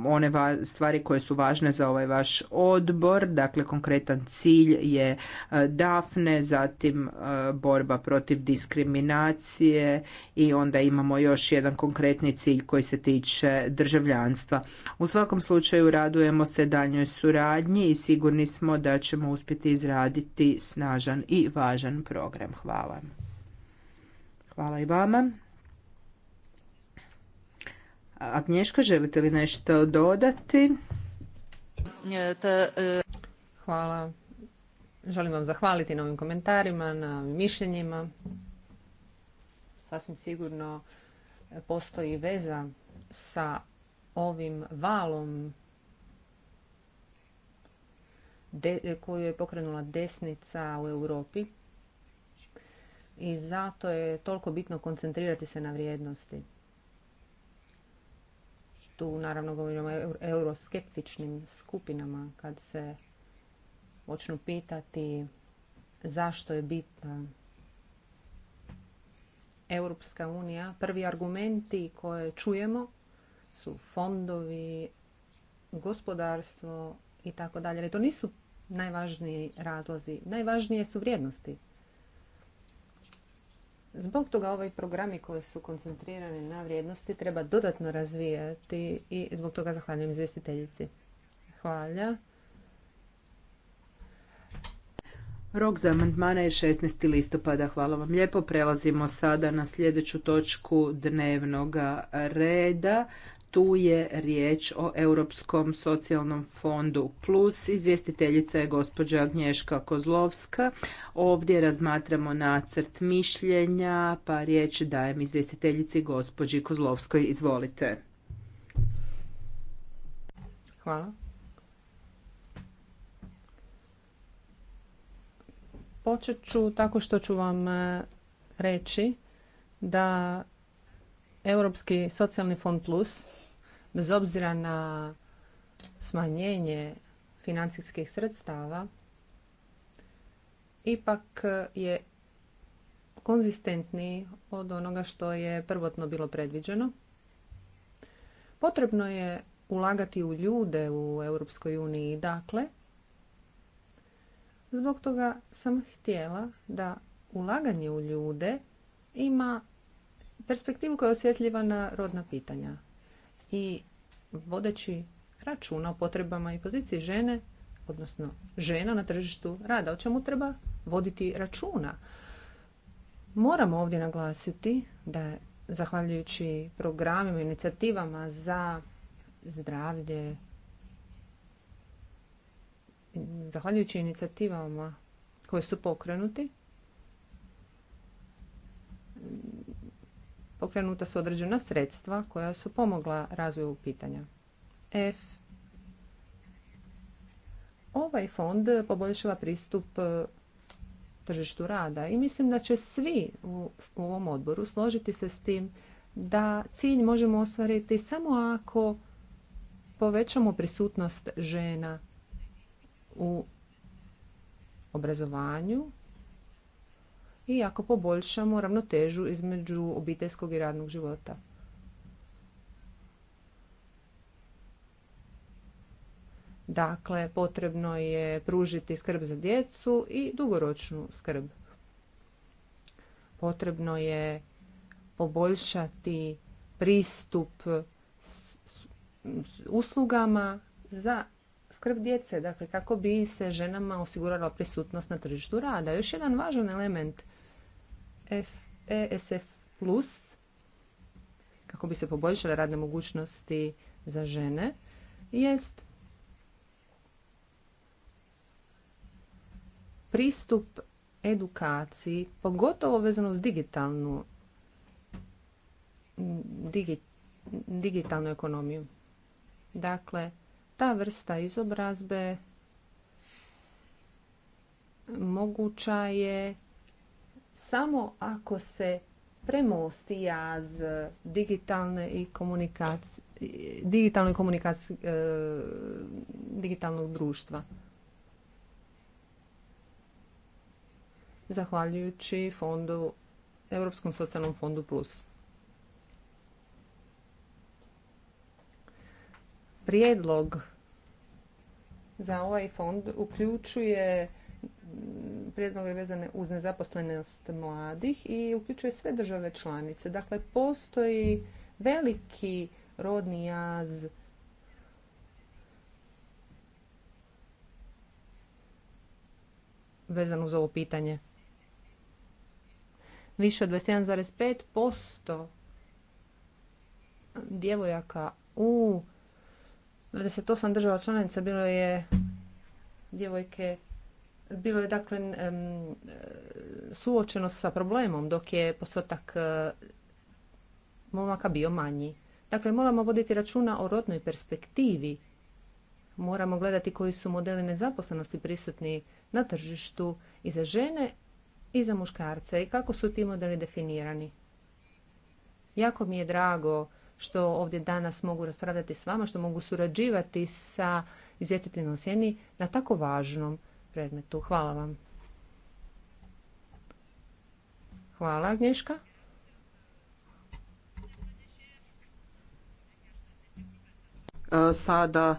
one stvari koje su važne za ovaj vaš odbor, dakle konkretan cilj je eh, DAFNE, zatim eh, borba protiv diskriminacije i onda imamo još jedan konkretni cilj koji se tiče državljanstva. U svakom slučaju radujemo se daljnjoj suradnji i sigurni smo da ćemo uspjeti izraditi snažan i važan program. Hvala. Hvala i vama. Agnješka, želite li nešto dodati? E, e, Hvala. Želim vam zahvaliti na ovim komentarima, na mišljenjima. Sasvim sigurno postoji veza sa ovim valom koju je pokrenula desnica u Europi. I zato je toliko bitno koncentrirati se na vrijednosti tu naravno govorimo o euroskeptičnim skupinama kad se počnu pitati zašto je bitna Europska unija. Prvi argumenti koje čujemo su fondovi, gospodarstvo i tako dalje. To nisu najvažniji razlozi. Najvažnije su vrijednosti. Zbog toga ovi programi koji su koncentrirani na vrijednosti treba dodatno razvijati i zbog toga zahvaljujem izvjestiteljici. Hvala. Rok za amandmane je 16. listopada. Hvala vam lijepo. Prelazimo sada na sljedeću točku dnevnog reda tu je riječ o Europskom socijalnom fondu plus. Izvjestiteljica je gospođa Agnješka Kozlovska. Ovdje razmatramo nacrt mišljenja, pa riječ dajem izvjestiteljici gospođi Kozlovskoj. Izvolite. Hvala. Počet ću tako što ću vam e, reći da Europski socijalni fond plus bez obzira na smanjenje financijskih sredstava, ipak je konzistentniji od onoga što je prvotno bilo predviđeno. Potrebno je ulagati u ljude u Europskoj uniji, dakle, zbog toga sam htjela da ulaganje u ljude ima perspektivu koja je osjetljiva na rodna pitanja i vodeći računa o potrebama i poziciji žene, odnosno žena na tržištu rada, o čemu treba voditi računa. Moramo ovdje naglasiti da zahvaljujući programima i inicijativama za zdravlje, zahvaljujući inicijativama koje su pokrenuti, pokrenuta su određena sredstva koja su pomogla razvoju pitanja. F. Ovaj fond poboljšava pristup e, tržištu rada i mislim da će svi u ovom odboru složiti se s tim da cilj možemo ostvariti samo ako povećamo prisutnost žena u obrazovanju i ako poboljšamo ravnotežu između obiteljskog i radnog života. Dakle, potrebno je pružiti skrb za djecu i dugoročnu skrb. Potrebno je poboljšati pristup uslugama za skrb djece, dakle kako bi se ženama osigurala prisutnost na tržištu rada. Još jedan važan element ESF e, plus kako bi se poboljšale radne mogućnosti za žene jest pristup edukaciji, pogotovo vezano s digitalnu digitalnu ekonomiju. Dakle, ta vrsta izobrazbe moguća je samo ako se premosti jaz digitalne i komunikacije digitalnoj komunikaciji e, digitalnog društva. Zahvaljujući fondu, Europskom socijalnom fondu plus. Prijedlog za ovaj fond uključuje prijedloge vezane uz nezaposlenost mladih i uključuje sve države članice. Dakle, postoji veliki rodni jaz vezan uz ovo pitanje. Više od 21,5% djevojaka u 28 država članica bilo je djevojke bilo je dakle suočeno sa problemom dok je postotak e, momaka bio manji. Dakle, moramo voditi računa o rodnoj perspektivi. Moramo gledati koji su modeli nezaposlenosti prisutni na tržištu i za žene i za muškarce i kako su ti modeli definirani. Jako mi je drago što ovdje danas mogu raspravljati s vama, što mogu surađivati sa izvjestiteljima u sjeni na tako važnom predmetu. Hvala vam. Hvala, Agnješka. E, sada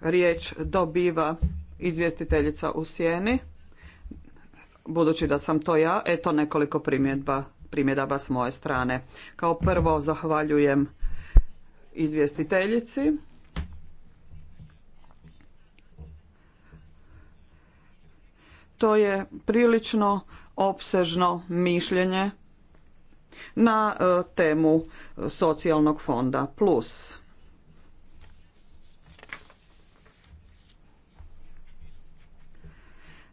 riječ dobiva izvjestiteljica u sjeni. Budući da sam to ja, eto nekoliko primjedba, primjedaba s moje strane. Kao prvo zahvaljujem izvjestiteljici to je prilično opsežno mišljenje na e, temu socijalnog fonda plus.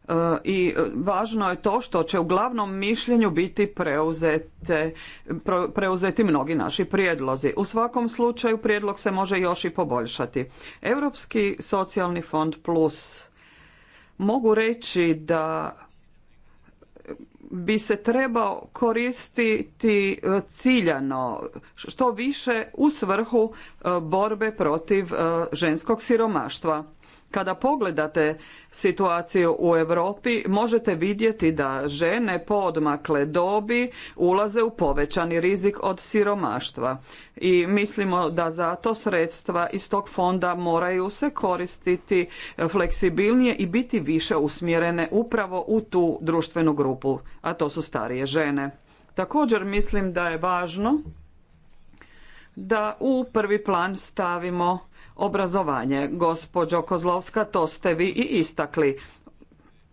E, I važno je to što će u glavnom mišljenju biti preuzete, preuzeti mnogi naši prijedlozi. U svakom slučaju prijedlog se može još i poboljšati. Europski socijalni fond plus mogu reći da bi se trebao koristiti e, ciljano što više u svrhu e, borbe protiv e, ženskog siromaštva. Kada pogledate situaciju u Europi možete vidjeti da žene odmakle dobi ulaze u povećani rizik od siromaštva i mislimo da zato sredstva iz tog fonda moraju se koristiti fleksibilnije i biti više usmjerene upravo u tu društvenu grupu, a to su starije žene. Također mislim da je važno da u prvi plan stavimo obrazovanje. Gospođo Kozlovska, to ste vi i istakli.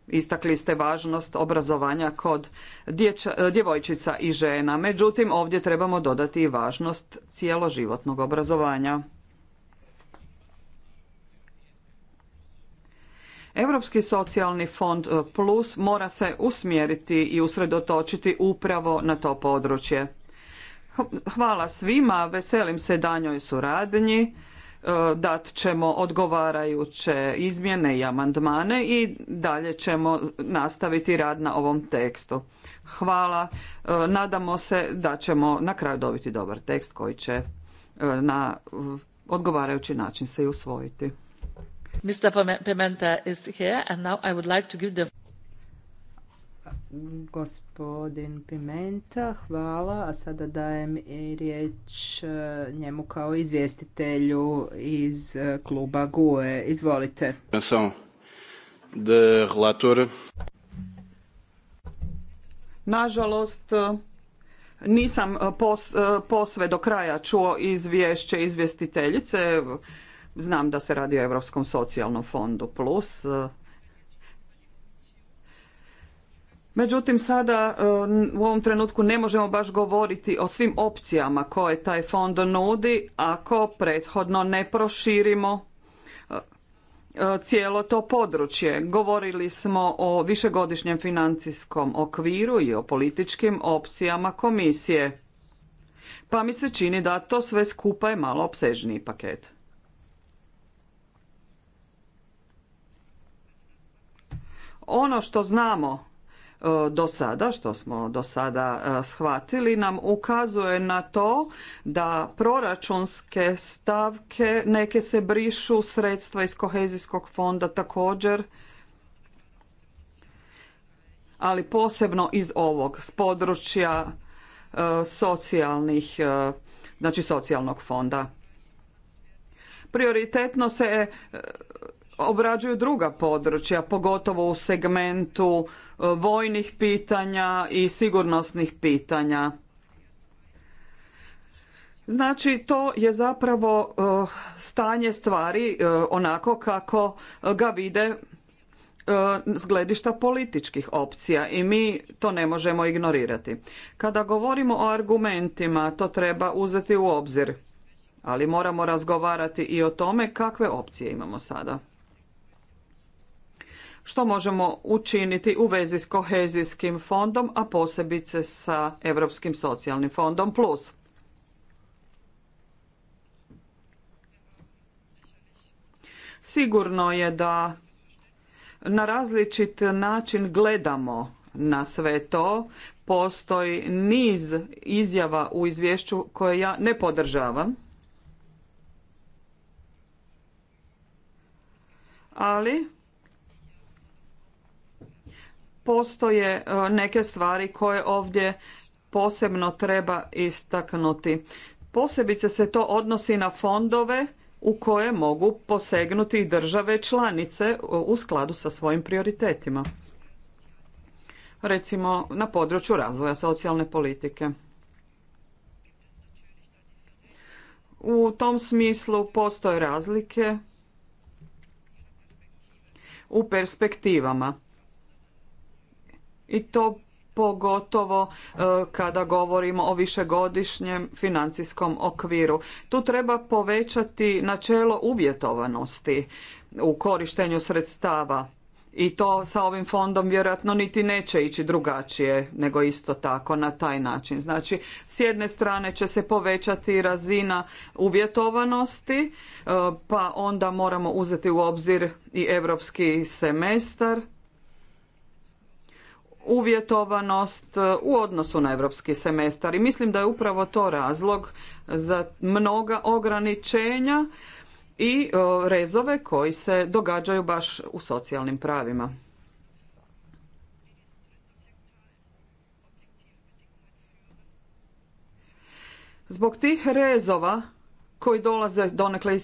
Istakli ste važnost obrazovanja kod djevojčica i žena, međutim ovdje trebamo dodati i važnost cijeloživotnog obrazovanja. Europski socijalni fond plus mora se usmjeriti i usredotočiti upravo na to područje. Hvala svima, veselim se danjoj suradnji E, dat ćemo odgovarajuće izmjene i amandmane i dalje ćemo nastaviti rad na ovom tekstu. Hvala. E, nadamo se da ćemo na kraju dobiti dobar tekst koji će e, na odgovarajući način se i usvojiti. Pimenta gospodin Pimenta. Hvala. A sada dajem i riječ e, njemu kao izvjestitelju iz e, kluba GUE. Izvolite. Nažalost, e, nisam posve do kraja čuo izvješće izvjestiteljice. Znam da se radi o Europskom socijalnom fondu plus Međutim, sada e, u ovom trenutku ne možemo baš govoriti o svim opcijama koje taj fond nudi ako prethodno ne proširimo e, e, cijelo to područje. Govorili smo o višegodišnjem financijskom okviru i o političkim opcijama komisije. Pa mi se čini da to sve skupa je malo opsežniji paket. Ono što znamo E, do sada, što smo do sada e, shvatili, nam ukazuje na to da proračunske stavke, neke se brišu, sredstva iz kohezijskog fonda također, ali posebno iz ovog, s područja e, socijalnih, znači socijalnog fonda prioritetno se obrađuju druga područja, pogotovo u segmentu e, vojnih pitanja i sigurnosnih pitanja. Znači to je zapravo e, stanje stvari e, onako kako ga vide s gledišta političkih opcija i mi to ne možemo ignorirati. Kada govorimo o argumentima, to treba uzeti u obzir, ali moramo razgovarati i o tome kakve opcije imamo sada što možemo učiniti u vezi s kohezijskim fondom, a posebice sa Europskim socijalnim fondom plus. Sigurno je da na različit način gledamo na sve to. Postoji niz izjava u izvješću koje ja ne podržavam. Ali postoje e, neke stvari koje ovdje posebno treba istaknuti. Posebice se to odnosi na fondove u koje mogu posegnuti države članice e, u skladu sa svojim prioritetima. Recimo na području razvoja socijalne politike. U tom smislu postoje razlike u perspektivama i to pogotovo e, kada govorimo o višegodišnjem financijskom okviru. Tu treba povećati načelo uvjetovanosti u korištenju sredstava i to sa ovim fondom vjerojatno niti neće ići drugačije nego isto tako na taj način. Znači, s jedne strane će se povećati razina uvjetovanosti, e, pa onda moramo uzeti u obzir i europski semestar uvjetovanost e, u odnosu na europski semestar i mislim da je upravo to razlog za mnoga ograničenja i e, rezove koji se događaju baš u socijalnim pravima. Zbog tih rezova koji dolaze donekle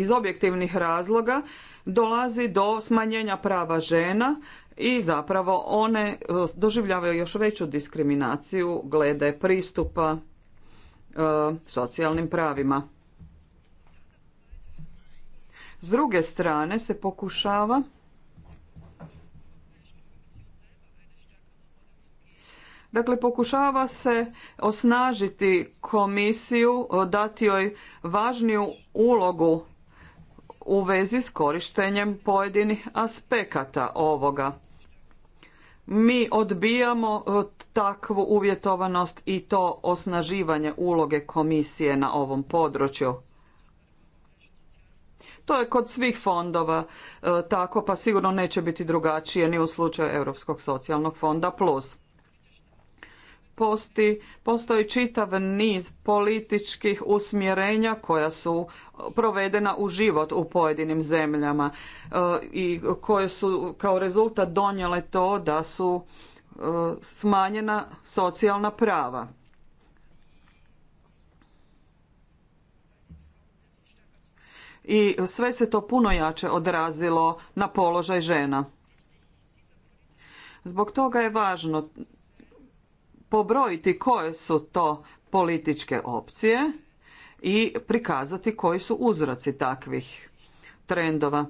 iz objektivnih razloga dolazi do smanjenja prava žena, i zapravo one e, doživljavaju još veću diskriminaciju glede pristupa e, socijalnim pravima. S druge strane se pokušava Dakle, pokušava se osnažiti komisiju, e, dati joj važniju ulogu u vezi s korištenjem pojedinih aspekata ovoga mi odbijamo e, takvu uvjetovanost i to osnaživanje uloge komisije na ovom području. To je kod svih fondova e, tako, pa sigurno neće biti drugačije ni u slučaju Europskog socijalnog fonda plus. Posti, postoji čitav niz političkih usmjerenja koja su provedena u život u pojedinim zemljama e, i koje su kao rezultat donijele to da su e, smanjena socijalna prava. I sve se to puno jače odrazilo na položaj žena. Zbog toga je važno pobrojiti koje su to političke opcije i prikazati koji su uzroci takvih trendova.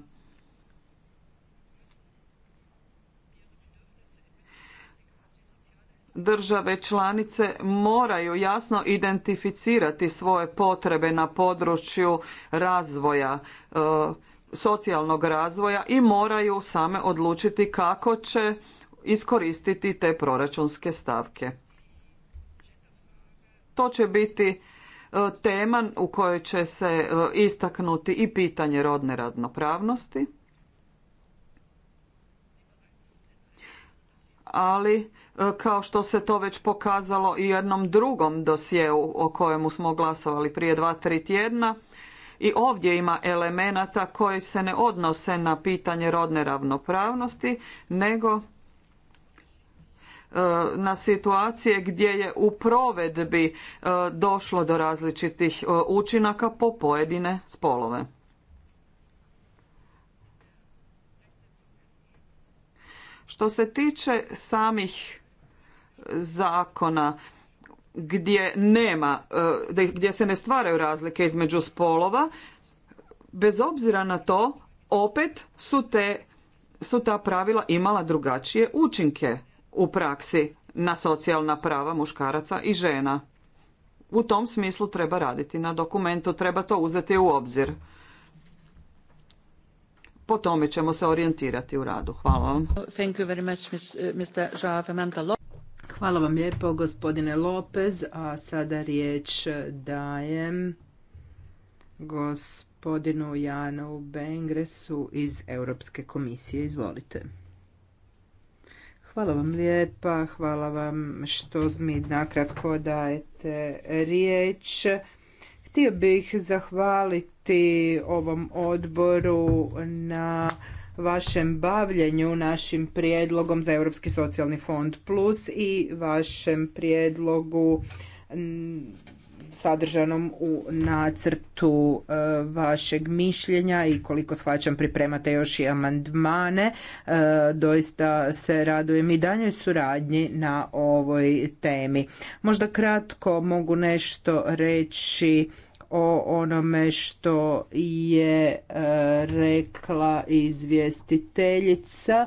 Države članice moraju jasno identificirati svoje potrebe na području razvoja, e, socijalnog razvoja i moraju same odlučiti kako će iskoristiti te proračunske stavke. To će biti E, tema u kojoj će se e, istaknuti i pitanje rodne ravnopravnosti. ali e, kao što se to već pokazalo i jednom drugom dosjeu o kojemu smo glasovali prije dva, tri tjedna, i ovdje ima elemenata koji se ne odnose na pitanje rodne ravnopravnosti, nego E, na situacije gdje je u provedbi e, došlo do različitih e, učinaka po pojedine spolove. Što se tiče samih zakona gdje nema, gdje se ne stvaraju razlike između spolova, bez obzira na to opet su, te, su ta pravila imala drugačije učinke u praksi na socijalna prava muškaraca i žena. U tom smislu treba raditi na dokumentu, treba to uzeti u obzir. Po tome ćemo se orijentirati u radu. Hvala vam. Eh, Hvala vam lijepo, gospodine Lopez. A sada riječ dajem gospodinu Janu Bengresu iz Europske komisije. Izvolite. Hvala vam lijepa, hvala vam što mi nakratko dajete riječ. Htio bih zahvaliti ovom odboru na vašem bavljenju našim prijedlogom za Europski socijalni fond plus i vašem prijedlogu sadržanom u nacrtu e, vašeg mišljenja i koliko shvaćam pripremate još i amandmane. E, doista se radujem i daljnjoj suradnji na ovoj temi. Možda kratko mogu nešto reći o onome što je e, rekla izvjestiteljica. E,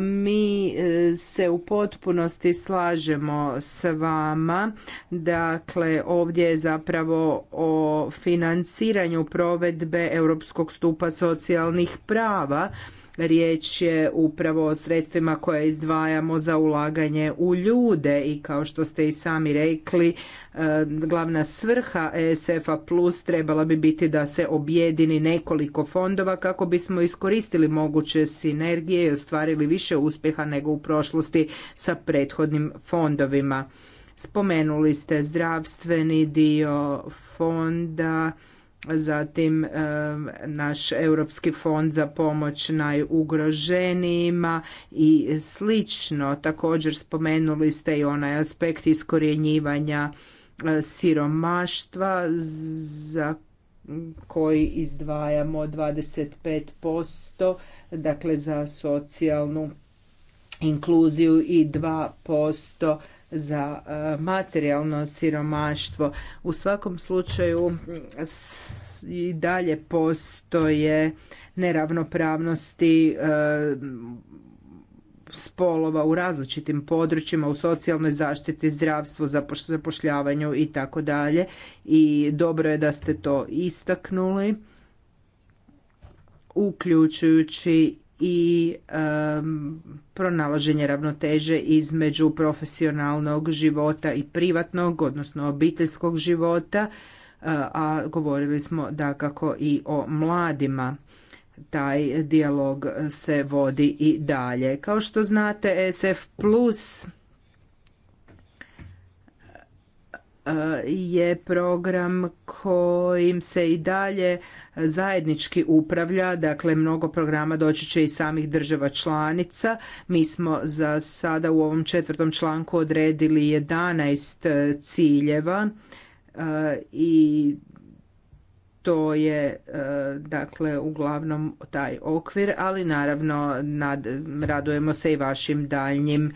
mi e, se u potpunosti slažemo s vama. Dakle, ovdje je zapravo o financiranju provedbe Europskog stupa socijalnih prava Riječ je upravo o sredstvima koje izdvajamo za ulaganje u ljude i kao što ste i sami rekli, e, glavna svrha ESF-a plus trebala bi biti da se objedini nekoliko fondova kako bismo iskoristili moguće sinergije i ostvarili više uspjeha nego u prošlosti sa prethodnim fondovima. Spomenuli ste zdravstveni dio fonda zatim e, naš Europski fond za pomoć najugroženijima i slično. Također spomenuli ste i onaj aspekt iskorjenjivanja e, siromaštva za koji izdvajamo 25%, dakle za socijalnu inkluziju i 2% za e, materijalno siromaštvo. U svakom slučaju i dalje postoje neravnopravnosti e, spolova u različitim područjima u socijalnoj zaštiti, zdravstvu, zapošljavanju i tako dalje i dobro je da ste to istaknuli uključujući i um, pronalaženje ravnoteže između profesionalnog života i privatnog odnosno obiteljskog života e, a govorili smo da kako i o mladima taj dijalog se vodi i dalje kao što znate SF plus E, je program kojim se i dalje zajednički upravlja, dakle mnogo programa doći će i samih država članica. Mi smo za sada u ovom četvrtom članku odredili 11 ciljeva e, i to je e, dakle uglavnom taj okvir, ali naravno nad, radujemo se i vašim daljnjim e,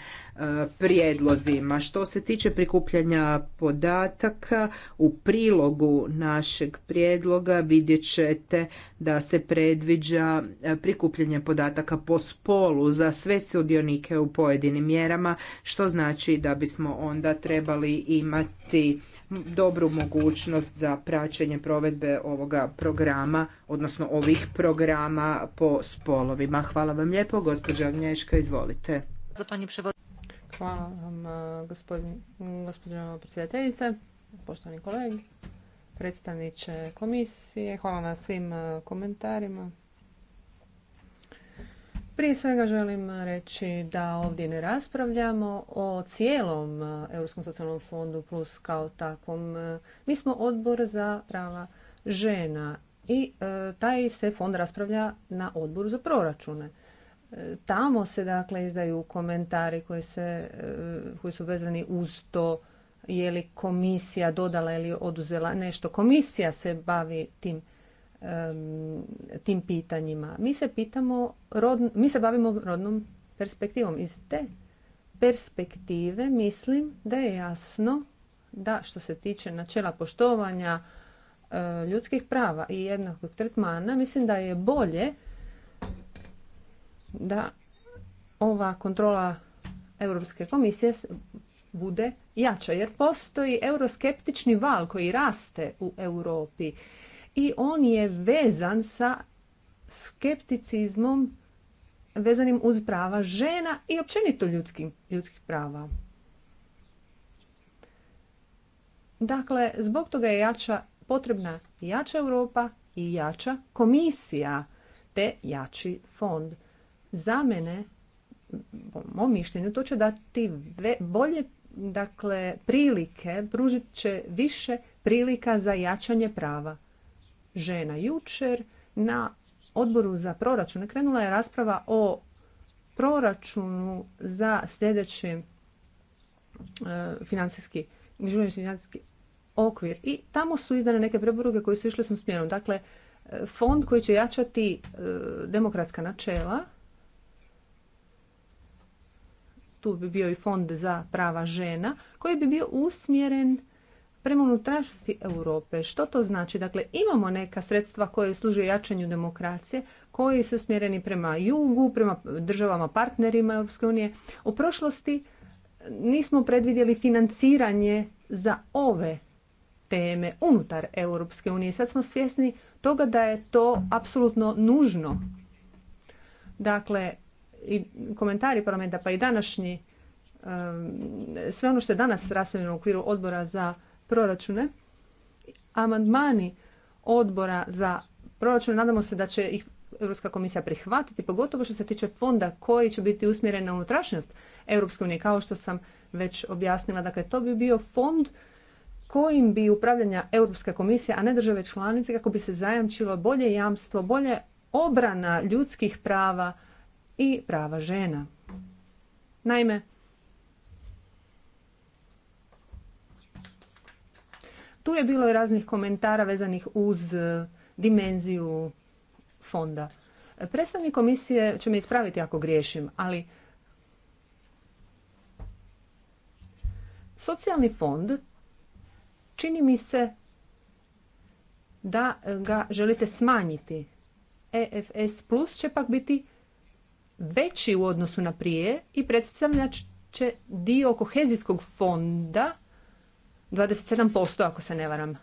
prijedlozima. Što se tiče prikupljanja podataka, u prilogu našeg prijedloga vidjet ćete da se predviđa e, prikupljanje podataka po spolu za sve sudionike u pojedinim mjerama, što znači da bismo onda trebali imati dobru mogućnost za praćenje provedbe ovoga programa, odnosno ovih programa po spolovima. Hvala vam lijepo. Gospođa Agnješka, izvolite. Hvala vam, uh, gospođo predsjedateljice, poštovani kolegi, predstavniče komisije. Hvala na svim uh, komentarima. Prije svega želim reći da ovdje ne raspravljamo o cijelom e, Europskom socijalnom fondu plus kao takvom. E, mi smo odbor za prava žena i e, taj se fond raspravlja na odboru za proračune. Tamo se dakle izdaju komentari koji, se, koji su vezani uz to je li komisija dodala ili oduzela nešto. Komisija se bavi tim tim pitanjima. Mi se pitamo, mi se bavimo rodnom perspektivom. Iz te perspektive mislim da je jasno da što se tiče načela poštovanja e, ljudskih prava i jednakog tretmana, mislim da je bolje da ova kontrola Europske komisije bude jača jer postoji euroskeptični val koji raste u Europi i on je vezan sa skepticizmom vezanim uz prava žena i općenito ljudskih, ljudskih prava. Dakle, zbog toga je jača, potrebna jača Europa i jača komisija te jači fond. Za mene, po mom mišljenju, to će dati bolje dakle, prilike, pružit će više prilika za jačanje prava žena. Jučer na odboru za proračun krenula je rasprava o proračunu za sljedeći e, financijski, međunarodni financijski okvir i tamo su izdane neke preporuke koje su išle s smjerom. Dakle, e, fond koji će jačati e, demokratska načela, tu bi bio i fond za prava žena, koji bi bio usmjeren prema unutrašnjosti Europe. Što to znači? Dakle, imamo neka sredstva koje služe jačanju demokracije, koji su smjereni prema jugu, prema državama partnerima Europske unije. U prošlosti nismo predvidjeli financiranje za ove teme unutar Europske unije. Sad smo svjesni toga da je to apsolutno nužno. Dakle, i komentari parlamenta pa i današnji um, sve ono što je danas raspravljeno u okviru odbora za proračune. Amandmani odbora za proračun, nadamo se da će ih Europska komisija prihvatiti, pogotovo što se tiče fonda koji će biti usmjeren na unutrašnjost Europske unije, kao što sam već objasnila. Dakle, to bi bio fond kojim bi upravljanja Europska komisija, a ne države članice, kako bi se zajamčilo bolje jamstvo, bolje obrana ljudskih prava i prava žena. Naime, Tu je bilo i raznih komentara vezanih uz e, dimenziju fonda. Predstavnik komisije će me ispraviti ako griješim, ali socijalni fond čini mi se da ga želite smanjiti. EFS plus će pak biti veći u odnosu na prije i predstavljač će dio kohezijskog fonda 27% ako se ne varam.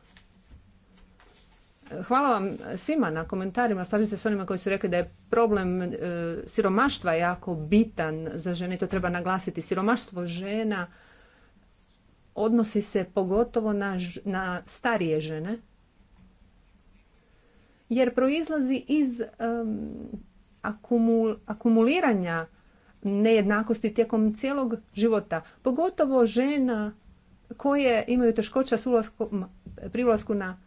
Hvala vam svima na komentarima. Slažem se s onima koji su rekli da je problem e, siromaštva jako bitan za žene to treba naglasiti. Siromaštvo žena odnosi se pogotovo na, na starije žene jer proizlazi iz akumuliranja nejednakosti tijekom cijelog života. Pogotovo žena koje imaju teškoća s ulaskom, pri na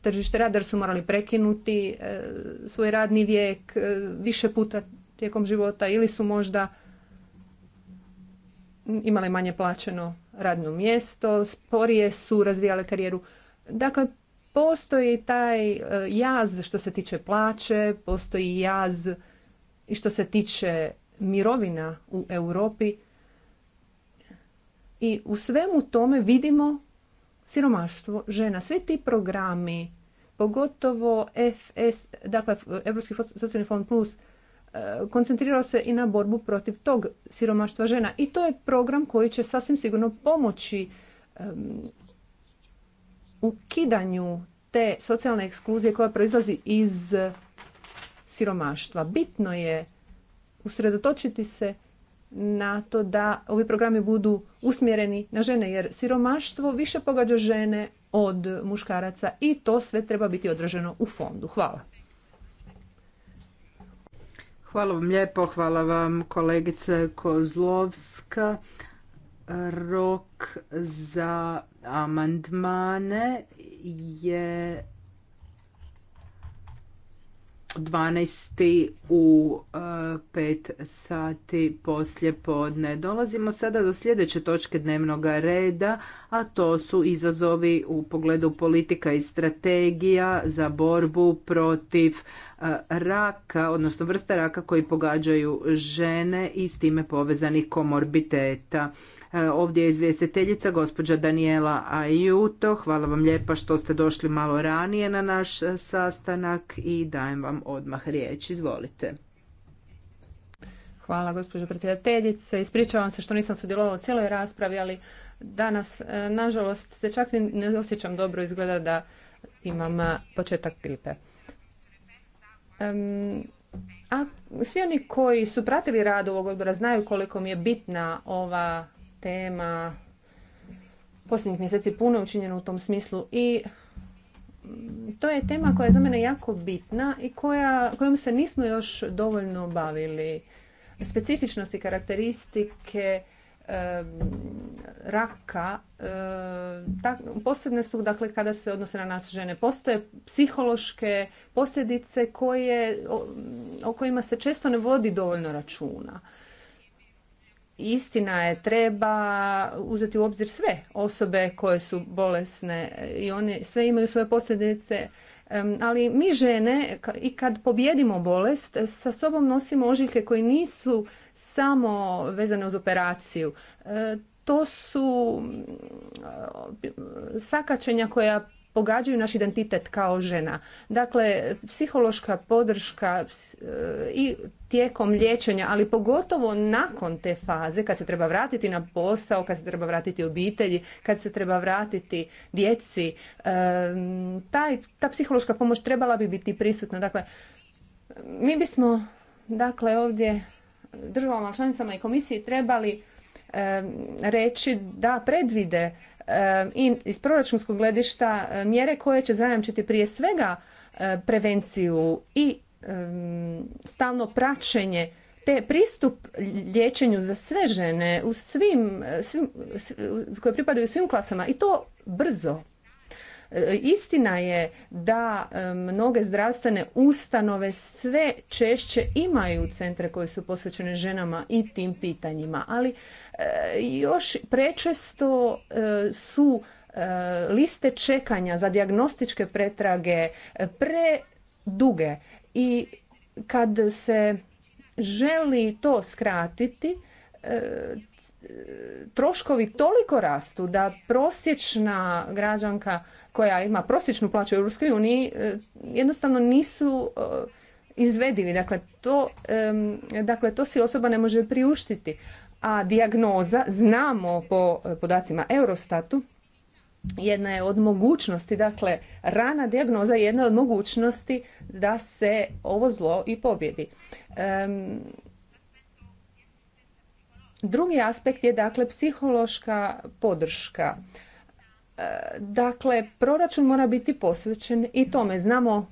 tržište rada jer su morali prekinuti e, svoj radni vijek e, više puta tijekom života ili su možda imale manje plaćeno radno mjesto, sporije su razvijale karijeru. Dakle, postoji taj e, jaz što se tiče plaće, postoji jaz i što se tiče mirovina u Europi i u svemu tome vidimo siromaštvo žena. Svi ti programi, pogotovo FS, dakle Europski socijalni fond plus, e, koncentrirao se i na borbu protiv tog siromaštva žena. I to je program koji će sasvim sigurno pomoći um, ukidanju te socijalne ekskluzije koja proizlazi iz siromaštva. Bitno je usredotočiti se na to da ovi programi budu usmjereni na žene jer siromaštvo više pogađa žene od muškaraca i to sve treba biti odraženo u fondu. Hvala. Hvala vam lijepo, hvala vam kolegice Kozlovska. Rok za amandmane je 12. u 5 e, sati poslje podne. Dolazimo sada do sljedeće točke dnevnog reda, a to su izazovi u pogledu politika i strategija za borbu protiv e, raka, odnosno vrsta raka koji pogađaju žene i s time povezanih komorbiteta. E, ovdje je izvjestiteljica gospođa Daniela Ajuto. Hvala vam lijepa što ste došli malo ranije na naš e, sastanak i dajem vam odmah riječ. Izvolite. Hvala gospođo predsjedateljice. Ispričavam se što nisam sudjelovala u cijeloj raspravi, ali danas, e, nažalost, se čak i ne osjećam dobro. Izgleda da imam početak gripe. a svi oni koji su pratili rad ovog odbora znaju koliko mi je bitna ova tema posljednjih mjeseci puno učinjeno u tom smislu i mm, to je tema koja je za mene jako bitna i koja, kojom se nismo još dovoljno bavili. Specifičnosti, karakteristike raka posebne su dakle kada se odnose na nas žene. Postoje psihološke posljedice koje, o, o kojima se često ne vodi dovoljno računa istina je treba uzeti u obzir sve osobe koje su bolesne i one sve imaju svoje posljedice ali mi žene i kad pobjedimo bolest sa sobom nosimo ožiljke koje nisu samo vezane uz operaciju e, to su mm, e, sakačenja koja pogađaju naš identitet kao žena. Dakle, psihološka podrška e, i tijekom liječenja, ali pogotovo nakon te faze, kad se treba vratiti na posao, kad se treba vratiti obitelji, kad se treba vratiti djeci, e, taj, ta psihološka pomoć trebala bi biti prisutna. Dakle, mi bismo dakle, ovdje državama članicama i komisiji trebali e, reći da predvide i iz proračunskog gledišta mjere koje će zajamčiti prije svega prevenciju i stalno praćenje te pristup liječenju za sve žene u svim, svim koje pripadaju svim klasama i to brzo E, istina je da e, mnoge zdravstvene ustanove sve češće imaju centre koje su posvećene ženama i tim pitanjima, ali e, još prečesto su liste čekanja za dijagnostičke pretrage preduge i kad se želi to skratiti troškovi toliko rastu da prosječna građanka koja ima prosječnu plaću u Europskoj uniji e, jednostavno nisu e, izvedivi. Dakle to, dakle, to si osoba ne može priuštiti. A dijagnoza, znamo po e, podacima Eurostatu, jedna je od mogućnosti, dakle, rana dijagnoza je jedna od mogućnosti da se ovo zlo i pobjedi. Drugi aspekt je dakle psihološka podrška. E, dakle, proračun mora biti posvećen i tome. Znamo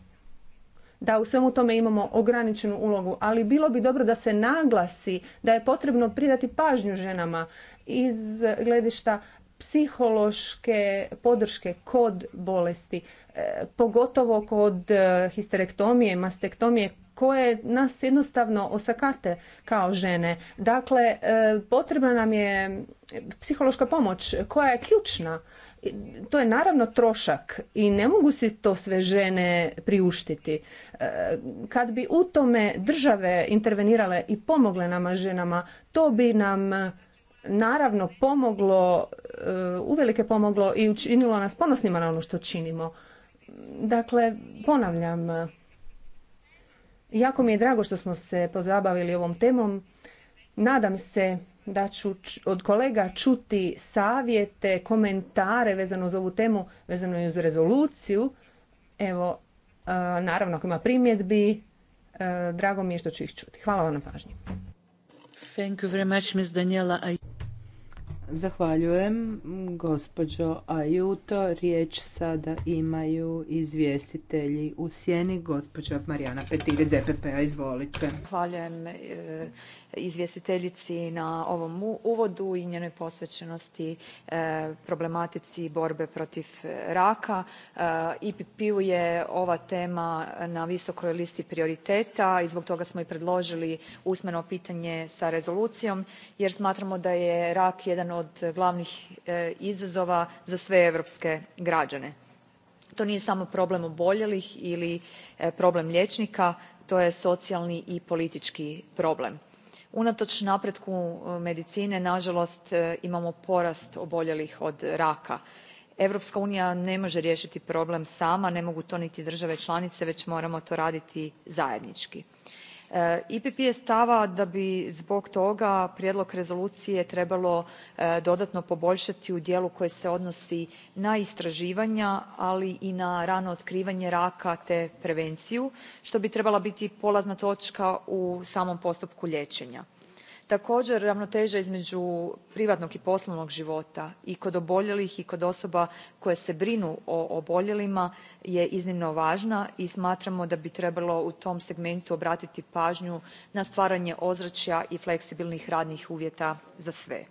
da u svemu tome imamo ograničenu ulogu, ali bilo bi dobro da se naglasi da je potrebno pridati pažnju ženama iz gledišta psihološke podrške kod bolesti, e, pogotovo kod e, histerektomije, mastektomije koje nas jednostavno osakate kao žene. Dakle, e, potrebna nam je psihološka pomoć koja je ključna. To je naravno trošak i ne mogu si to sve žene priuštiti. E, kad bi u tome države intervenirale i pomogle nama ženama, to bi nam e, naravno pomoglo, uvelike pomoglo i učinilo nas ponosnima na ono što činimo. Dakle, ponavljam, Jako mi je drago što smo se pozabavili ovom temom. Nadam se da ću od kolega čuti savjete, komentare vezano uz ovu temu, vezano i uz rezoluciju. Evo, e, naravno ako ima primjedbi, e, drago mi je što ću ih čuti. Hvala vam na pažnji. Thank you very much, Ms. Daniela. Zahvaljujem, gospođo Ajuto. Riječ sada imaju izvjestitelji u sjeni. Gospođa Marijana Petir iz EPP-a, izvolite. Zahvaljujem e, izvjestiteljici na ovom uvodu i njenoj posvećenosti e, problematici borbe protiv raka. epp e u je ova tema na visokoj listi prioriteta i zbog toga smo i predložili usmeno pitanje sa rezolucijom jer smatramo da je rak jedan od glavnih e, izazova za sve europske građane. to nije samo problem oboljelih ili problem liječnika to je socijalni i politički problem. Unatoč napretku e, medicine nažalost, e, imamo porast oboljelih od raka. europska unija ne može riješiti problem sama ne mogu to niti države članice, već moramo to raditi zajednički epp je stava da bi zbog toga prijedlog rezolucije trebalo e, dodatno poboljšati u dijelu koji se odnosi na istraživanja ali i na rano otkrivanje raka te prevenciju što bi trebala biti polazna točka u samom postupku liječenja. Također, ravnoteža između privatnog i poslovnog života i kod oboljelih i kod osoba koje se brinu o oboljelima je iznimno važna i smatramo da bi trebalo u tom segmentu obratiti pažnju na stvaranje ozraja i fleksibilnih radnih uvjeta za sve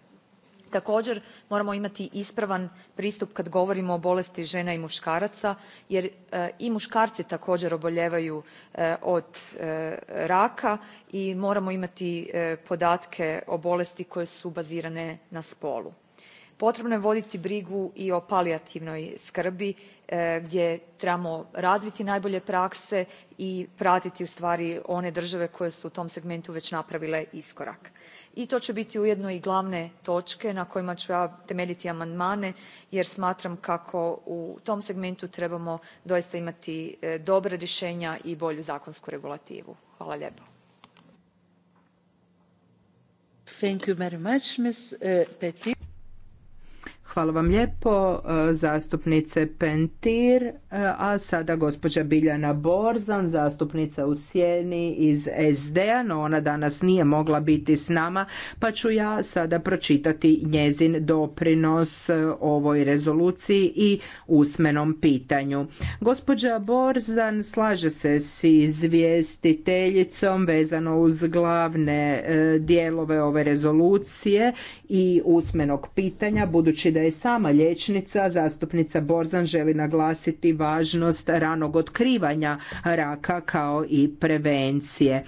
također moramo imati ispravan pristup kad govorimo o bolesti žena i muškaraca jer e, i muškarci također obolijevaju e, od e, raka i moramo imati podatke o bolesti koje su bazirane na spolu. potrebno je voditi brigu i o palijativnoj skrbi gdje trebamo razviti najbolje prakse i pratiti ustvari one države koje su u tom segmentu već napravile iskorak i to će biti ujedno i glavne točke na kojima ću ja temeljiti amandmane jer smatram kako u tom segmentu trebamo doista imati e, dobra rješenja i bolju zakonsku regulativu. Hvala lijepo. E, Hvala vam lijepo, e, zastupnice Pentir, e, a sada gospođa Biljana Borzan, zastupnica u Sjeni iz SD-a, no ona danas nije mogla biti s nama, pa ću ja sada pročitati njezin doprinos e, ovoj rezoluciji i usmenom pitanju. Gospođa Borzan slaže se s izvjestiteljicom vezano uz glavne dijelove ove rezolucije i usmenog pitanja, budući da je sama liječnica, zastupnica Borzan želi naglasiti važnost ranog otkrivanja raka kao i prevencije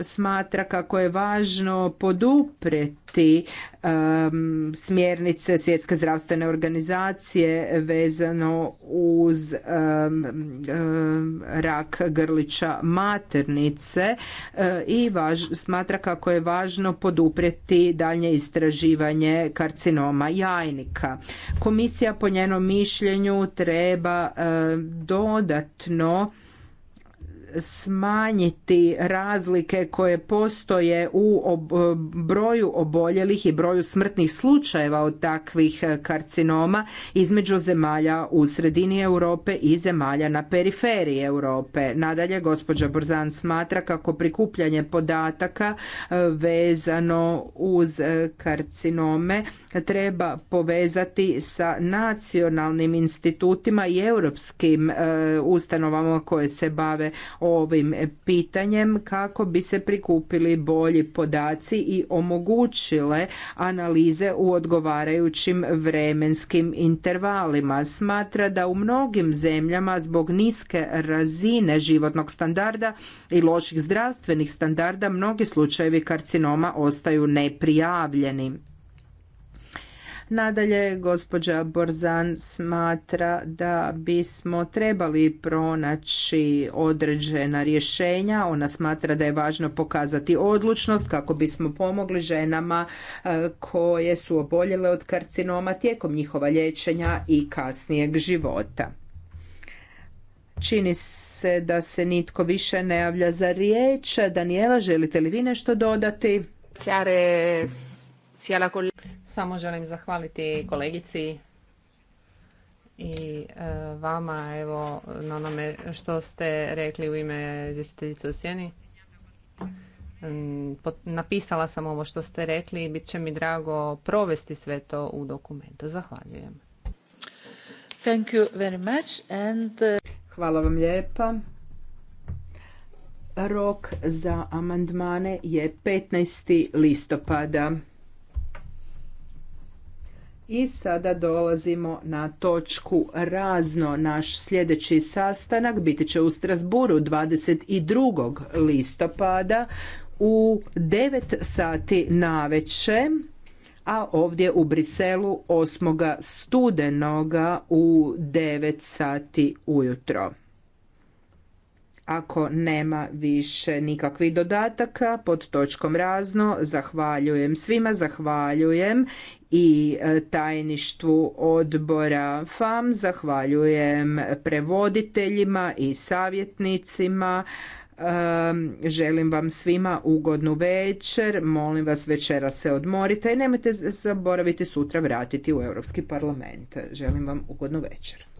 smatra kako je važno poduprijeti um, smjernice Svjetske zdravstvene organizacije vezano uz um, um, rak grlića maternice uh, i smatra kako je važno poduprijeti daljnje istraživanje karcinoma jajnika. Komisija po njenom mišljenju treba uh, dodatno smanjiti razlike koje postoje u broju oboljelih i broju smrtnih slučajeva od takvih e, karcinoma između zemalja u sredini Europe i zemalja na periferiji Europe. Nadalje, gospođa Borzan smatra kako prikupljanje podataka e, vezano uz e, karcinome treba povezati sa nacionalnim institutima i europskim ustanovama koje se bave ovim pitanjem kako bi se prikupili bolji podaci i omogućile analize u odgovarajućim vremenskim intervalima. Smatra da u mnogim zemljama zbog niske razine životnog standarda i loših zdravstvenih standarda mnogi slučajevi karcinoma ostaju neprijavljeni. Nadalje, gospođa Borzan smatra da bismo trebali pronaći određena rješenja. Ona smatra da je važno pokazati odlučnost kako bismo pomogli ženama e, koje su oboljele od karcinoma tijekom njihova liječenja i kasnijeg života. Čini se da se nitko više ne javlja za riječ. Daniela, želite li vi nešto dodati? Samo želim zahvaliti kolegici i e, vama evo na onome što ste rekli u ime izvjestiteljice u sjeni. Mm, napisala sam ovo što ste rekli i bit će mi drago provesti sve to u dokumentu. Zahvaljujem. Thank uh, Hvala vam lijepa. Rok za amandmane je 15. listopada. I sada dolazimo na točku razno. Naš sljedeći sastanak biti će u Strasburu 22. listopada u 9 sati naveče a ovdje u Briselu 8. studenoga u 9 sati ujutro. Ako nema više nikakvih dodataka pod točkom razno, zahvaljujem svima, zahvaljujem i e, tajništvu odbora FAM, zahvaljujem prevoditeljima i savjetnicima. E, želim vam svima ugodnu večer, molim vas večera se odmorite i nemojte zaboraviti sutra vratiti u Europski parlament. Želim vam ugodnu večer.